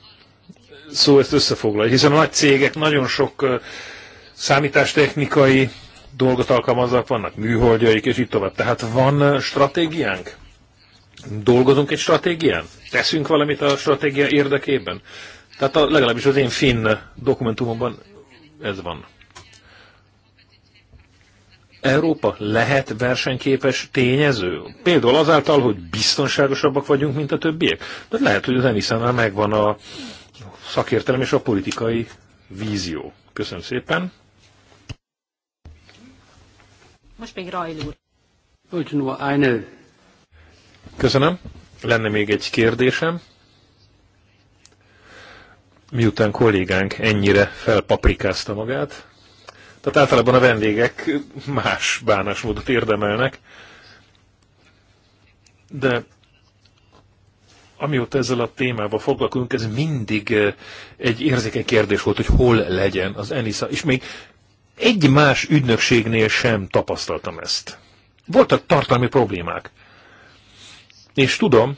szó ezt összefoglalja, hiszen a nagy cégek nagyon sok számítástechnikai dolgot alkalmaznak, vannak műholdjaik, és itt tovább. Tehát van stratégiánk? Dolgozunk egy stratégián? Teszünk valamit a stratégia érdekében? Tehát a, legalábbis az én finn dokumentumomban ez van. Európa lehet versenyképes tényező? Például azáltal, hogy biztonságosabbak vagyunk, mint a többiek? De lehet, hogy az Eniszánál megvan a szakértelem és a politikai vízió. Köszönöm szépen. Most pedig Rajl úr. Köszönöm. Lenne még egy kérdésem. Miután kollégánk ennyire felpaprikázta magát, tehát általában a vendégek más bánásmódot érdemelnek, de amióta ezzel a témával foglalkozunk, ez mindig eh, egy érzékeny kérdés volt, hogy hol legyen az ENISA, és még egy más ügynökségnél sem tapasztaltam ezt. Voltak tartalmi problémák. És tudom,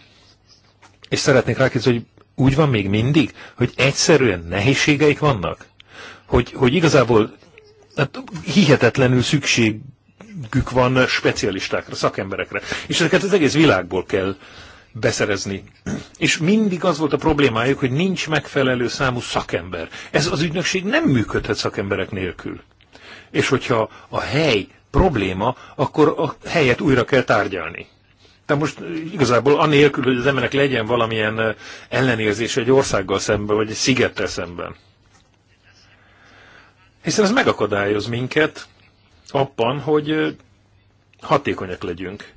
és szeretnék rákérdezni, hogy úgy van még mindig, hogy egyszerűen nehézségeik vannak? Hogy, hogy igazából hát hihetetlenül szükségük van specialistákra, szakemberekre. És ezeket az egész világból kell uh, beszerezni. És mindig az volt a problémájuk, hogy nincs megfelelő számú szakember. Ez az ügynökség nem működhet szakemberek nélkül. És hogyha a hely probléma, akkor a helyet újra kell tárgyalni. De most igazából anélkül, hogy az embernek legyen valamilyen ellenérzés egy országgal szemben, vagy egy szigettel szemben. Hiszen ez megakadályoz minket abban, hogy hatékonyak legyünk.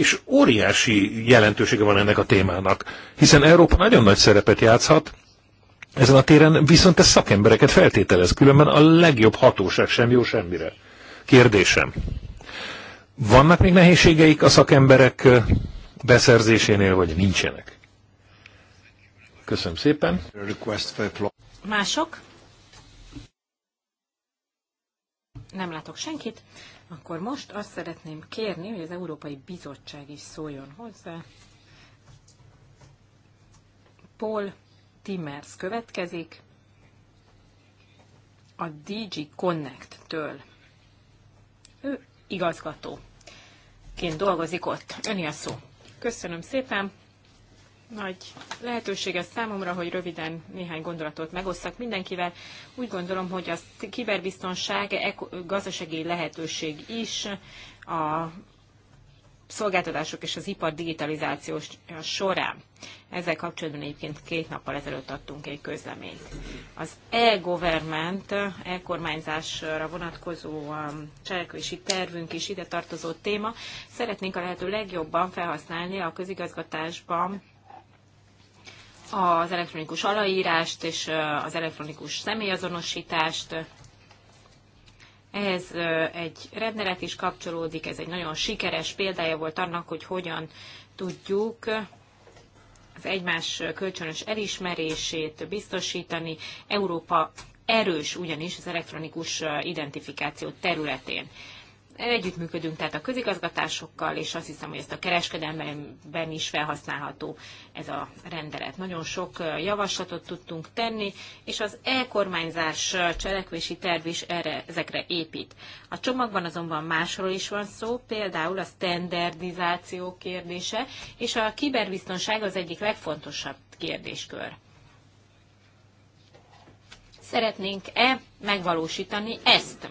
És óriási jelentősége van ennek a témának, hiszen Európa nagyon nagy szerepet játszhat, ezen a téren viszont ez szakembereket feltételez, különben a legjobb hatóság sem jó semmire. Kérdésem. Vannak még nehézségeik a szakemberek beszerzésénél, vagy nincsenek? Köszönöm szépen. Mások? Nem látok senkit. Akkor most azt szeretném kérni, hogy az Európai Bizottság is szóljon hozzá. Paul Timmers következik a DG Connect-től. Ő igazgató. dolgozik ott. Öni a szó. Köszönöm szépen nagy lehetőség ez számomra, hogy röviden néhány gondolatot megosszak mindenkivel. Úgy gondolom, hogy a kiberbiztonság e- gazdasági lehetőség is a szolgáltatások és az ipar digitalizációs során. Ezzel kapcsolatban egyébként két nappal ezelőtt adtunk egy közleményt. Az e-government, e-kormányzásra vonatkozó um, cselekvési tervünk is ide tartozó téma. Szeretnénk a lehető legjobban felhasználni a közigazgatásban az elektronikus aláírást és az elektronikus személyazonosítást. Ehhez egy rendelet is kapcsolódik, ez egy nagyon sikeres példája volt annak, hogy hogyan tudjuk az egymás kölcsönös elismerését biztosítani. Európa erős ugyanis az elektronikus identifikáció területén együttműködünk tehát a közigazgatásokkal, és azt hiszem, hogy ezt a kereskedelmben is felhasználható ez a rendelet. Nagyon sok javaslatot tudtunk tenni, és az e-kormányzás cselekvési terv is erre, ezekre épít. A csomagban azonban másról is van szó, például a standardizáció kérdése, és a kiberbiztonság az egyik legfontosabb kérdéskör szeretnénk-e megvalósítani ezt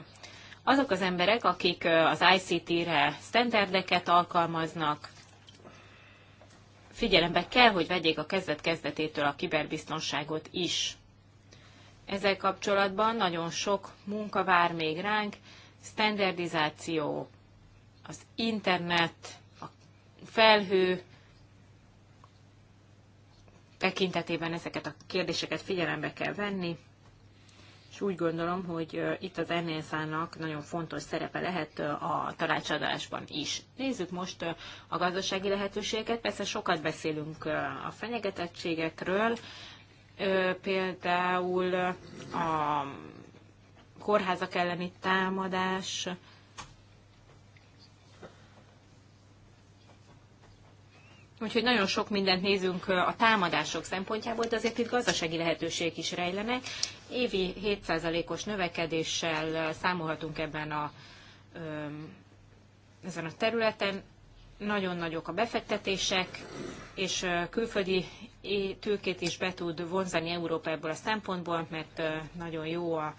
azok az emberek, akik az ICT-re standardeket alkalmaznak, figyelembe kell, hogy vegyék a kezdet-kezdetétől a kiberbiztonságot is. Ezzel kapcsolatban nagyon sok munka vár még ránk, standardizáció, az internet, a felhő tekintetében ezeket a kérdéseket figyelembe kell venni és úgy gondolom, hogy itt az NSZ-nak nagyon fontos szerepe lehet a tanácsadásban is. Nézzük most a gazdasági lehetőséget. Persze sokat beszélünk a fenyegetettségekről, például a kórházak elleni támadás, Úgyhogy nagyon sok mindent nézünk a támadások szempontjából, de azért itt gazdasági lehetőség is rejlenek, évi 7%-os növekedéssel számolhatunk ebben a, ezen a területen. Nagyon nagyok a befektetések, és külföldi tőkét is be tud vonzani Európa ebből a szempontból, mert nagyon jó a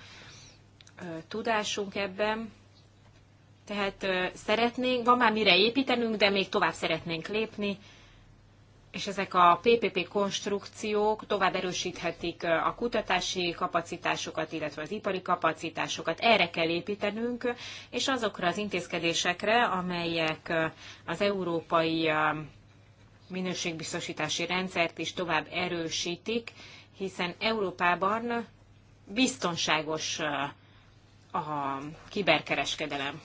tudásunk ebben. Tehát szeretnénk, van már mire építenünk, de még tovább szeretnénk lépni és ezek a PPP konstrukciók tovább erősíthetik a kutatási kapacitásokat, illetve az ipari kapacitásokat. Erre kell építenünk, és azokra az intézkedésekre, amelyek az európai minőségbiztosítási rendszert is tovább erősítik, hiszen Európában biztonságos a kiberkereskedelem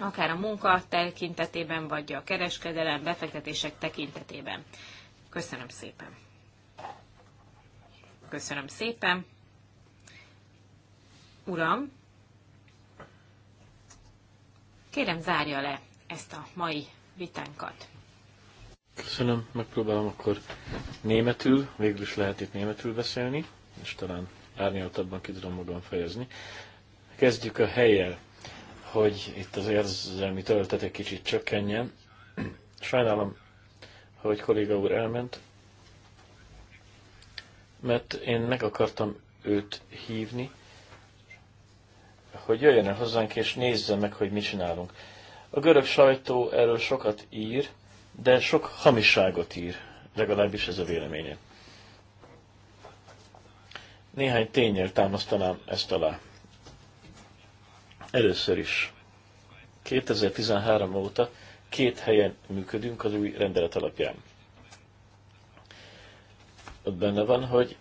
akár a munka tekintetében, vagy a kereskedelem, befektetések tekintetében. Köszönöm szépen! Köszönöm szépen! Uram, kérem zárja le ezt a mai vitánkat. Köszönöm, megpróbálom akkor németül, végül is lehet itt németül beszélni, és talán árnyaltabban ki tudom magam fejezni. Kezdjük a helyjel hogy itt az érzelmi töltet egy kicsit csökkenjen. Sajnálom, hogy kolléga úr elment, mert én meg akartam őt hívni, hogy jöjjön el hozzánk és nézze meg, hogy mit csinálunk. A görög sajtó erről sokat ír, de sok hamiságot ír, legalábbis ez a véleménye. Néhány tényel támasztanám ezt alá. Először is 2013 óta két helyen működünk az új rendelet alapján. Ott benne van, hogy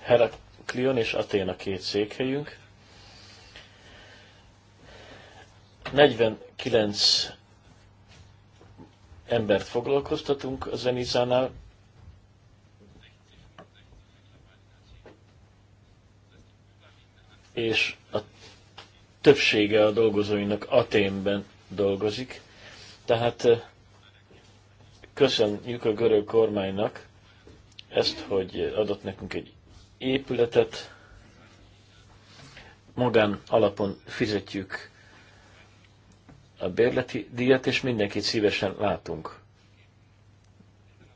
Heraklion és Aténa két székhelyünk. 49 embert foglalkoztatunk a Zenizánál, és a többsége a dolgozóinak Aténben dolgozik, tehát eh, köszönjük a görög kormánynak ezt, hogy adott nekünk egy épületet, magán alapon fizetjük a bérleti díjat, és mindenkit szívesen látunk.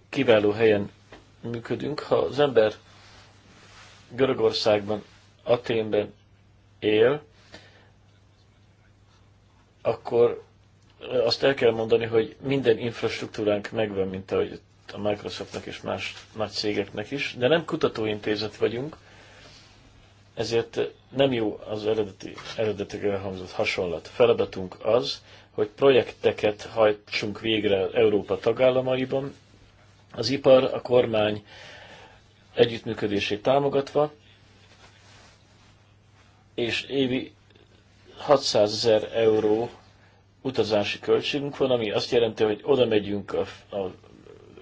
Kiváló helyen működünk. Ha az ember Görögországban, Aténben él, akkor azt el kell mondani, hogy minden infrastruktúránk megvan, mint ahogy a Microsoftnak és más nagy cégeknek is, de nem kutatóintézet vagyunk, ezért nem jó az eredeti, eredetileg elhangzott hasonlat. Feladatunk az, hogy projekteket hajtsunk végre Európa tagállamaiban, az ipar, a kormány együttműködését támogatva, és évi 600 ezer euró utazási költségünk van, ami azt jelenti, hogy oda megyünk a, a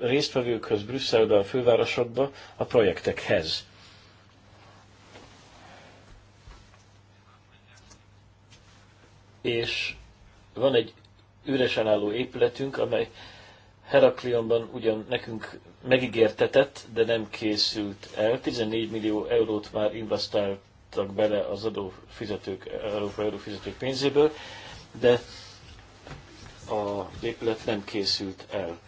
résztvevőkhöz, Brüsszelbe, a fővárosokba, a projektekhez. És van egy üresen álló épületünk, amely Heraklionban ugyan nekünk megígértetett, de nem készült el. 14 millió eurót már investáltak bele az adófizetők, Európai adófizetők pénzéből, de a épület nem készült el.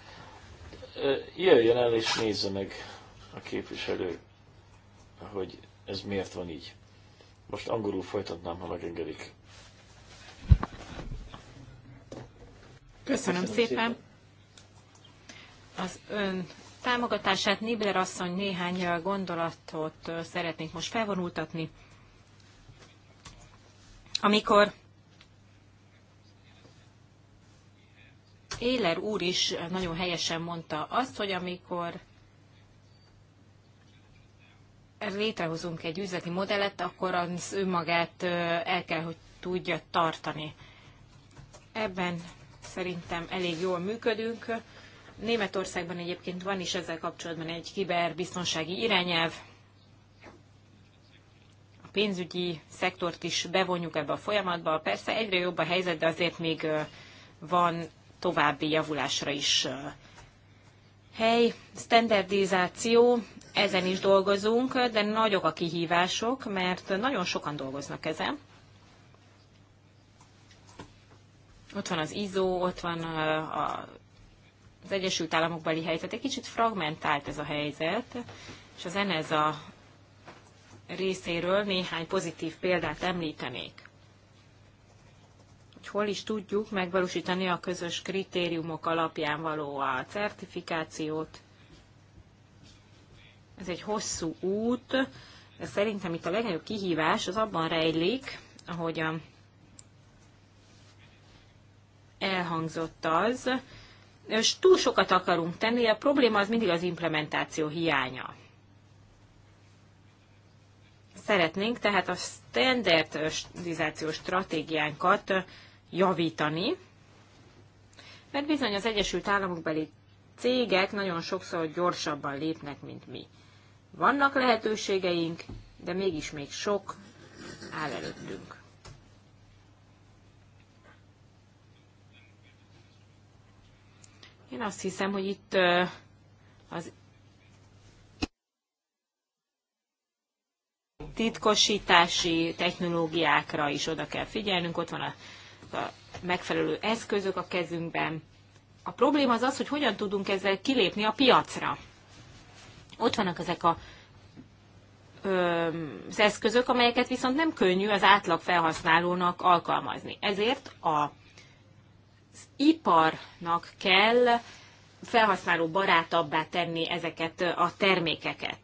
Jöjjön el és nézze meg a képviselő, hogy ez miért van így. Most angolul folytatnám, ha megengedik. Köszönöm, Köszönöm szépen. szépen. Az ön támogatását Nibler asszony néhány gondolatot szeretnék most felvonultatni. Amikor Éler úr is nagyon helyesen mondta azt, hogy amikor létrehozunk egy üzleti modellet, akkor az önmagát el kell, hogy tudja tartani. Ebben szerintem elég jól működünk. Németországban egyébként van is ezzel kapcsolatban egy kiberbiztonsági irányelv. A pénzügyi szektort is bevonjuk ebbe a folyamatba. Persze egyre jobb a helyzet, de azért még van további javulásra is hely. Standardizáció, ezen is dolgozunk, de nagyok a kihívások, mert nagyon sokan dolgoznak ezen. Ott van az ISO, ott van a az Egyesült Államokbeli helyzet. Egy kicsit fragmentált ez a helyzet, és az e a részéről néhány pozitív példát említenék hogy hol is tudjuk megvalósítani a közös kritériumok alapján való a certifikációt. Ez egy hosszú út, de szerintem itt a legnagyobb kihívás az abban rejlik, ahogy a elhangzott az, és túl sokat akarunk tenni, a probléma az mindig az implementáció hiánya. Szeretnénk tehát a standardizációs stratégiánkat javítani, mert bizony az Egyesült Államokbeli cégek nagyon sokszor gyorsabban lépnek, mint mi. Vannak lehetőségeink, de mégis még sok áll előttünk. Én azt hiszem, hogy itt az titkosítási technológiákra is oda kell figyelnünk. Ott van a a megfelelő eszközök a kezünkben. A probléma az az, hogy hogyan tudunk ezzel kilépni a piacra. Ott vannak ezek a, ö, az eszközök, amelyeket viszont nem könnyű az átlag felhasználónak alkalmazni. Ezért a, az iparnak kell felhasználó barátabbá tenni ezeket a termékeket.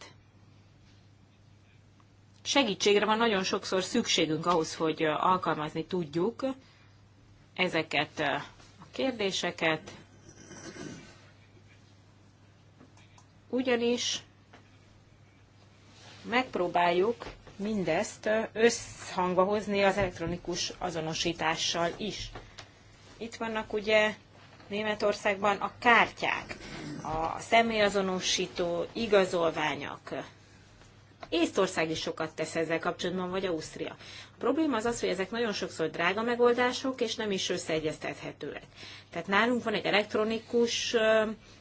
Segítségre van nagyon sokszor szükségünk ahhoz, hogy alkalmazni tudjuk ezeket eh, a kérdéseket, ugyanis megpróbáljuk mindezt eh, összhangba hozni az elektronikus azonosítással is. Itt vannak ugye Németországban a kártyák, a személyazonosító igazolványok. Észtország is sokat tesz ezzel kapcsolatban, vagy Ausztria. A probléma az az, hogy ezek nagyon sokszor drága megoldások, és nem is összeegyeztethetőek. Tehát nálunk van egy elektronikus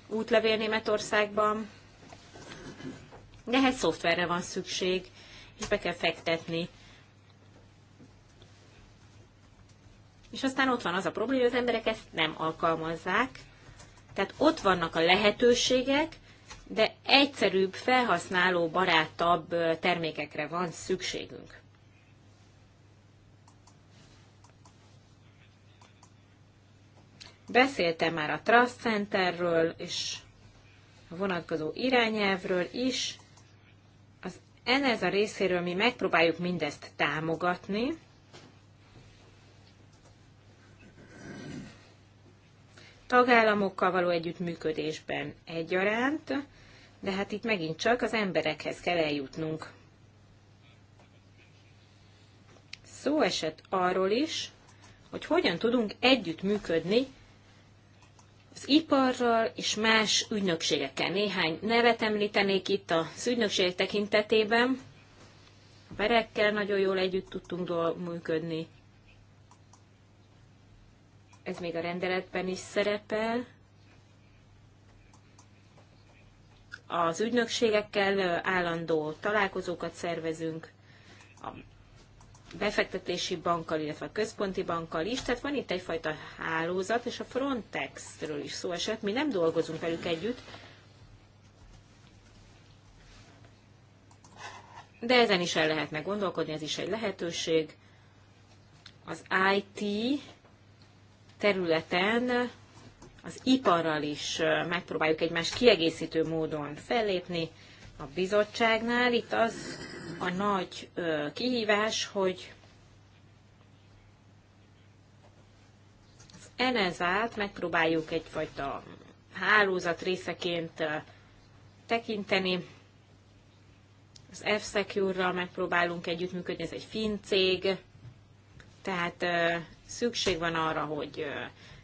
útlevél Németországban, de ehhez hát szoftverre van szükség, és be kell fektetni. És aztán ott van az a probléma, hogy az emberek ezt nem alkalmazzák. Tehát ott vannak a lehetőségek, de egyszerűbb, felhasználó barátabb termékekre van szükségünk. Beszéltem már a Trust Centerről és a vonatkozó irányelvről is. Az ez a részéről mi megpróbáljuk mindezt támogatni. Tagállamokkal való együttműködésben egyaránt, de hát itt megint csak az emberekhez kell eljutnunk. Szó esett arról is, hogy hogyan tudunk együttműködni az iparral és más ügynökségekkel. Néhány nevet említenék itt az ügynökségek tekintetében. A verekkel nagyon jól együtt tudtunk működni. Ez még a rendeletben is szerepel. Az ügynökségekkel állandó találkozókat szervezünk, a befektetési bankkal, illetve a központi bankkal is, tehát van itt egyfajta hálózat, és a Frontexről is szó esett, mi nem dolgozunk velük együtt, de ezen is el lehetne gondolkodni, ez is egy lehetőség. Az IT területen az iparral is megpróbáljuk egymást kiegészítő módon fellépni a bizottságnál. Itt az a nagy kihívás, hogy az NSA-t megpróbáljuk egyfajta hálózat részeként tekinteni. Az F-Secure-ral megpróbálunk együttműködni, ez egy finn cég, tehát szükség van arra, hogy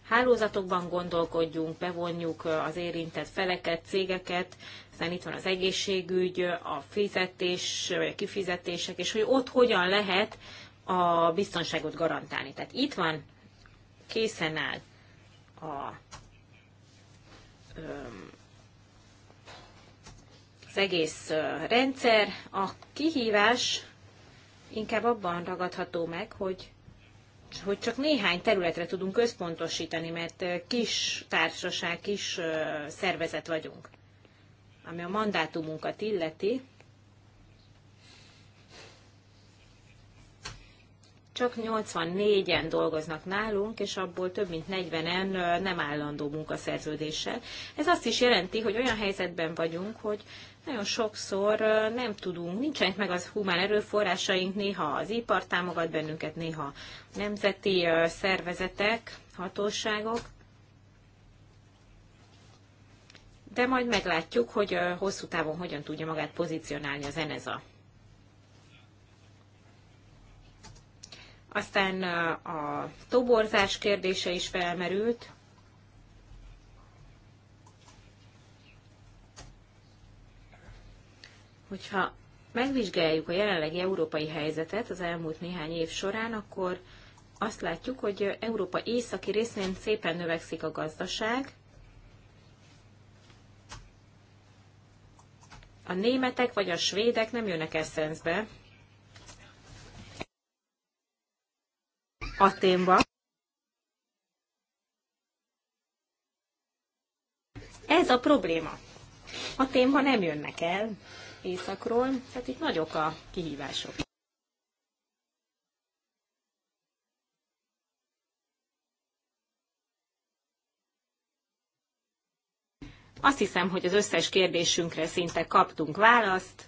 hálózatokban gondolkodjunk, bevonjuk az érintett feleket, cégeket, aztán itt van az egészségügy, a fizetés, vagy a kifizetések, és hogy ott hogyan lehet a biztonságot garantálni. Tehát itt van, készen áll a, az egész rendszer. A kihívás inkább abban ragadható meg, hogy hogy csak néhány területre tudunk központosítani, mert kis társaság, kis szervezet vagyunk ami a mandátumunkat illeti, csak 84-en dolgoznak nálunk, és abból több mint 40-en nem állandó munkaszerződéssel. Ez azt is jelenti, hogy olyan helyzetben vagyunk, hogy nagyon sokszor nem tudunk, nincsenek meg az humán erőforrásaink, néha az ipar támogat bennünket, néha nemzeti szervezetek, hatóságok, de majd meglátjuk, hogy hosszú távon hogyan tudja magát pozícionálni az Eneza. Aztán a toborzás kérdése is felmerült. Hogyha megvizsgáljuk a jelenlegi európai helyzetet az elmúlt néhány év során, akkor azt látjuk, hogy Európa északi részén szépen növekszik a gazdaság, a németek vagy a svédek nem jönnek eszenzbe. Aténba. Ez a probléma. Aténba nem jönnek el északról, tehát itt nagyok a kihívások. Azt hiszem, hogy az összes kérdésünkre szinte kaptunk választ.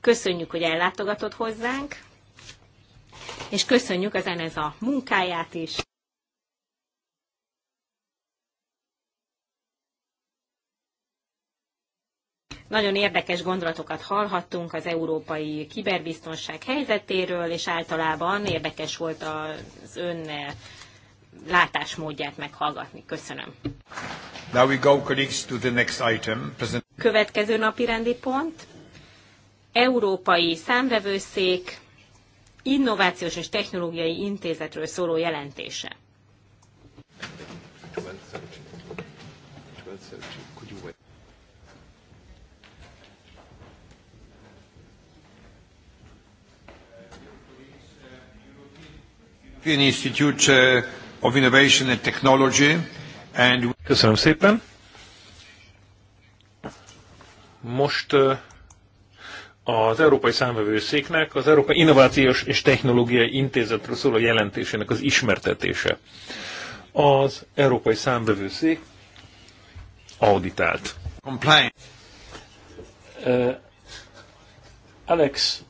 Köszönjük, hogy ellátogatott hozzánk, és köszönjük az a munkáját is. Nagyon érdekes gondolatokat hallhattunk az európai kiberbiztonság helyzetéről, és általában érdekes volt az önnel látásmódját meghallgatni. Köszönöm. Now we go, colleagues, to the next item. Present... Következő napi rendi pont. Európai számvevőszék innovációs és technológiai intézetről szóló jelentése. Institute uh, of Innovation and Technology. And... Köszönöm szépen. Most az Európai Számvevőszéknek, az Európai Innovációs és Technológiai Intézetről szóló jelentésének az ismertetése. Az Európai Számvevőszék auditált. Uh, Alex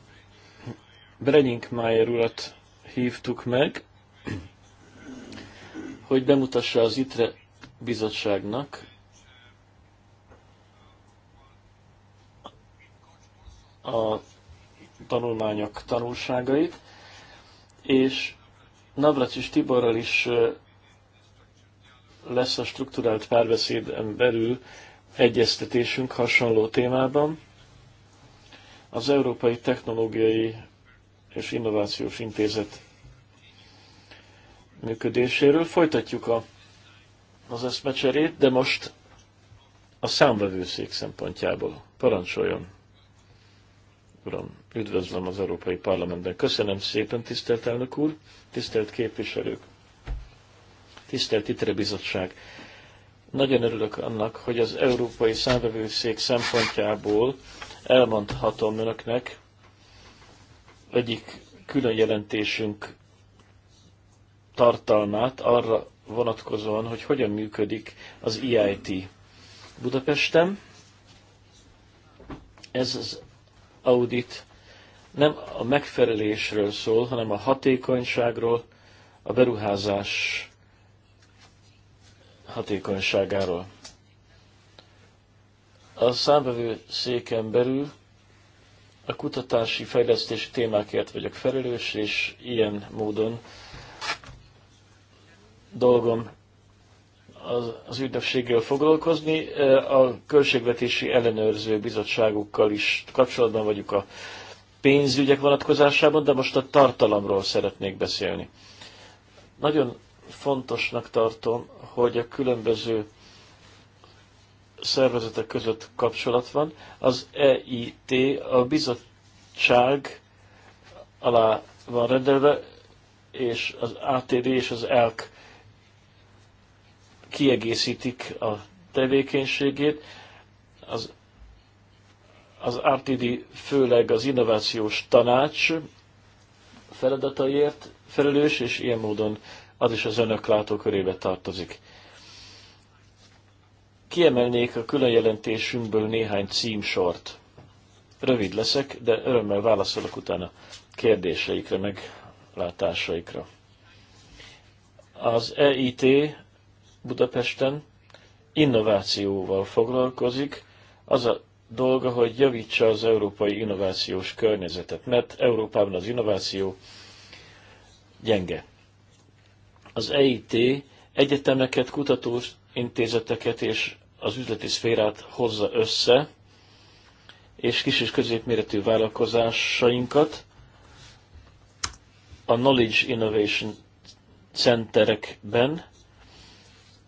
Brenninkmeyer urat hívtuk meg, hogy bemutassa az ITRE bizottságnak a tanulmányok tanulságait, és és Tiborral is lesz a strukturált párbeszéden belül egyeztetésünk hasonló témában. Az Európai Technológiai és Innovációs Intézet működéséről. Folytatjuk a, az eszmecserét, de most a számvevőszék szempontjából. Parancsoljon! Uram, üdvözlöm az Európai Parlamentben. Köszönöm szépen, tisztelt elnök úr, tisztelt képviselők, tisztelt ITRE Bizottság. Nagyon örülök annak, hogy az Európai Számvevőszék szempontjából elmondhatom önöknek egyik külön jelentésünk tartalmát arra vonatkozóan, hogy hogyan működik az EIT Budapesten. Ez az audit nem a megfelelésről szól, hanem a hatékonyságról, a beruházás hatékonyságáról. A számbevő széken belül a kutatási fejlesztési témákért vagyok felelős, és ilyen módon dolgom az, az ügynökséggel foglalkozni. A Költségvetési Ellenőrző Bizottságukkal is kapcsolatban vagyunk a pénzügyek vonatkozásában, de most a tartalomról szeretnék beszélni. Nagyon fontosnak tartom, hogy a különböző szervezetek között kapcsolat van. Az EIT, a bizottság alá van rendelve, és az ATD és az ELK kiegészítik a tevékenységét. Az, az RTD főleg az innovációs tanács feladataiért felelős, és ilyen módon az is az önök látókörébe tartozik. Kiemelnék a külön jelentésünkből néhány címsort. Rövid leszek, de örömmel válaszolok utána kérdéseikre, meg látásaikra. Az EIT Budapesten, innovációval foglalkozik, az a dolga, hogy javítsa az európai innovációs környezetet, mert Európában az innováció gyenge. Az EIT egyetemeket, kutatóintézeteket és az üzleti szférát hozza össze, és kis és középméretű vállalkozásainkat a Knowledge Innovation Centerekben,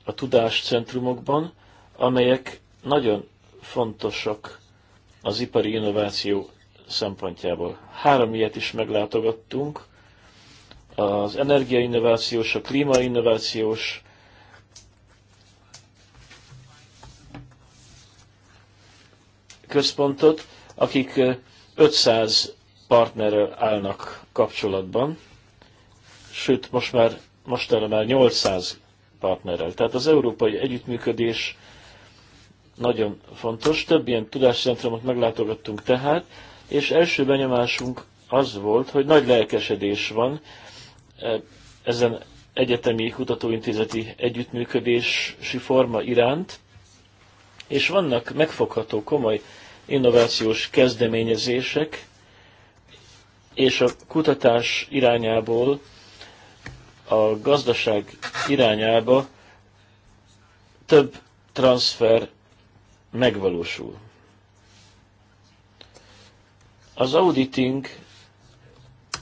a tudáscentrumokban, amelyek nagyon fontosak az ipari innováció szempontjából. Három ilyet is meglátogattunk, az energiainnovációs, a klímainnovációs, központot, akik 500 partnerrel állnak kapcsolatban, sőt, most már most már 800 partnerrel. Tehát az európai együttműködés nagyon fontos. Több ilyen tudáscentrumot meglátogattunk tehát, és első benyomásunk az volt, hogy nagy lelkesedés van e, ezen egyetemi kutatóintézeti együttműködési forma iránt, és vannak megfogható komoly innovációs kezdeményezések, és a kutatás irányából a gazdaság irányába több transfer megvalósul. Az auditing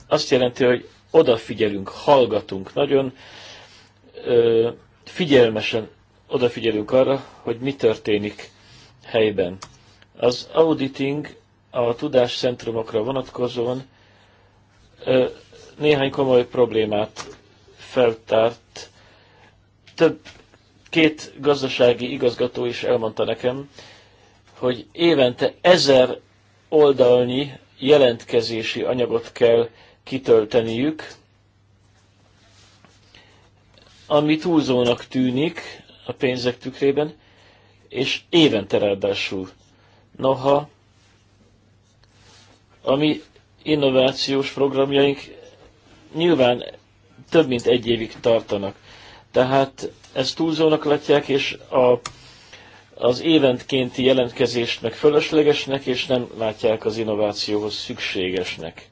azt jelenti, hogy odafigyelünk, hallgatunk nagyon, figyelmesen odafigyelünk arra, hogy mi történik helyben. Az auditing a tudáscentrumokra vonatkozóan néhány komoly problémát feltárt, több két gazdasági igazgató is elmondta nekem, hogy évente ezer oldalnyi jelentkezési anyagot kell kitölteniük, ami túlzónak tűnik a pénzek tükrében, és évente ráadásul. Noha ami innovációs programjaink nyilván több mint egy évig tartanak. Tehát ezt túlzónak látják, és a, az éventkénti jelentkezést meg fölöslegesnek, és nem látják az innovációhoz szükségesnek.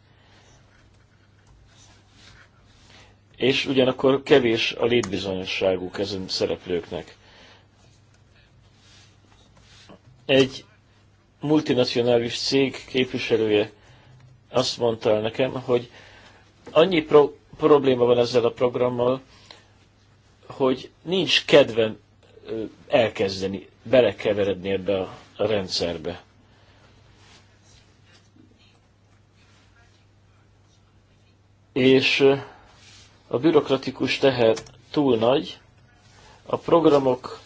És ugyanakkor kevés a létbizonyosságuk ezen szereplőknek. Egy multinacionális cég képviselője azt mondta el nekem, hogy annyi pro- probléma van ezzel a programmal, hogy nincs kedven elkezdeni, belekeveredni ebbe a, rendszerbe. És a bürokratikus teher túl nagy, a programok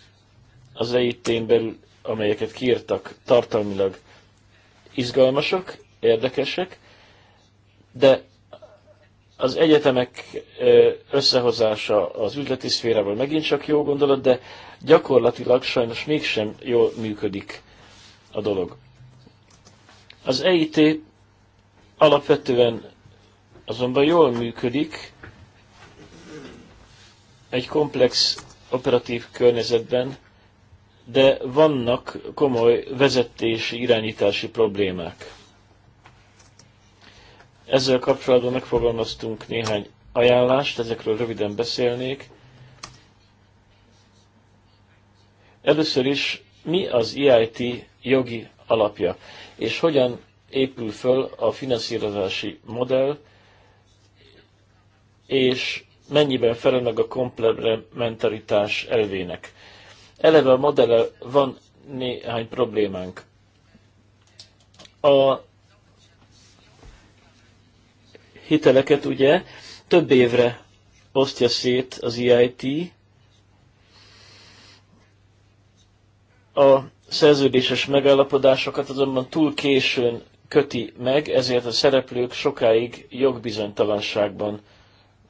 az EIT-n belül, amelyeket kiírtak, tartalmilag izgalmasak, érdekesek, de az egyetemek összehozása az üzleti szférával megint csak jó gondolat, de gyakorlatilag sajnos mégsem jól működik a dolog. Az EIT alapvetően azonban jól működik egy komplex operatív környezetben, de vannak komoly vezetési, irányítási problémák. Ezzel kapcsolatban megfogalmaztunk néhány ajánlást, ezekről röviden beszélnék. Először is, mi az EIT jogi alapja, és hogyan épül föl a finanszírozási modell, és mennyiben felel meg a komplementaritás elvének. Eleve a modellel van néhány problémánk. A hiteleket ugye több évre osztja szét az EIT, a szerződéses megállapodásokat azonban túl későn köti meg, ezért a szereplők sokáig jogbizonytalanságban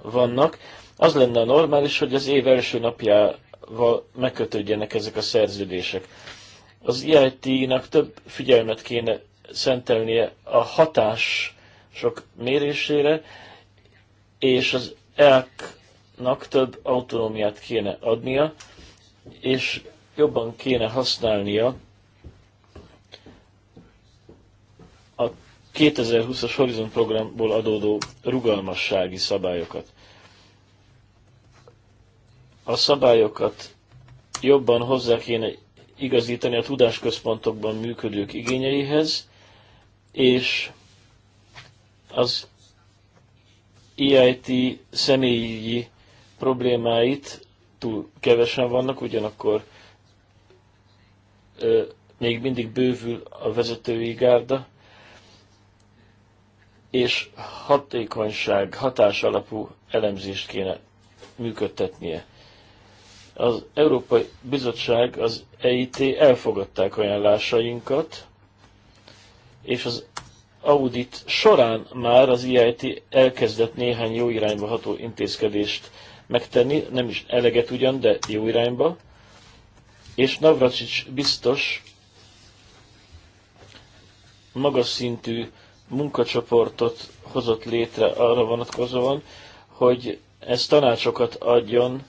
vannak. Az lenne a normális, hogy az év első napjával megkötődjenek ezek a szerződések. Az e IIT-nak több figyelmet kéne szentelnie a hatás sok mérésére, és az ELK-nak több autonómiát kéne adnia, és jobban kéne használnia a 2020-as Horizon programból adódó rugalmassági szabályokat. A szabályokat jobban hozzá kéne igazítani a tudásközpontokban működők igényeihez, és az EIT személyi problémáit túl kevesen vannak, ugyanakkor ö, még mindig bővül a vezetői gárda, és hatékonyság, hatás alapú elemzést kéne működtetnie. Az Európai Bizottság, az EIT elfogadták ajánlásainkat, és az audit során már az EIT elkezdett néhány jó irányba ható intézkedést megtenni, nem is eleget ugyan, de jó irányba. És Navracsics biztos magas szintű munkacsoportot hozott létre arra vonatkozóan, hogy ez tanácsokat adjon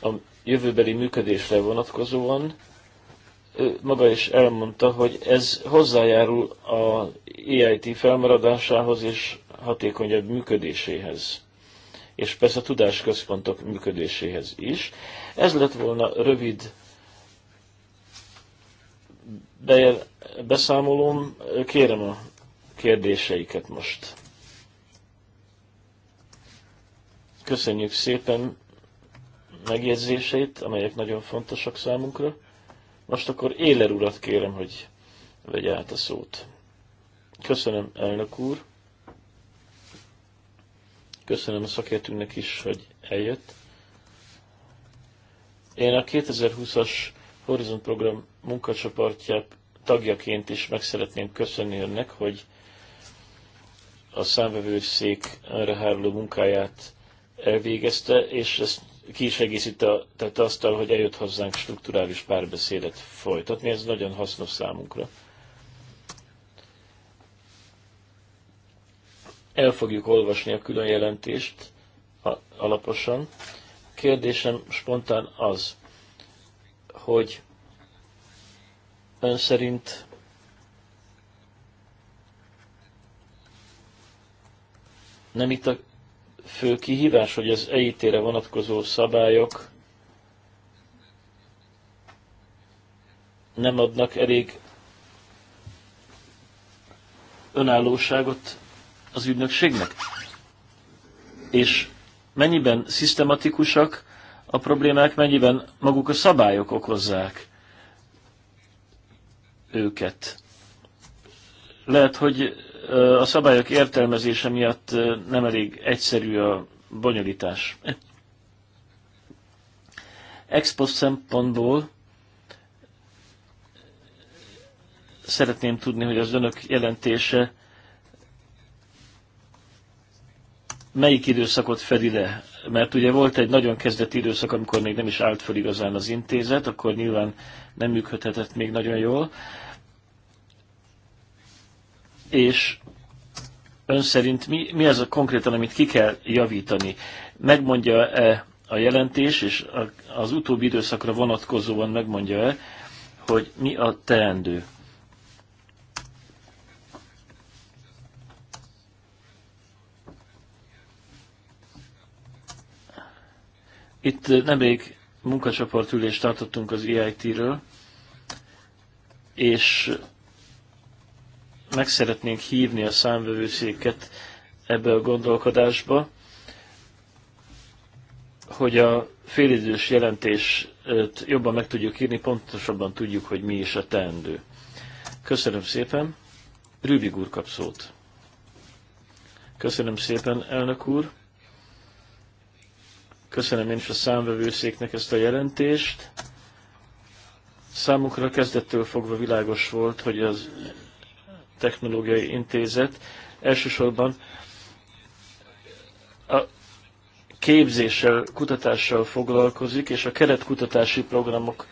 a jövőbeli működésre vonatkozóan, ő maga is elmondta, hogy ez hozzájárul a EIT felmaradásához és hatékonyabb működéséhez, és persze a tudásközpontok működéséhez is. Ez lett volna rövid beszámolom, Kérem a kérdéseiket most. Köszönjük szépen megjegyzéseit, amelyek nagyon fontosak számunkra. Most akkor Éler urat kérem, hogy vegye át a szót. Köszönöm, elnök úr. Köszönöm a szakértőnek is, hogy eljött. Én a 2020-as Horizon Program munkacsoportja tagjaként is meg szeretném köszönni önnek, hogy a számvevőszék erre háruló munkáját elvégezte, és ezt ki is egészítette azt, hogy eljött hozzánk strukturális párbeszédet folytatni, ez nagyon hasznos számunkra. El fogjuk olvasni a külön jelentést alaposan. Kérdésem spontán az, hogy ön szerint nem itt a fő kihívás, hogy az EIT-re vonatkozó szabályok nem adnak elég önállóságot az ügynökségnek? És mennyiben szisztematikusak a problémák, mennyiben maguk a szabályok okozzák őket? Lehet, hogy a szabályok értelmezése miatt nem elég egyszerű a bonyolítás. Expo szempontból szeretném tudni, hogy az önök jelentése melyik időszakot fedi le? Mert ugye volt egy nagyon kezdeti időszak, amikor még nem is állt fel igazán az intézet, akkor nyilván nem működhetett még nagyon jól és ön szerint mi, mi az a konkrétan, amit ki kell javítani? Megmondja-e a jelentés, és az utóbbi időszakra vonatkozóan megmondja-e, hogy mi a teendő? Itt nemrég munkacsoportülést tartottunk az EIT-ről, és meg szeretnénk hívni a számvevőszéket ebbe a gondolkodásba, hogy a félidős jelentés jobban meg tudjuk írni, pontosabban tudjuk, hogy mi is a teendő. Köszönöm szépen. Rübig úr kap szót. Köszönöm szépen, elnök úr. Köszönöm én is a számvevőszéknek ezt a jelentést. Számukra kezdettől fogva világos volt, hogy az Technológiai Intézet elsősorban a képzéssel, kutatással foglalkozik, és a keretkutatási programok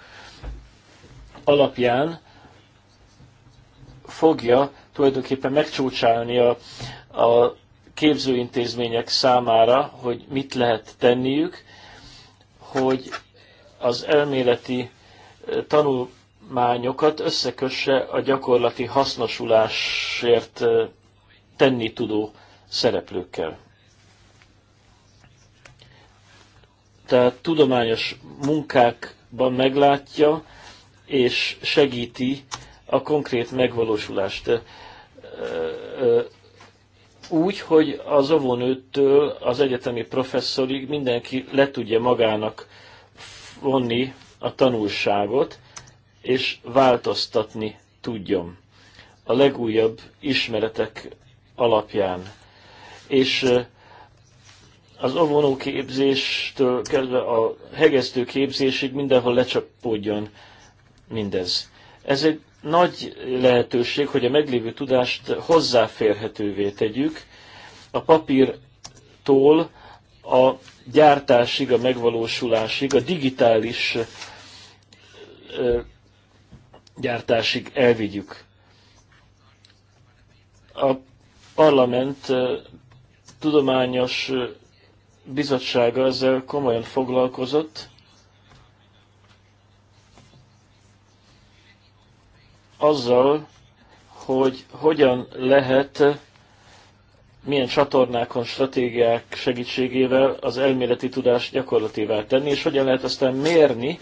alapján fogja tulajdonképpen megcsócsálni a, a képzőintézmények számára, hogy mit lehet tenniük, hogy az elméleti tanul tanulmányokat összekösse a gyakorlati hasznosulásért tenni tudó szereplőkkel. Tehát tudományos munkákban meglátja és segíti a konkrét megvalósulást úgy, hogy az óvónőtől az egyetemi professzorig mindenki le tudja magának vonni a tanulságot, és változtatni tudjon a legújabb ismeretek alapján. És az óvonó képzéstől kezdve a hegesztő képzésig mindenhol lecsapódjon mindez. Ez egy nagy lehetőség, hogy a meglévő tudást hozzáférhetővé tegyük a papírtól a gyártásig, a megvalósulásig, a digitális gyártásig elvigyük. A parlament tudományos bizottsága ezzel komolyan foglalkozott. Azzal, hogy hogyan lehet milyen csatornákon, stratégiák segítségével az elméleti tudást gyakorlatívá tenni, és hogyan lehet aztán mérni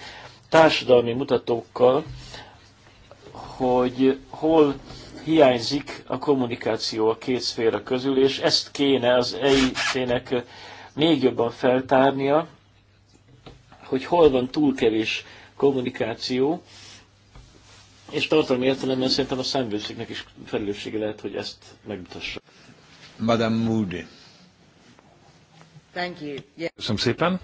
társadalmi mutatókkal hogy hol hiányzik a kommunikáció a két szféra közül, és ezt kéne az EIT-nek még jobban feltárnia, hogy hol van túl kevés kommunikáció, és tartalmi értelemben szerintem a számbőszéknek is felelőssége lehet, hogy ezt megmutassa. Madame Moody. Thank you. Yeah. Köszönöm szépen.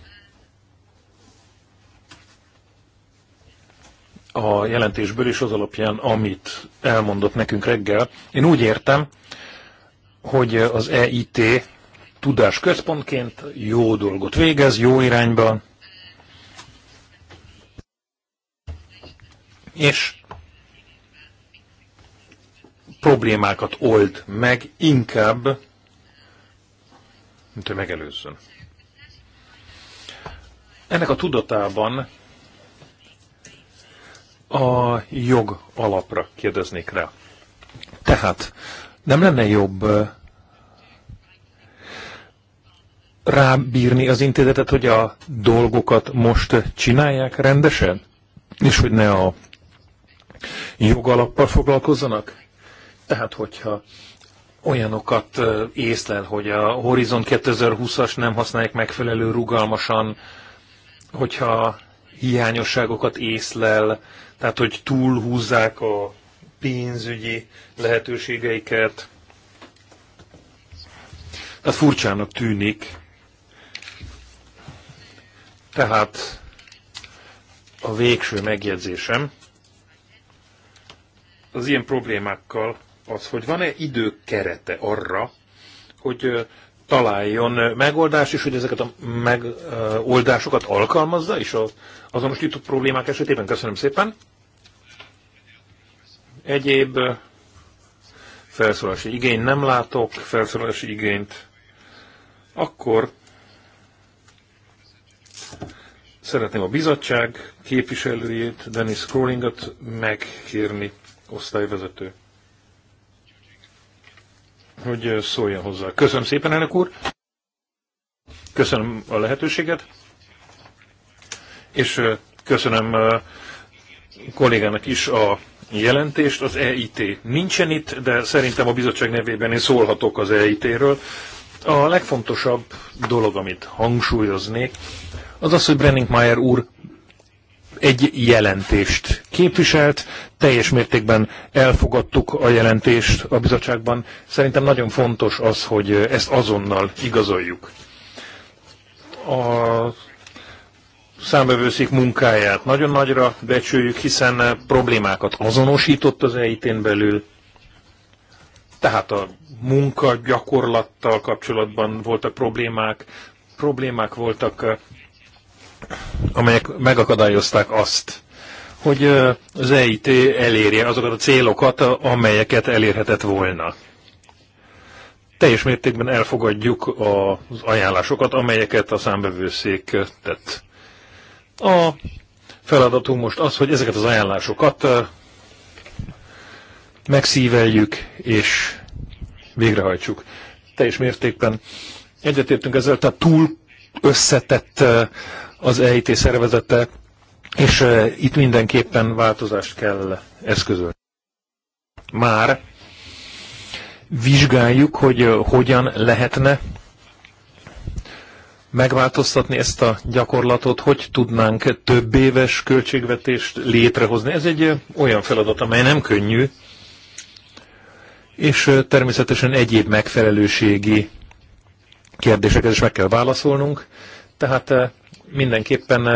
a jelentésből és az alapján, amit elmondott nekünk reggel. Én úgy értem, hogy az EIT tudásközpontként jó dolgot végez, jó irányba, és problémákat old meg inkább, mint hogy megelőzzön. Ennek a tudatában a jog alapra kérdeznék rá. Tehát nem lenne jobb rábírni az intézetet, hogy a dolgokat most csinálják rendesen? És hogy ne a jogalappal foglalkozzanak? Tehát, hogyha olyanokat észlel, hogy a Horizon 2020-as nem használják megfelelő rugalmasan, hogyha hiányosságokat észlel, tehát hogy túlhúzzák a pénzügyi lehetőségeiket. Tehát furcsának tűnik. Tehát a végső megjegyzésem az ilyen problémákkal az, hogy van-e idő kerete arra, hogy találjon megoldást, és hogy ezeket a megoldásokat alkalmazza és az azonosított problémák esetében. Köszönöm szépen. Egyéb felszólási igény nem látok, felszólási igényt. Akkor szeretném a bizottság képviselőjét, Dennis Crawlingot megkérni, osztályvezető hogy szóljon hozzá. Köszönöm szépen, elnök úr. Köszönöm a lehetőséget. És köszönöm kollégának is a jelentést. Az EIT nincsen itt, de szerintem a bizottság nevében én szólhatok az EIT-ről. A legfontosabb dolog, amit hangsúlyoznék, az az, hogy Brenning Mayer úr egy jelentést képviselt, teljes mértékben elfogadtuk a jelentést a bizottságban. Szerintem nagyon fontos az, hogy ezt azonnal igazoljuk. A számbevőszék munkáját nagyon nagyra becsüljük, hiszen problémákat azonosított az EIT-n belül, tehát a munka gyakorlattal kapcsolatban voltak problémák, problémák voltak amelyek megakadályozták azt, hogy az EIT elérje azokat a célokat, amelyeket elérhetett volna. Teljes mértékben elfogadjuk az ajánlásokat, amelyeket a számbevőszék tett. A feladatunk most az, hogy ezeket az ajánlásokat megszíveljük és végrehajtsuk. Teljes mértékben egyetértünk ezzel, tehát túl összetett az EIT szervezete, és itt mindenképpen változást kell eszközölni. Már vizsgáljuk, hogy hogyan lehetne megváltoztatni ezt a gyakorlatot, hogy tudnánk több éves költségvetést létrehozni. Ez egy olyan feladat, amely nem könnyű, és természetesen egyéb megfelelőségi kérdéseket is meg kell válaszolnunk. Tehát mindenképpen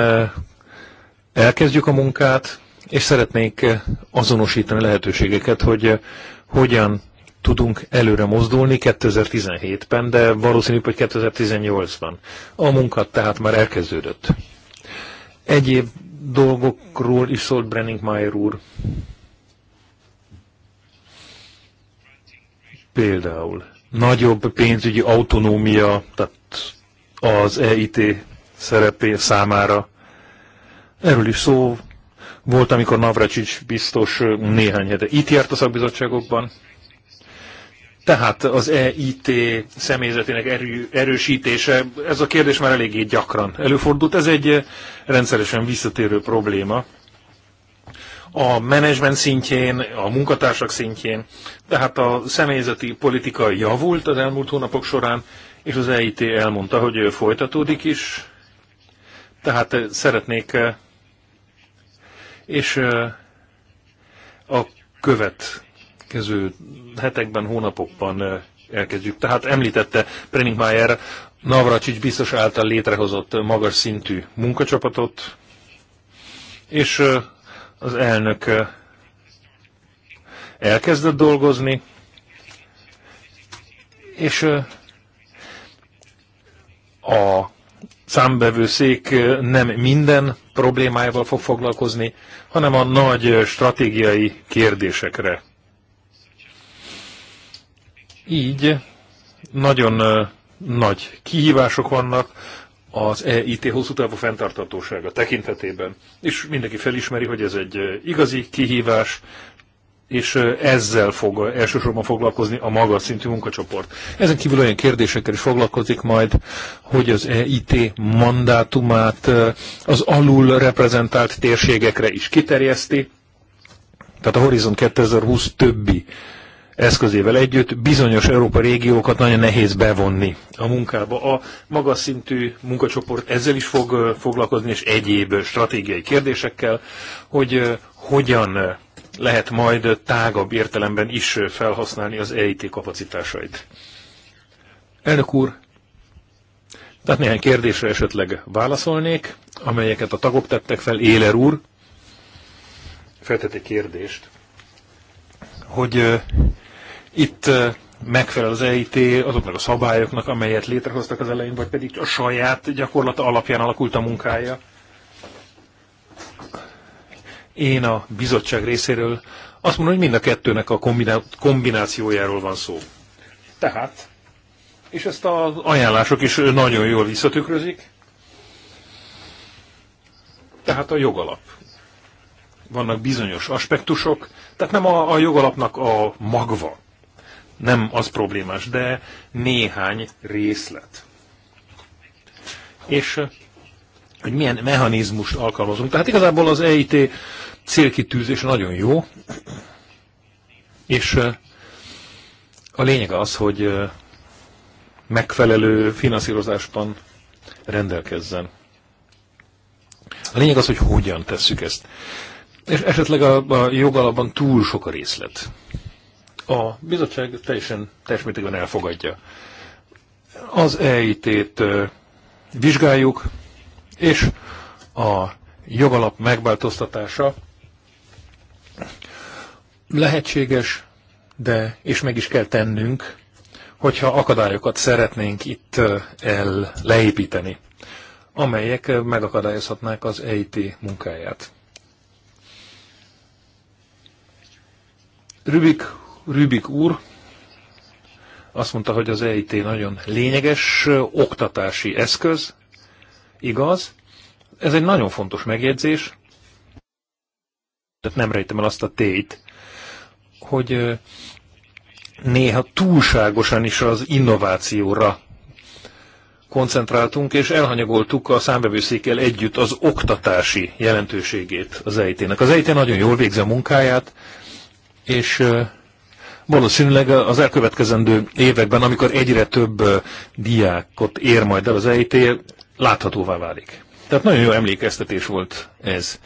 elkezdjük a munkát, és szeretnék azonosítani lehetőségeket, hogy hogyan tudunk előre mozdulni 2017-ben, de valószínűbb, hogy 2018-ban. A munka tehát már elkezdődött. Egyéb dolgokról is szólt Brenning Mayer úr. Például nagyobb pénzügyi autonómia, tehát az EIT szerepé számára. Erről is szó volt, amikor Navracsics biztos néhány hete itt járt a szakbizottságokban. Tehát az EIT személyzetének erő, erősítése, ez a kérdés már eléggé gyakran előfordult. Ez egy rendszeresen visszatérő probléma a menedzsment szintjén, a munkatársak szintjén, tehát a személyzeti politika javult az elmúlt hónapok során, és az EIT elmondta, hogy folytatódik is, tehát eh, szeretnék, eh, és eh, a következő hetekben, hónapokban elkezdjük. Tehát említette Preningmeier Navracsics biztos által létrehozott magas szintű munkacsapatot, és az elnök elkezdett dolgozni, és a számbevőszék nem minden problémájával fog foglalkozni, hanem a nagy stratégiai kérdésekre. Így nagyon nagy kihívások vannak az EIT hosszú távú fenntartatósága tekintetében. És mindenki felismeri, hogy ez egy igazi kihívás, és ezzel fog elsősorban foglalkozni a magas szintű munkacsoport. Ezen kívül olyan kérdésekkel is foglalkozik majd, hogy az EIT mandátumát az alul reprezentált térségekre is kiterjeszti, tehát a Horizon 2020 többi eszközével együtt bizonyos Európa régiókat nagyon nehéz bevonni a munkába. A magas szintű munkacsoport ezzel is fog foglalkozni, és egyéb stratégiai kérdésekkel, hogy hogyan lehet majd tágabb értelemben is felhasználni az EIT kapacitásait. Elnök úr, tehát néhány kérdésre esetleg válaszolnék, amelyeket a tagok tettek fel. Éler úr feltett kérdést, hogy uh, itt uh, megfelel az EIT azoknak a szabályoknak, amelyet létrehoztak az elején, vagy pedig a saját gyakorlata alapján alakult a munkája. Én a bizottság részéről azt mondom, hogy mind a kettőnek a kombinációjáról van szó. Tehát, és ezt az ajánlások is nagyon jól visszatükrözik, tehát a jogalap. Vannak bizonyos aspektusok, tehát nem a, a jogalapnak a magva, nem az problémás, de néhány részlet. És hogy milyen mechanizmust alkalmazunk. Tehát igazából az EIT célkitűzés nagyon jó, és a lényeg az, hogy megfelelő finanszírozásban rendelkezzen. A lényeg az, hogy hogyan tesszük ezt. És esetleg a, a jogalapban túl sok a részlet. A bizottság teljesen teljes mértékben elfogadja. Az EIT-t vizsgáljuk, és a jogalap megváltoztatása lehetséges, de és meg is kell tennünk, hogyha akadályokat szeretnénk itt el leépíteni, amelyek megakadályozhatnák az EIT munkáját. Rübik, Rübik úr azt mondta, hogy az EIT nagyon lényeges oktatási eszköz, igaz? Ez egy nagyon fontos megjegyzés, tehát nem rejtem el azt a tét, hogy néha túlságosan is az innovációra koncentráltunk, és elhanyagoltuk a számbevőszékkel együtt az oktatási jelentőségét az EIT-nek. Az EIT nagyon jól végzi a munkáját, és valószínűleg az elkövetkezendő években, amikor egyre több diákot ér majd el az EIT, láthatóvá válik. Tehát nagyon jó emlékeztetés volt ez.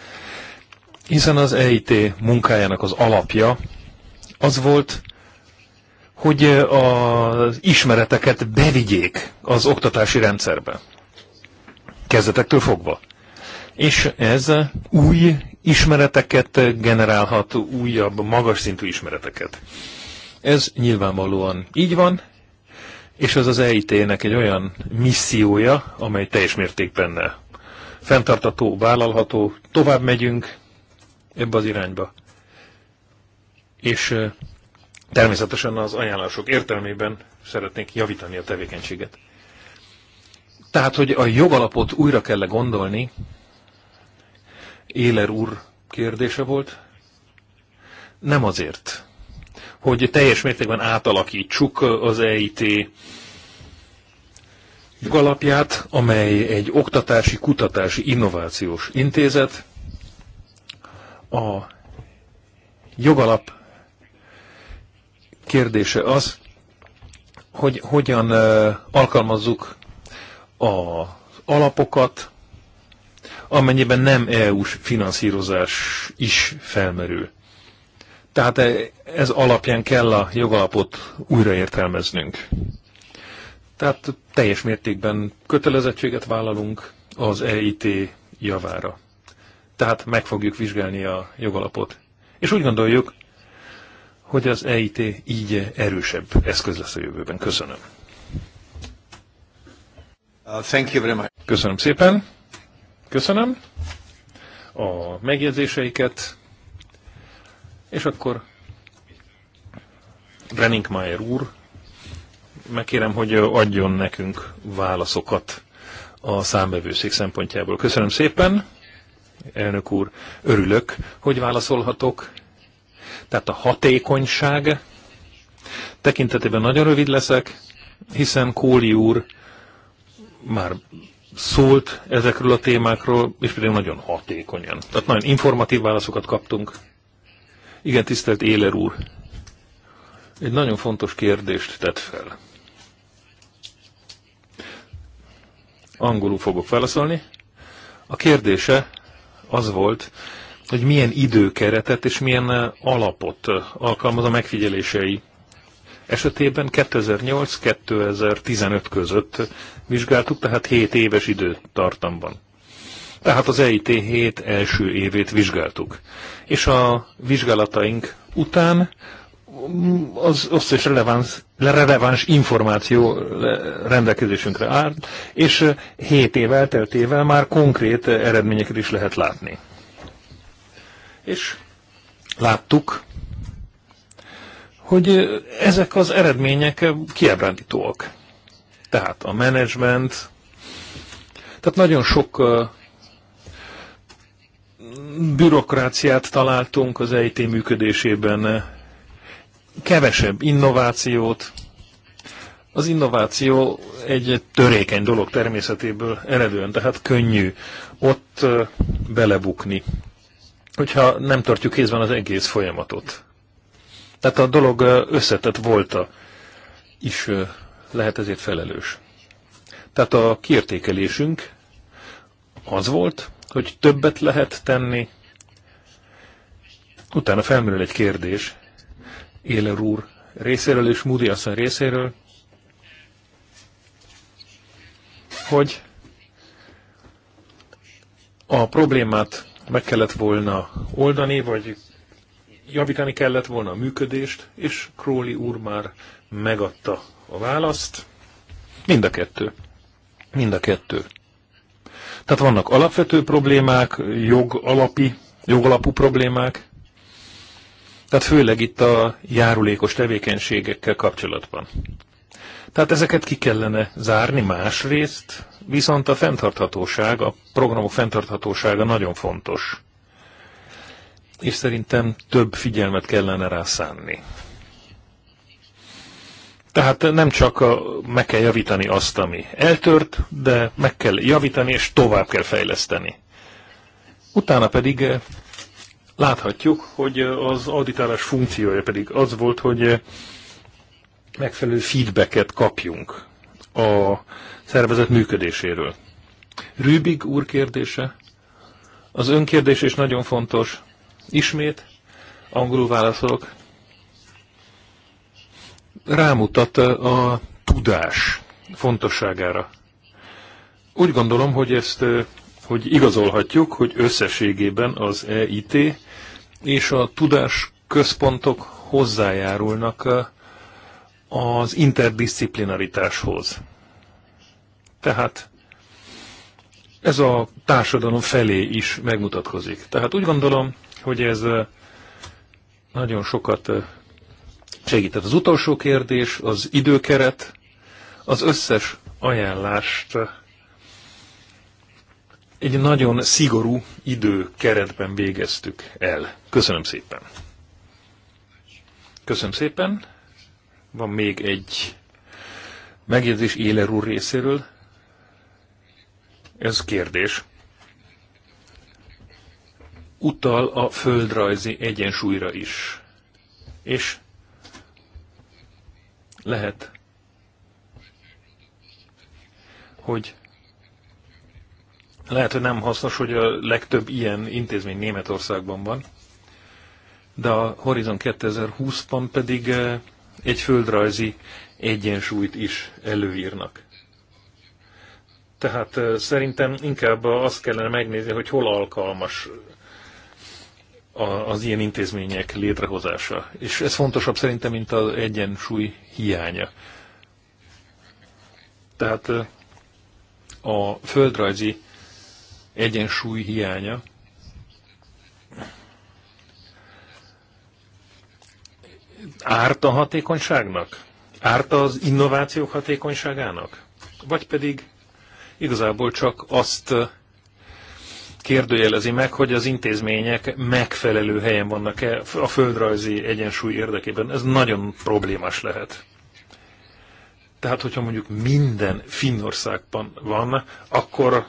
Hiszen az EIT munkájának az alapja az volt, hogy az ismereteket bevigyék az oktatási rendszerbe. Kezdetektől fogva. És ez új ismereteket generálhat, újabb, magas szintű ismereteket. Ez nyilvánvalóan így van, és ez az EIT-nek egy olyan missziója, amely teljes mértékben fenntartató, vállalható, tovább megyünk ebbe az irányba és természetesen az ajánlások értelmében szeretnék javítani a tevékenységet. Tehát, hogy a jogalapot újra kell -e gondolni, Éler úr kérdése volt, nem azért, hogy teljes mértékben átalakítsuk az EIT jogalapját, amely egy oktatási, kutatási, innovációs intézet. A jogalap kérdése az, hogy hogyan alkalmazzuk az alapokat, amennyiben nem EU-s finanszírozás is felmerül. Tehát e, ez alapján kell a jogalapot újraértelmeznünk. Tehát teljes mértékben kötelezettséget vállalunk az EIT javára. Tehát meg fogjuk vizsgálni a jogalapot. És úgy gondoljuk, hogy az EIT így erősebb eszköz lesz a jövőben. Köszönöm. Uh, thank you very much. Köszönöm szépen. Köszönöm a megjegyzéseiket. És akkor Mayer úr, megkérem, hogy adjon nekünk válaszokat a számbevőszék szempontjából. Köszönöm szépen, elnök úr, örülök, hogy válaszolhatok tehát a hatékonyság tekintetében nagyon rövid leszek, hiszen Kóli úr már szólt ezekről a témákról, és pedig nagyon hatékonyan. Tehát nagyon informatív válaszokat kaptunk. Igen, tisztelt Éler úr, egy nagyon fontos kérdést tett fel. Angolul fogok válaszolni. A kérdése az volt, hogy milyen időkeretet és milyen alapot alkalmaz a megfigyelései esetében 2008-2015 között vizsgáltuk, tehát 7 éves időtartamban. Tehát az EIT 7 első évét vizsgáltuk. És a vizsgálataink után mm, az összes releváns, releváns információ rendelkezésünkre áll, és 7 év elteltével már konkrét eredményeket is lehet látni és láttuk, hogy ezek az eredmények kiábrándítóak. Tehát a menedzsment, tehát nagyon sok bürokráciát találtunk az EIT működésében, kevesebb innovációt. Az innováció egy törékeny dolog természetéből eredően, tehát könnyű ott belebukni hogyha nem tartjuk kézben az egész folyamatot. Tehát a dolog összetett volta is lehet ezért felelős. Tehát a kiértékelésünk az volt, hogy többet lehet tenni. Utána felmerül egy kérdés Éler úr részéről és Moody asszony részéről, hogy a problémát meg kellett volna oldani, vagy javítani kellett volna a működést, és Crowley úr már megadta a választ. Mind a kettő. Mind a kettő. Tehát vannak alapvető problémák, jogalapi, jogalapú problémák, tehát főleg itt a járulékos tevékenységekkel kapcsolatban. Tehát ezeket ki kellene zárni másrészt, viszont a fenntarthatóság, a programok fenntarthatósága nagyon fontos. És szerintem több figyelmet kellene rá szánni. Tehát nem csak a, meg kell javítani azt, ami eltört, de meg kell javítani, és tovább kell fejleszteni. Utána pedig eh, láthatjuk, hogy eh, az auditálás funkciója pedig az volt, hogy eh, megfelelő feedbacket kapjunk a szervezet működéséről. Rübig úr kérdése. Az önkérdés is nagyon fontos. Ismét angolul válaszolok. Rámutat a tudás fontosságára. Úgy gondolom, hogy ezt hogy igazolhatjuk, hogy összességében az EIT és a tudás központok hozzájárulnak az interdisziplinaritáshoz. Tehát ez a társadalom felé is megmutatkozik. Tehát úgy gondolom, hogy ez nagyon sokat segített. Az utolsó kérdés, az időkeret, az összes ajánlást egy nagyon szigorú időkeretben végeztük el. Köszönöm szépen. Köszönöm szépen. Van még egy megjegyzés Éler úr részéről. Ez kérdés. Utal a földrajzi egyensúlyra is. És lehet, hogy lehet, hogy nem hasznos, hogy a legtöbb ilyen intézmény Németországban van, de a Horizon 2020-ban pedig eh, egy földrajzi egyensúlyt is előírnak. Tehát szerintem inkább azt kellene megnézni, hogy hol alkalmas az ilyen intézmények létrehozása. És ez fontosabb szerintem, mint az egyensúly hiánya. Tehát a földrajzi egyensúly hiánya árt a hatékonyságnak? Árt az innovációk hatékonyságának? Vagy pedig igazából csak azt eh, kérdőjelezi meg, hogy az intézmények megfelelő helyen vannak-e a földrajzi egyensúly érdekében. Ez nagyon problémás lehet. Tehát, hogyha mondjuk minden Finnországban van, akkor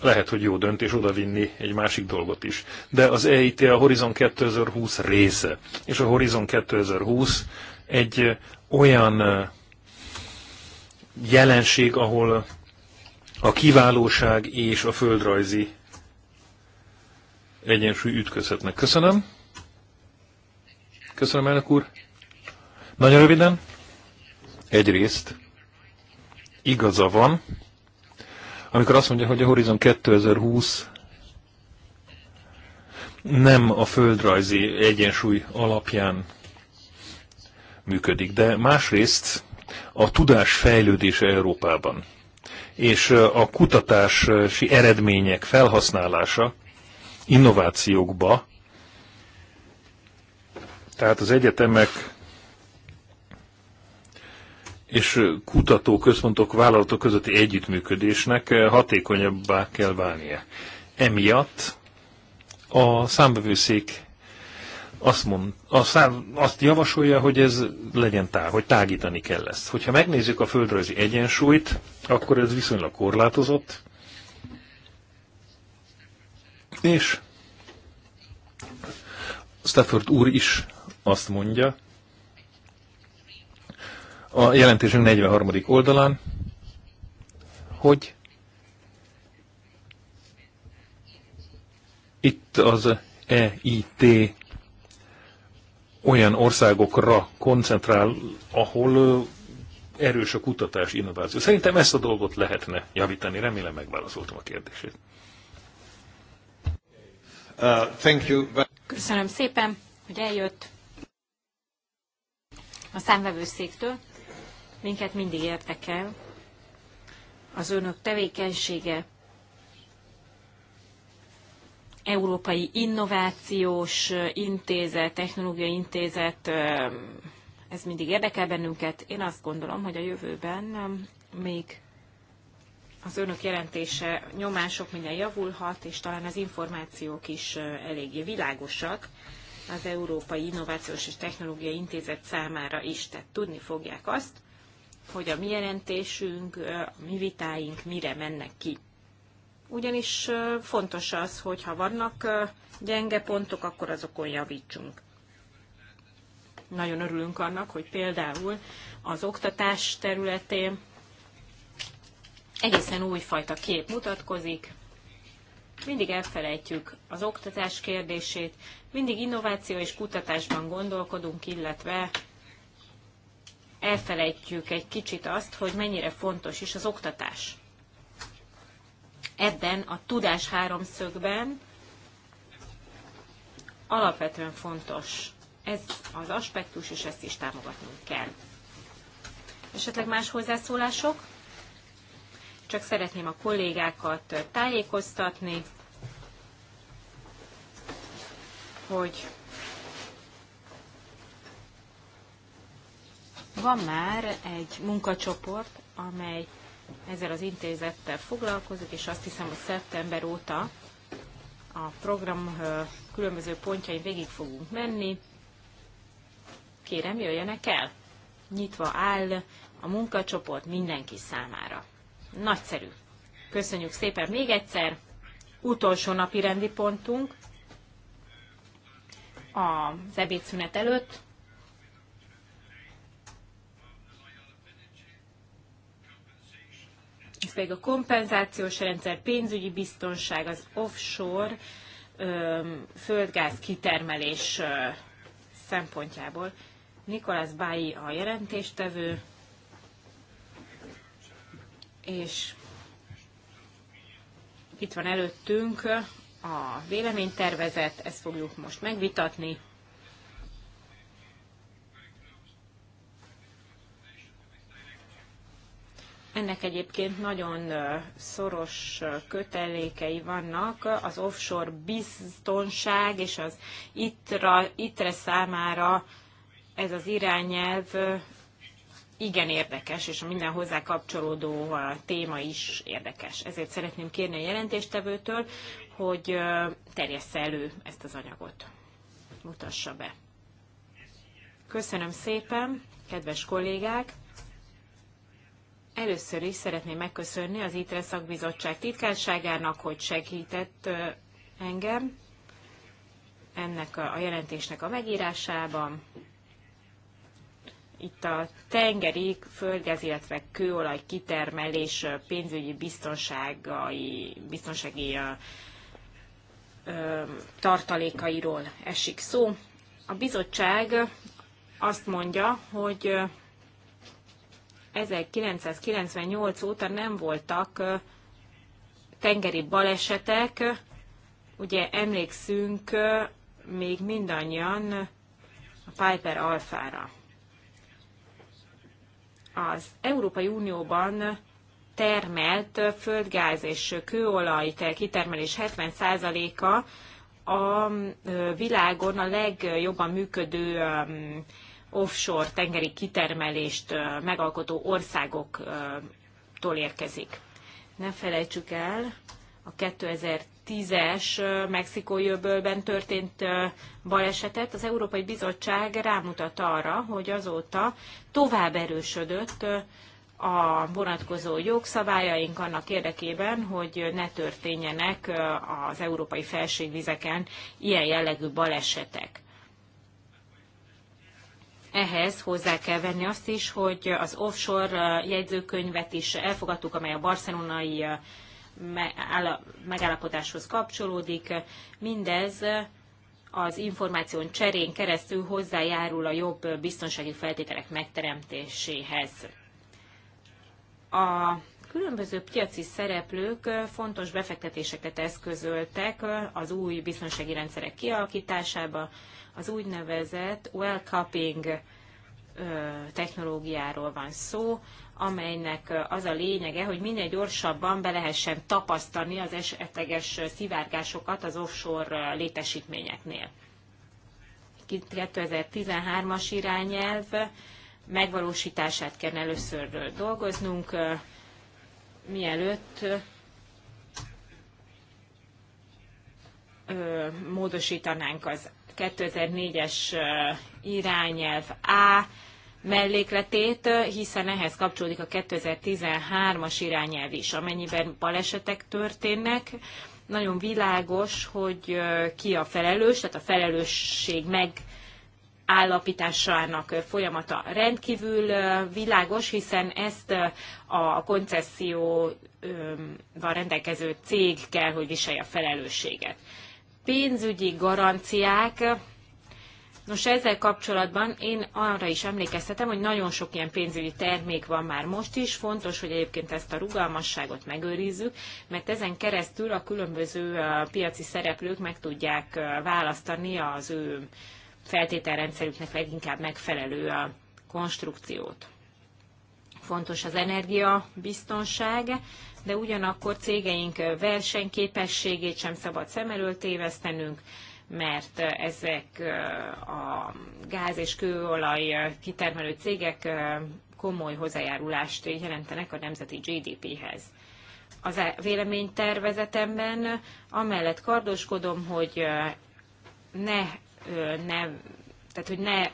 lehet, hogy jó döntés odavinni egy másik dolgot is. De az EIT a Horizon 2020 része, és a Horizon 2020 egy olyan jelenség, ahol a kiválóság és a földrajzi egyensúly ütközhetnek. Köszönöm. Köszönöm, elnök úr. Nagyon röviden. Egyrészt igaza van, amikor azt mondja, hogy a Horizon 2020 nem a földrajzi egyensúly alapján működik, de másrészt a tudás fejlődése Európában és a kutatási eredmények felhasználása innovációkba, tehát az egyetemek és kutatóközpontok, vállalatok közötti együttműködésnek hatékonyabbá kell válnia. Emiatt a számbevőszék azt, mond, a szám, azt javasolja, hogy ez legyen tá, hogy tágítani kell ezt. Hogyha megnézzük a földrajzi egyensúlyt, akkor ez viszonylag korlátozott, és Stafford úr is azt mondja, a jelentésünk 43. oldalán, hogy itt az EIT olyan országokra koncentrál, ahol erős a kutatás, innováció. Szerintem ezt a dolgot lehetne javítani. Remélem megválaszoltam a kérdését. Uh, thank you. Köszönöm szépen, hogy eljött a számvevőszéktől minket mindig érdekel az önök tevékenysége, Európai Innovációs Intézet, Technológiai Intézet, ez mindig érdekel bennünket. Én azt gondolom, hogy a jövőben még az önök jelentése nyomán sok minden javulhat, és talán az információk is eléggé világosak az Európai Innovációs és Technológiai Intézet számára is, tehát tudni fogják azt, hogy a mi jelentésünk, a mi vitáink mire mennek ki. Ugyanis fontos az, hogy ha vannak gyenge pontok, akkor azokon javítsunk. Nagyon örülünk annak, hogy például az oktatás területén egészen újfajta kép mutatkozik. Mindig elfelejtjük az oktatás kérdését, mindig innováció és kutatásban gondolkodunk, illetve elfelejtjük egy kicsit azt, hogy mennyire fontos is az oktatás. Ebben a tudás háromszögben alapvetően fontos ez az aspektus, és ezt is támogatnunk kell. Esetleg más hozzászólások? Csak szeretném a kollégákat tájékoztatni, hogy Van már egy munkacsoport, amely ezzel az intézettel foglalkozik, és azt hiszem, hogy szeptember óta a program különböző pontjain végig fogunk menni. Kérem, jöjjenek el! Nyitva áll a munkacsoport mindenki számára. Nagyszerű! Köszönjük szépen még egyszer! Utolsó napi rendi pontunk az ebédszünet előtt ez pedig a kompenzációs rendszer, pénzügyi biztonság, az offshore földgáz kitermelés szempontjából. Nikolász Bái a jelentéstevő, és itt van előttünk a véleménytervezet, ezt fogjuk most megvitatni. Ennek egyébként nagyon szoros kötelékei vannak az offshore biztonság és az ITRA, ITRE számára ez az irányelv igen érdekes, és a minden hozzá kapcsolódó téma is érdekes. Ezért szeretném kérni a jelentéstevőtől, hogy terjessze elő ezt az anyagot. Mutassa be. Köszönöm szépen, kedves kollégák! Először is szeretném megköszönni az ITRE szakbizottság titkárságának, hogy segített engem ennek a jelentésnek a megírásában. Itt a tengeri földgáz, illetve kőolaj kitermelés pénzügyi biztonságai, biztonsági ö, tartalékairól esik szó. A bizottság azt mondja, hogy 1998 óta nem voltak tengeri balesetek. Ugye emlékszünk még mindannyian a Piper alfára. Az Európai Unióban termelt földgáz és kőolaj kitermelés 70%-a a világon a legjobban működő offshore tengeri kitermelést megalkotó országoktól érkezik. Ne felejtsük el a 2010-es Mexikói öbölben történt balesetet. Az Európai Bizottság rámutat arra, hogy azóta tovább erősödött a vonatkozó jogszabályaink annak érdekében, hogy ne történjenek az európai felségvizeken ilyen jellegű balesetek ehhez hozzá kell venni azt is, hogy az offshore uh, jegyzőkönyvet is elfogadtuk, amely a barcelonai uh, megállapodáshoz kapcsolódik. Mindez uh, az információn cserén keresztül hozzájárul a jobb biztonsági feltételek megteremtéséhez. A különböző piaci szereplők fontos befektetéseket eszközöltek az új biztonsági rendszerek kialakításába, az úgynevezett well cupping technológiáról van szó, amelynek az a lényege, hogy minél gyorsabban be lehessen tapasztani az esetleges szivárgásokat az offshore létesítményeknél. 2013-as irányelv megvalósítását kell először dolgoznunk, mielőtt módosítanánk az 2004-es irányelv A mellékletét, hiszen ehhez kapcsolódik a 2013-as irányelv is, amennyiben balesetek történnek. Nagyon világos, hogy ki a felelős, tehát a felelősség meg állapításának folyamata rendkívül világos, hiszen ezt a koncesszióval rendelkező cég kell, hogy viselje a felelősséget pénzügyi garanciák, Nos, ezzel kapcsolatban én arra is emlékeztetem, hogy nagyon sok ilyen pénzügyi termék van már most is. Fontos, hogy egyébként ezt a rugalmasságot megőrizzük, mert ezen keresztül a különböző piaci szereplők meg tudják választani az ő feltételrendszerüknek leginkább megfelelő a konstrukciót. Fontos az energiabiztonság, de ugyanakkor cégeink versenyképességét sem szabad szem elől tévesztenünk, mert ezek a gáz és kőolaj kitermelő cégek komoly hozzájárulást jelentenek a nemzeti GDP-hez. Az e- véleménytervezetemben amellett kardoskodom, hogy ne, ne tehát hogy ne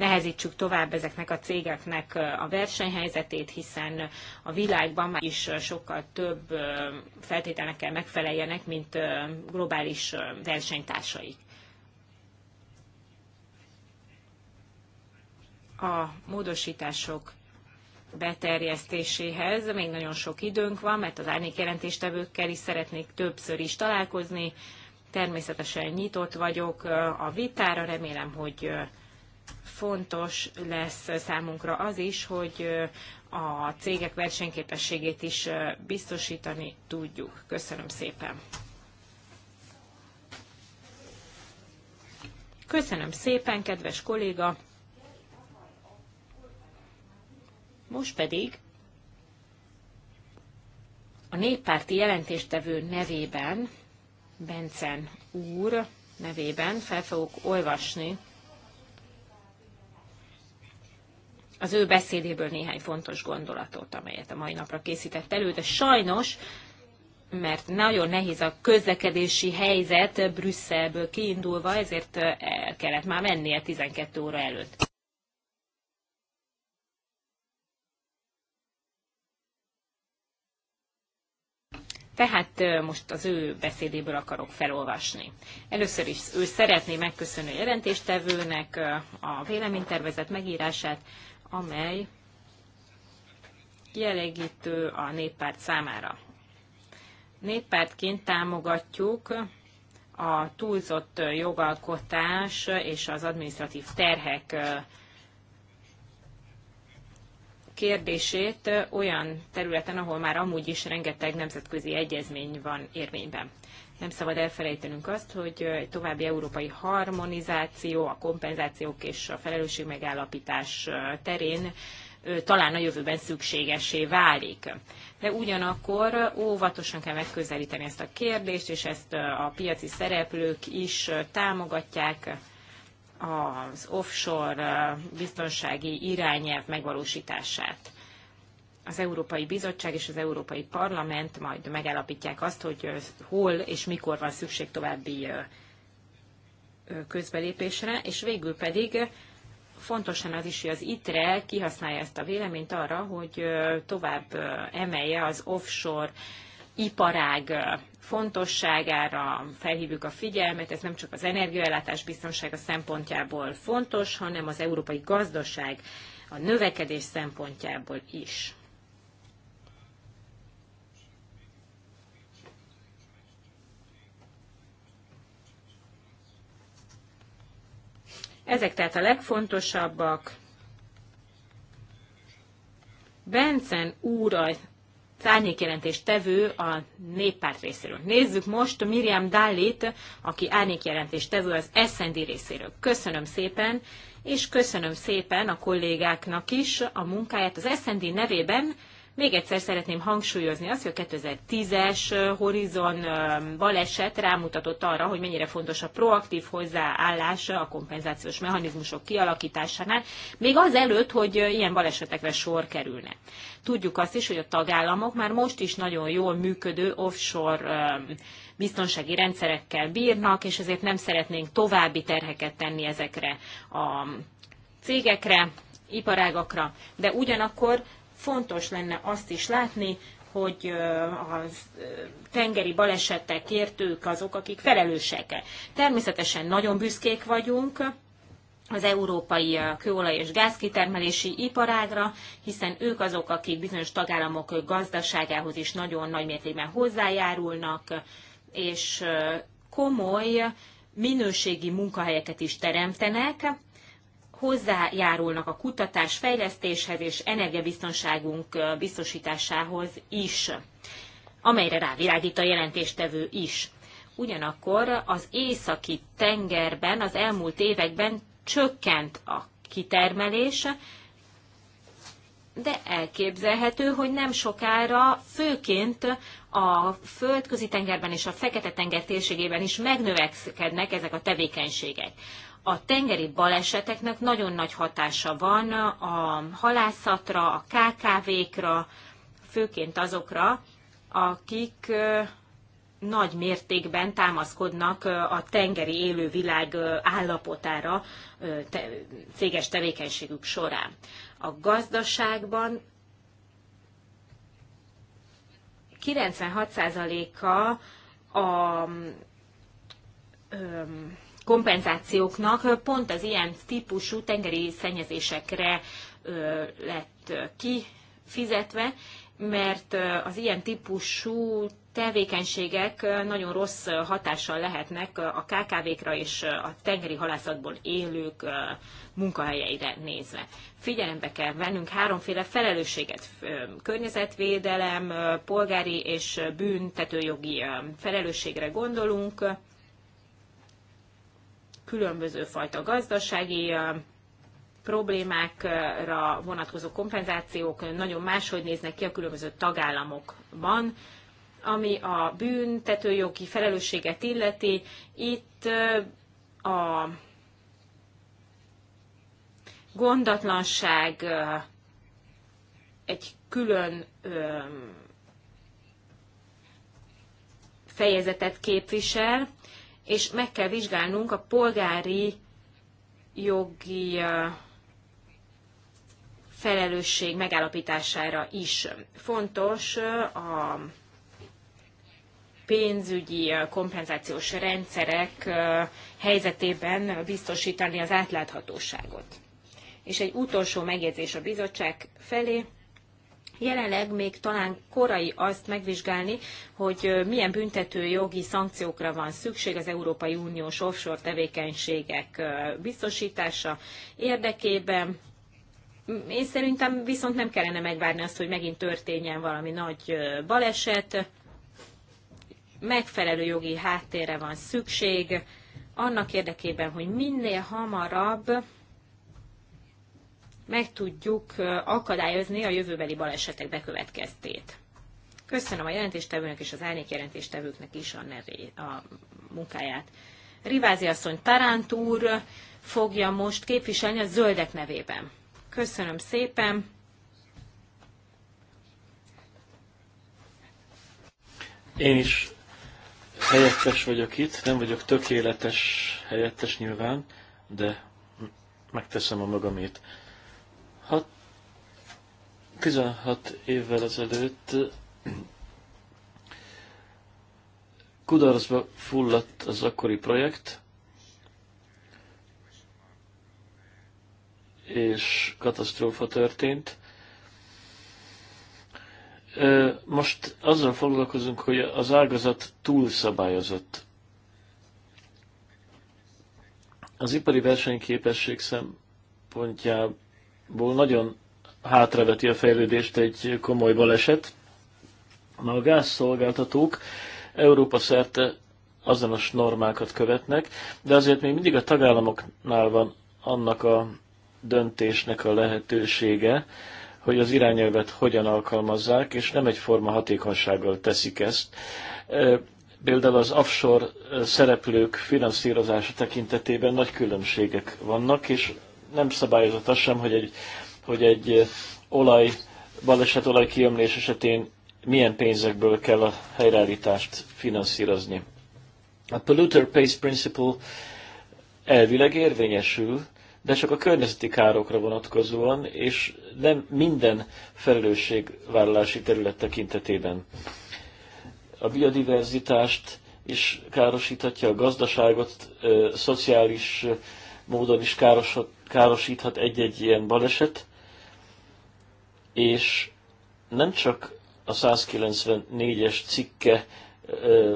nehezítsük tovább ezeknek a cégeknek a versenyhelyzetét, hiszen a világban már is sokkal több feltételnek kell megfeleljenek, mint globális versenytársaik. A módosítások beterjesztéséhez még nagyon sok időnk van, mert az árnyékjelentéstevőkkel is szeretnék többször is találkozni. Természetesen nyitott vagyok a vitára, remélem, hogy fontos lesz számunkra az is, hogy a cégek versenyképességét is biztosítani tudjuk. Köszönöm szépen! Köszönöm szépen, kedves kolléga! Most pedig a néppárti jelentéstevő nevében, Bencen úr nevében fel fogok olvasni az ő beszédéből néhány fontos gondolatot, amelyet a mai napra készített elő, de sajnos, mert nagyon nehéz a közlekedési helyzet Brüsszelből kiindulva, ezért el kellett már mennie 12 óra előtt. Tehát most az ő beszédéből akarok felolvasni. Először is ő szeretné megköszönni a jelentéstevőnek a véleménytervezet megírását, amely kielégítő a néppárt számára. Néppártként támogatjuk a túlzott jogalkotás és az administratív terhek kérdését olyan területen, ahol már amúgy is rengeteg nemzetközi egyezmény van érvényben nem szabad elfelejtenünk azt, hogy egy további európai harmonizáció, a kompenzációk és a felelősség megállapítás terén talán a jövőben szükségesé válik. De ugyanakkor óvatosan kell megközelíteni ezt a kérdést, és ezt a piaci szereplők is támogatják az offshore biztonsági irányelv megvalósítását az Európai Bizottság és az Európai Parlament majd megállapítják azt, hogy hol és mikor van szükség további közbelépésre, és végül pedig fontosan az is, hogy az ITRE kihasználja ezt a véleményt arra, hogy tovább emelje az offshore iparág fontosságára felhívjuk a figyelmet, ez nem csak az energiaellátás biztonsága szempontjából fontos, hanem az európai gazdaság a növekedés szempontjából is. Ezek tehát a legfontosabbak. Bencen úr a árnyékjelentés tevő a néppárt részéről. Nézzük most Miriam Dallit, aki árnyékjelentés tevő az SND részéről. Köszönöm szépen, és köszönöm szépen a kollégáknak is a munkáját. Az SND nevében még egyszer szeretném hangsúlyozni azt, hogy a 2010-es horizon baleset rámutatott arra, hogy mennyire fontos a proaktív hozzáállás a kompenzációs mechanizmusok kialakításánál, még az előtt, hogy ilyen balesetekre sor kerülne. Tudjuk azt is, hogy a tagállamok már most is nagyon jól működő offshore biztonsági rendszerekkel bírnak, és ezért nem szeretnénk további terheket tenni ezekre a cégekre, iparágakra, de ugyanakkor fontos lenne azt is látni, hogy a tengeri balesetekért ők azok, akik felelősek. Természetesen nagyon büszkék vagyunk az európai kőolaj és gázkitermelési iparágra, hiszen ők azok, akik bizonyos tagállamok gazdaságához is nagyon nagy mértékben hozzájárulnak, és komoly minőségi munkahelyeket is teremtenek, hozzájárulnak a kutatás fejlesztéshez és energiabiztonságunk biztosításához is, amelyre rávilágít a jelentéstevő is. Ugyanakkor az északi tengerben az elmúlt években csökkent a kitermelés, de elképzelhető, hogy nem sokára főként a földközi tengerben és a fekete tenger térségében is megnövekednek ezek a tevékenységek a tengeri baleseteknek nagyon nagy hatása van a halászatra, a KKV-kra, főként azokra, akik nagy mértékben támaszkodnak a tengeri élővilág állapotára céges tevékenységük során. A gazdaságban 96%-a a, a kompenzációknak pont az ilyen típusú tengeri szennyezésekre lett kifizetve, mert az ilyen típusú tevékenységek nagyon rossz hatással lehetnek a KKV-kra és a tengeri halászatból élők munkahelyeire nézve. Figyelembe kell vennünk háromféle felelősséget, környezetvédelem, polgári és büntetőjogi felelősségre gondolunk, különböző fajta gazdasági problémákra vonatkozó kompenzációk nagyon máshogy néznek ki a különböző tagállamokban, ami a büntetőjogi felelősséget illeti. Itt a gondatlanság egy külön fejezetet képvisel, és meg kell vizsgálnunk a polgári jogi felelősség megállapítására is. Fontos a pénzügyi kompenzációs rendszerek helyzetében biztosítani az átláthatóságot. És egy utolsó megjegyzés a bizottság felé. Jelenleg még talán korai azt megvizsgálni, hogy milyen büntető jogi szankciókra van szükség az Európai Uniós offshore tevékenységek biztosítása érdekében. Mm, én szerintem viszont nem kellene megvárni azt, hogy megint történjen valami nagy baleset. Megfelelő jogi háttérre van szükség, annak érdekében, hogy minél hamarabb meg tudjuk akadályozni a jövőbeli balesetek bekövetkeztét. Köszönöm a jelentéstevőnek és az árnyék jelentéstevőknek is a, nevé, a munkáját. Rivázi asszony Taránt úr fogja most képviselni a zöldek nevében. Köszönöm szépen. Én is helyettes vagyok itt, nem vagyok tökéletes helyettes nyilván, de megteszem a magamét. Hat, 16 évvel ezelőtt kudarcba fulladt az akkori projekt, és katasztrófa történt. Most azzal foglalkozunk, hogy az ágazat túlszabályozott. Az ipari versenyképesség szempontjából ból nagyon hátraveti a fejlődést egy komoly baleset. Ma a gázszolgáltatók Európa szerte azonos normákat követnek, de azért még mindig a tagállamoknál van annak a döntésnek a lehetősége, hogy az irányelvet hogyan alkalmazzák, és nem egyforma hatékonysággal teszik ezt. Például az offshore szereplők finanszírozása tekintetében nagy különbségek vannak, és nem szabályozott az sem, hogy egy, hogy egy olaj, baleset olaj kiömlés esetén milyen pénzekből kell a helyreállítást finanszírozni. A polluter pays principle elvileg érvényesül, de csak a környezeti károkra vonatkozóan, és nem minden felelősségvállalási terület tekintetében. A biodiverzitást is károsíthatja, a gazdaságot szociális módon is károsot, károsíthat egy-egy ilyen baleset, és nem csak a 194-es cikke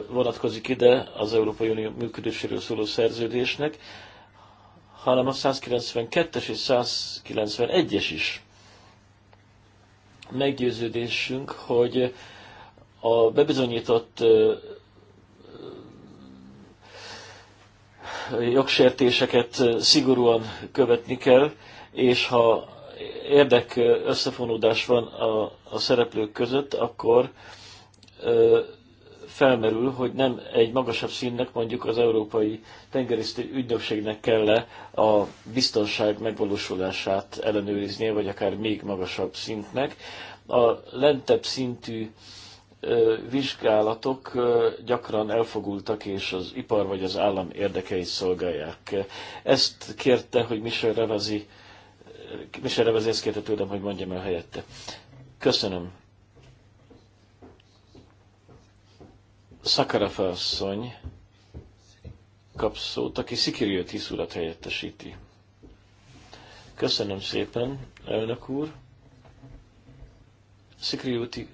vonatkozik ide az Európai Unió működéséről szóló szerződésnek, hanem a 192-es és 191-es is. Meggyőződésünk, hogy a bebizonyított jogsértéseket szigorúan követni kell, és ha érdek összefonódás van a, a szereplők között, akkor ö, felmerül, hogy nem egy magasabb színnek, mondjuk az Európai Tengerészeti Ügynökségnek kell -e a biztonság megvalósulását ellenőriznie, vagy akár még magasabb szintnek. A lentebb szintű vizsgálatok gyakran elfogultak, és az ipar vagy az állam érdekeit szolgálják. Ezt kérte, hogy Michel Revazi, Michel ezt kérte tőlem, hogy mondjam el helyette. Köszönöm. Szakara felszony kap szót, aki Szikirió Tiszurat helyettesíti. Köszönöm szépen, elnök úr. Szikriúti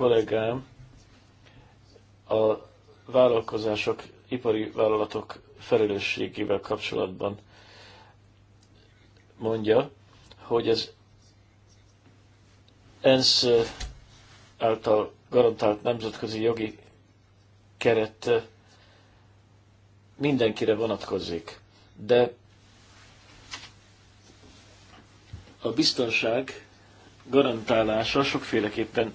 kollégám a vállalkozások, ipari vállalatok felelősségével kapcsolatban mondja, hogy ez ENSZ által garantált nemzetközi jogi keret mindenkire vonatkozik. De a biztonság garantálása sokféleképpen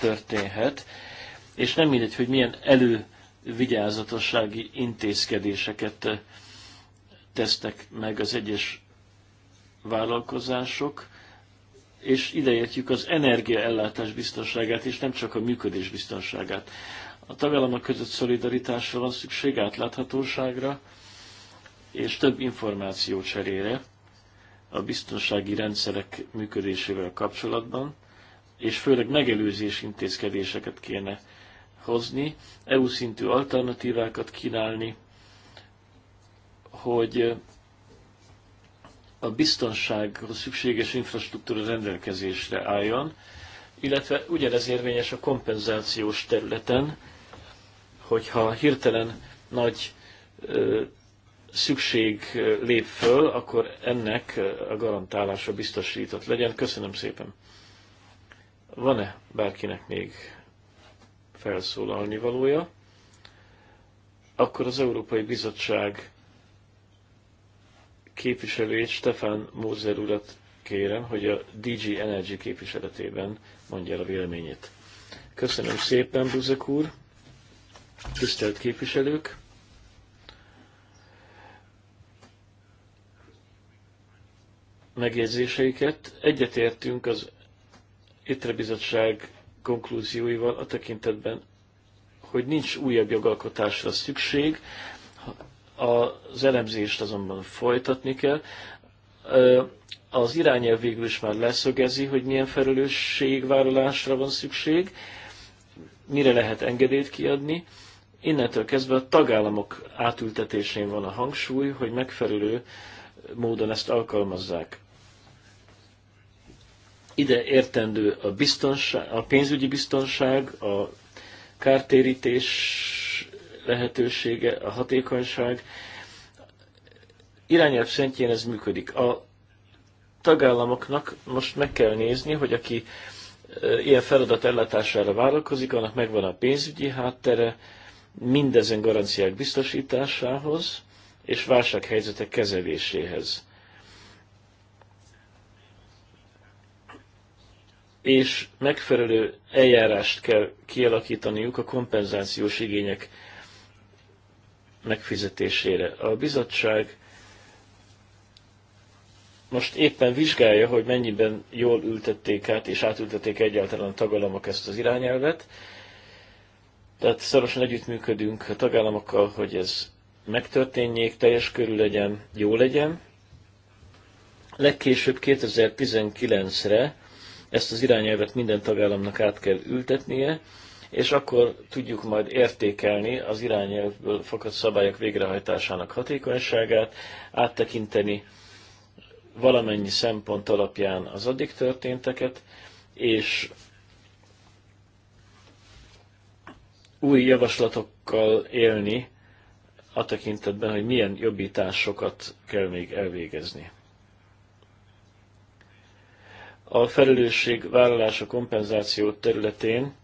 történhet, és nem mindegy, hogy milyen elővigyázatossági intézkedéseket eh, tesznek meg az egyes vállalkozások, és ideértjük az energiaellátás biztonságát, és nem csak a működés biztonságát. A tagállamok között szolidaritásra van szükség, átláthatóságra és több információ cserére a biztonsági rendszerek működésével kapcsolatban, és főleg megelőzés intézkedéseket kéne hozni, EU szintű alternatívákat kínálni, hogy a biztonsághoz szükséges infrastruktúra rendelkezésre álljon, illetve ugyanez érvényes a kompenzációs területen, hogyha hirtelen nagy ö, szükség lép föl, akkor ennek a garantálása biztosított legyen. Köszönöm szépen! Van-e bárkinek még felszólalni valója? Akkor az Európai Bizottság képviselőjét, Stefan Mózer urat kérem, hogy a DG Energy képviseletében mondja el a véleményét. Köszönöm szépen, Buzek úr, tisztelt képviselők! megjegyzéseiket. Egyetértünk az ITRE bizottság konklúzióival a tekintetben, hogy nincs újabb jogalkotásra szükség, az elemzést azonban folytatni kell. Az irányelv végül is már leszögezi, hogy milyen felelősségvállalásra van szükség, mire lehet engedélyt kiadni. Innentől kezdve a tagállamok átültetésén van a hangsúly, hogy megfelelő módon ezt alkalmazzák. Ide értendő a, biztonság, a pénzügyi biztonság, a kártérítés lehetősége, a hatékonyság. Irányelv szentjén ez működik. A tagállamoknak most meg kell nézni, hogy aki ilyen feladat ellátására vállalkozik, annak megvan a pénzügyi háttere, mindezen garanciák biztosításához és válsághelyzetek kezeléséhez. és megfelelő eljárást kell kialakítaniuk a kompenzációs igények megfizetésére. A bizottság most éppen vizsgálja, hogy mennyiben jól ültették át, és átültették egyáltalán a tagállamok ezt az irányelvet. Tehát szorosan együttműködünk a tagállamokkal, hogy ez megtörténjék, teljes körül legyen, jó legyen. Legkésőbb 2019-re ezt az irányelvet minden tagállamnak át kell ültetnie, és akkor tudjuk majd értékelni az irányelvből fakadt szabályok végrehajtásának hatékonyságát, áttekinteni valamennyi szempont alapján az addig történteket, és új javaslatokkal élni a tekintetben, hogy milyen jobbításokat kell még elvégezni a felelősség vállalása kompenzáció területén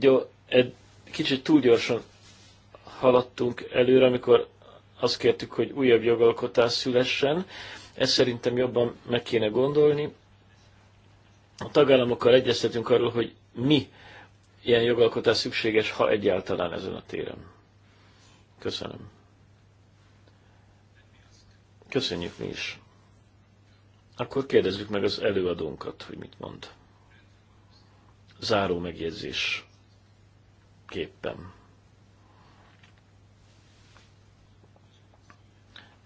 gyó, egy kicsit túl gyorsan haladtunk előre, amikor azt kértük, hogy újabb jogalkotás szülessen. Ezt szerintem jobban meg kéne gondolni. A tagállamokkal egyeztetünk arról, hogy mi ilyen jogalkotás szükséges, ha egyáltalán ezen a téren. Köszönöm. Köszönjük mi is. Akkor kérdezzük meg az előadónkat, hogy mit mond. Záró megjegyzés képpen.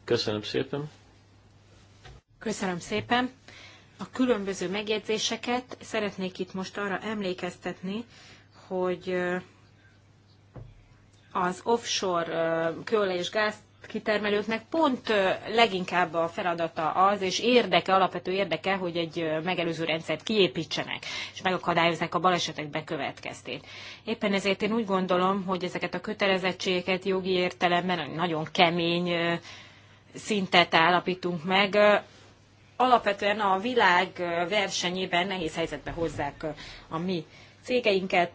Köszönöm szépen. Köszönöm szépen. A különböző megjegyzéseket szeretnék itt most arra emlékeztetni, hogy az offshore kőolaj és gáz kitermelőknek pont leginkább a feladata az, és érdeke, alapvető érdeke, hogy egy megelőző rendszert kiépítsenek, és megakadályozzák a balesetek bekövetkeztét. Éppen ezért én úgy gondolom, hogy ezeket a kötelezettségeket jogi értelemben nagyon kemény szintet állapítunk meg, alapvetően a világ versenyében nehéz helyzetbe hozzák a mi cégeinket,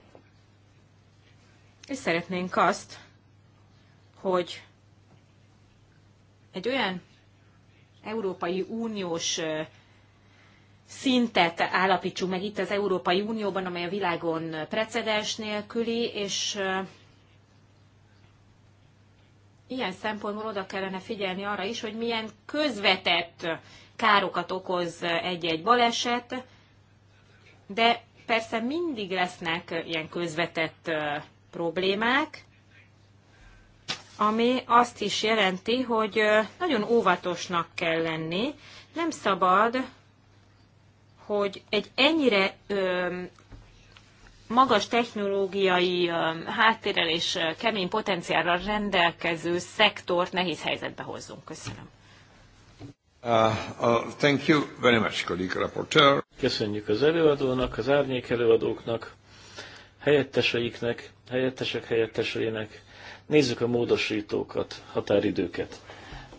és szeretnénk azt, hogy egy olyan Európai Uniós szintet állapítsunk meg itt az Európai Unióban, amely a világon precedens nélküli, és ilyen szempontból oda kellene figyelni arra is, hogy milyen közvetett károkat okoz egy-egy baleset, de persze mindig lesznek ilyen közvetett problémák, ami azt is jelenti, hogy nagyon óvatosnak kell lenni. Nem szabad, hogy egy ennyire magas technológiai háttérrel és kemény potenciállal rendelkező szektort nehéz helyzetbe hozzunk. Köszönöm. Uh, uh, thank you very much, colleague reporter. Köszönjük az előadónak, az árnyék előadóknak, helyetteseiknek, helyettesek helyetteseinek. Nézzük a módosítókat, határidőket.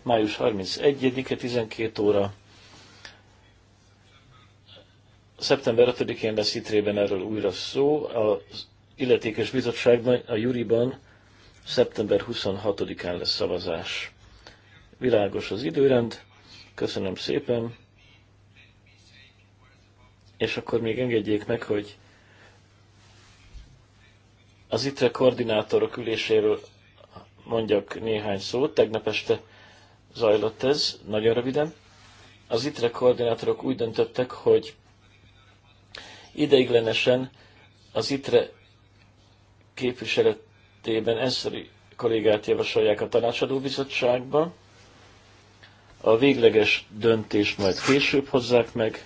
Május 31-e 12 óra. Szeptember 5-én lesz Itrében erről újra szó. A illetékes bizottságban, a Juriban szeptember 26-án lesz szavazás. Világos az időrend. Köszönöm szépen. És akkor még engedjék meg, hogy az ITRE koordinátorok üléséről mondjak néhány szót. Tegnap este zajlott ez, nagyon röviden. Az ITRE koordinátorok úgy döntöttek, hogy ideiglenesen az ITRE képviseletében Eszeri kollégát javasolják a tanácsadóbizottságba. A végleges döntést majd később hozzák meg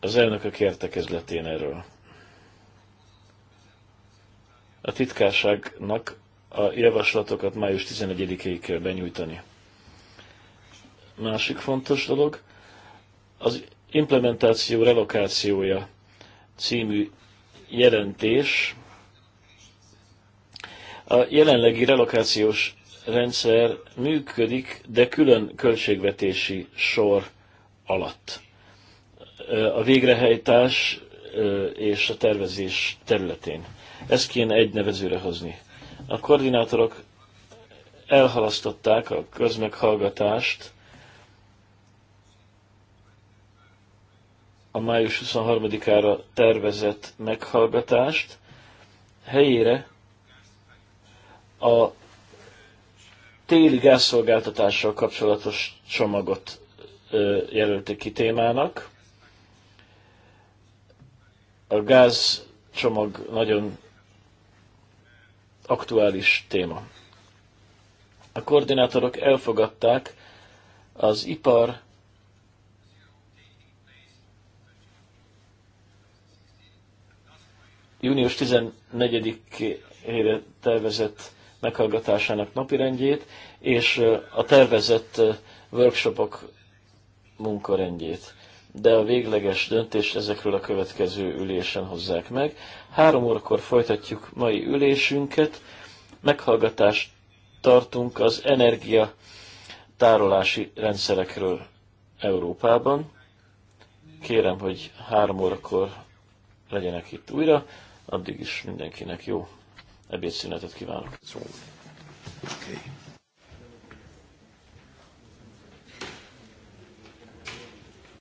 az elnökök értekezletén erről. A titkárságnak a javaslatokat május 11-ig kell benyújtani. Másik fontos dolog, az implementáció relokációja című jelentés. A jelenlegi relokációs rendszer működik, de külön költségvetési sor alatt. A végrehajtás és a tervezés területén. Ezt kéne egy nevezőre hozni a koordinátorok elhalasztották a közmeghallgatást a május 23-ára tervezett meghallgatást, helyére a téli gázszolgáltatással kapcsolatos csomagot jelölték ki témának. A gázcsomag nagyon aktuális téma. A koordinátorok elfogadták az ipar június 14-ére tervezett meghallgatásának napirendjét, és a tervezett workshopok munkarendjét. De a végleges döntést ezekről a következő ülésen hozzák meg. Három órakor folytatjuk mai ülésünket. Meghallgatást tartunk az energia tárolási rendszerekről Európában. Kérem, hogy három órakor legyenek itt újra. Addig is mindenkinek jó ebédszünetet kívánok. Szóval. Okay.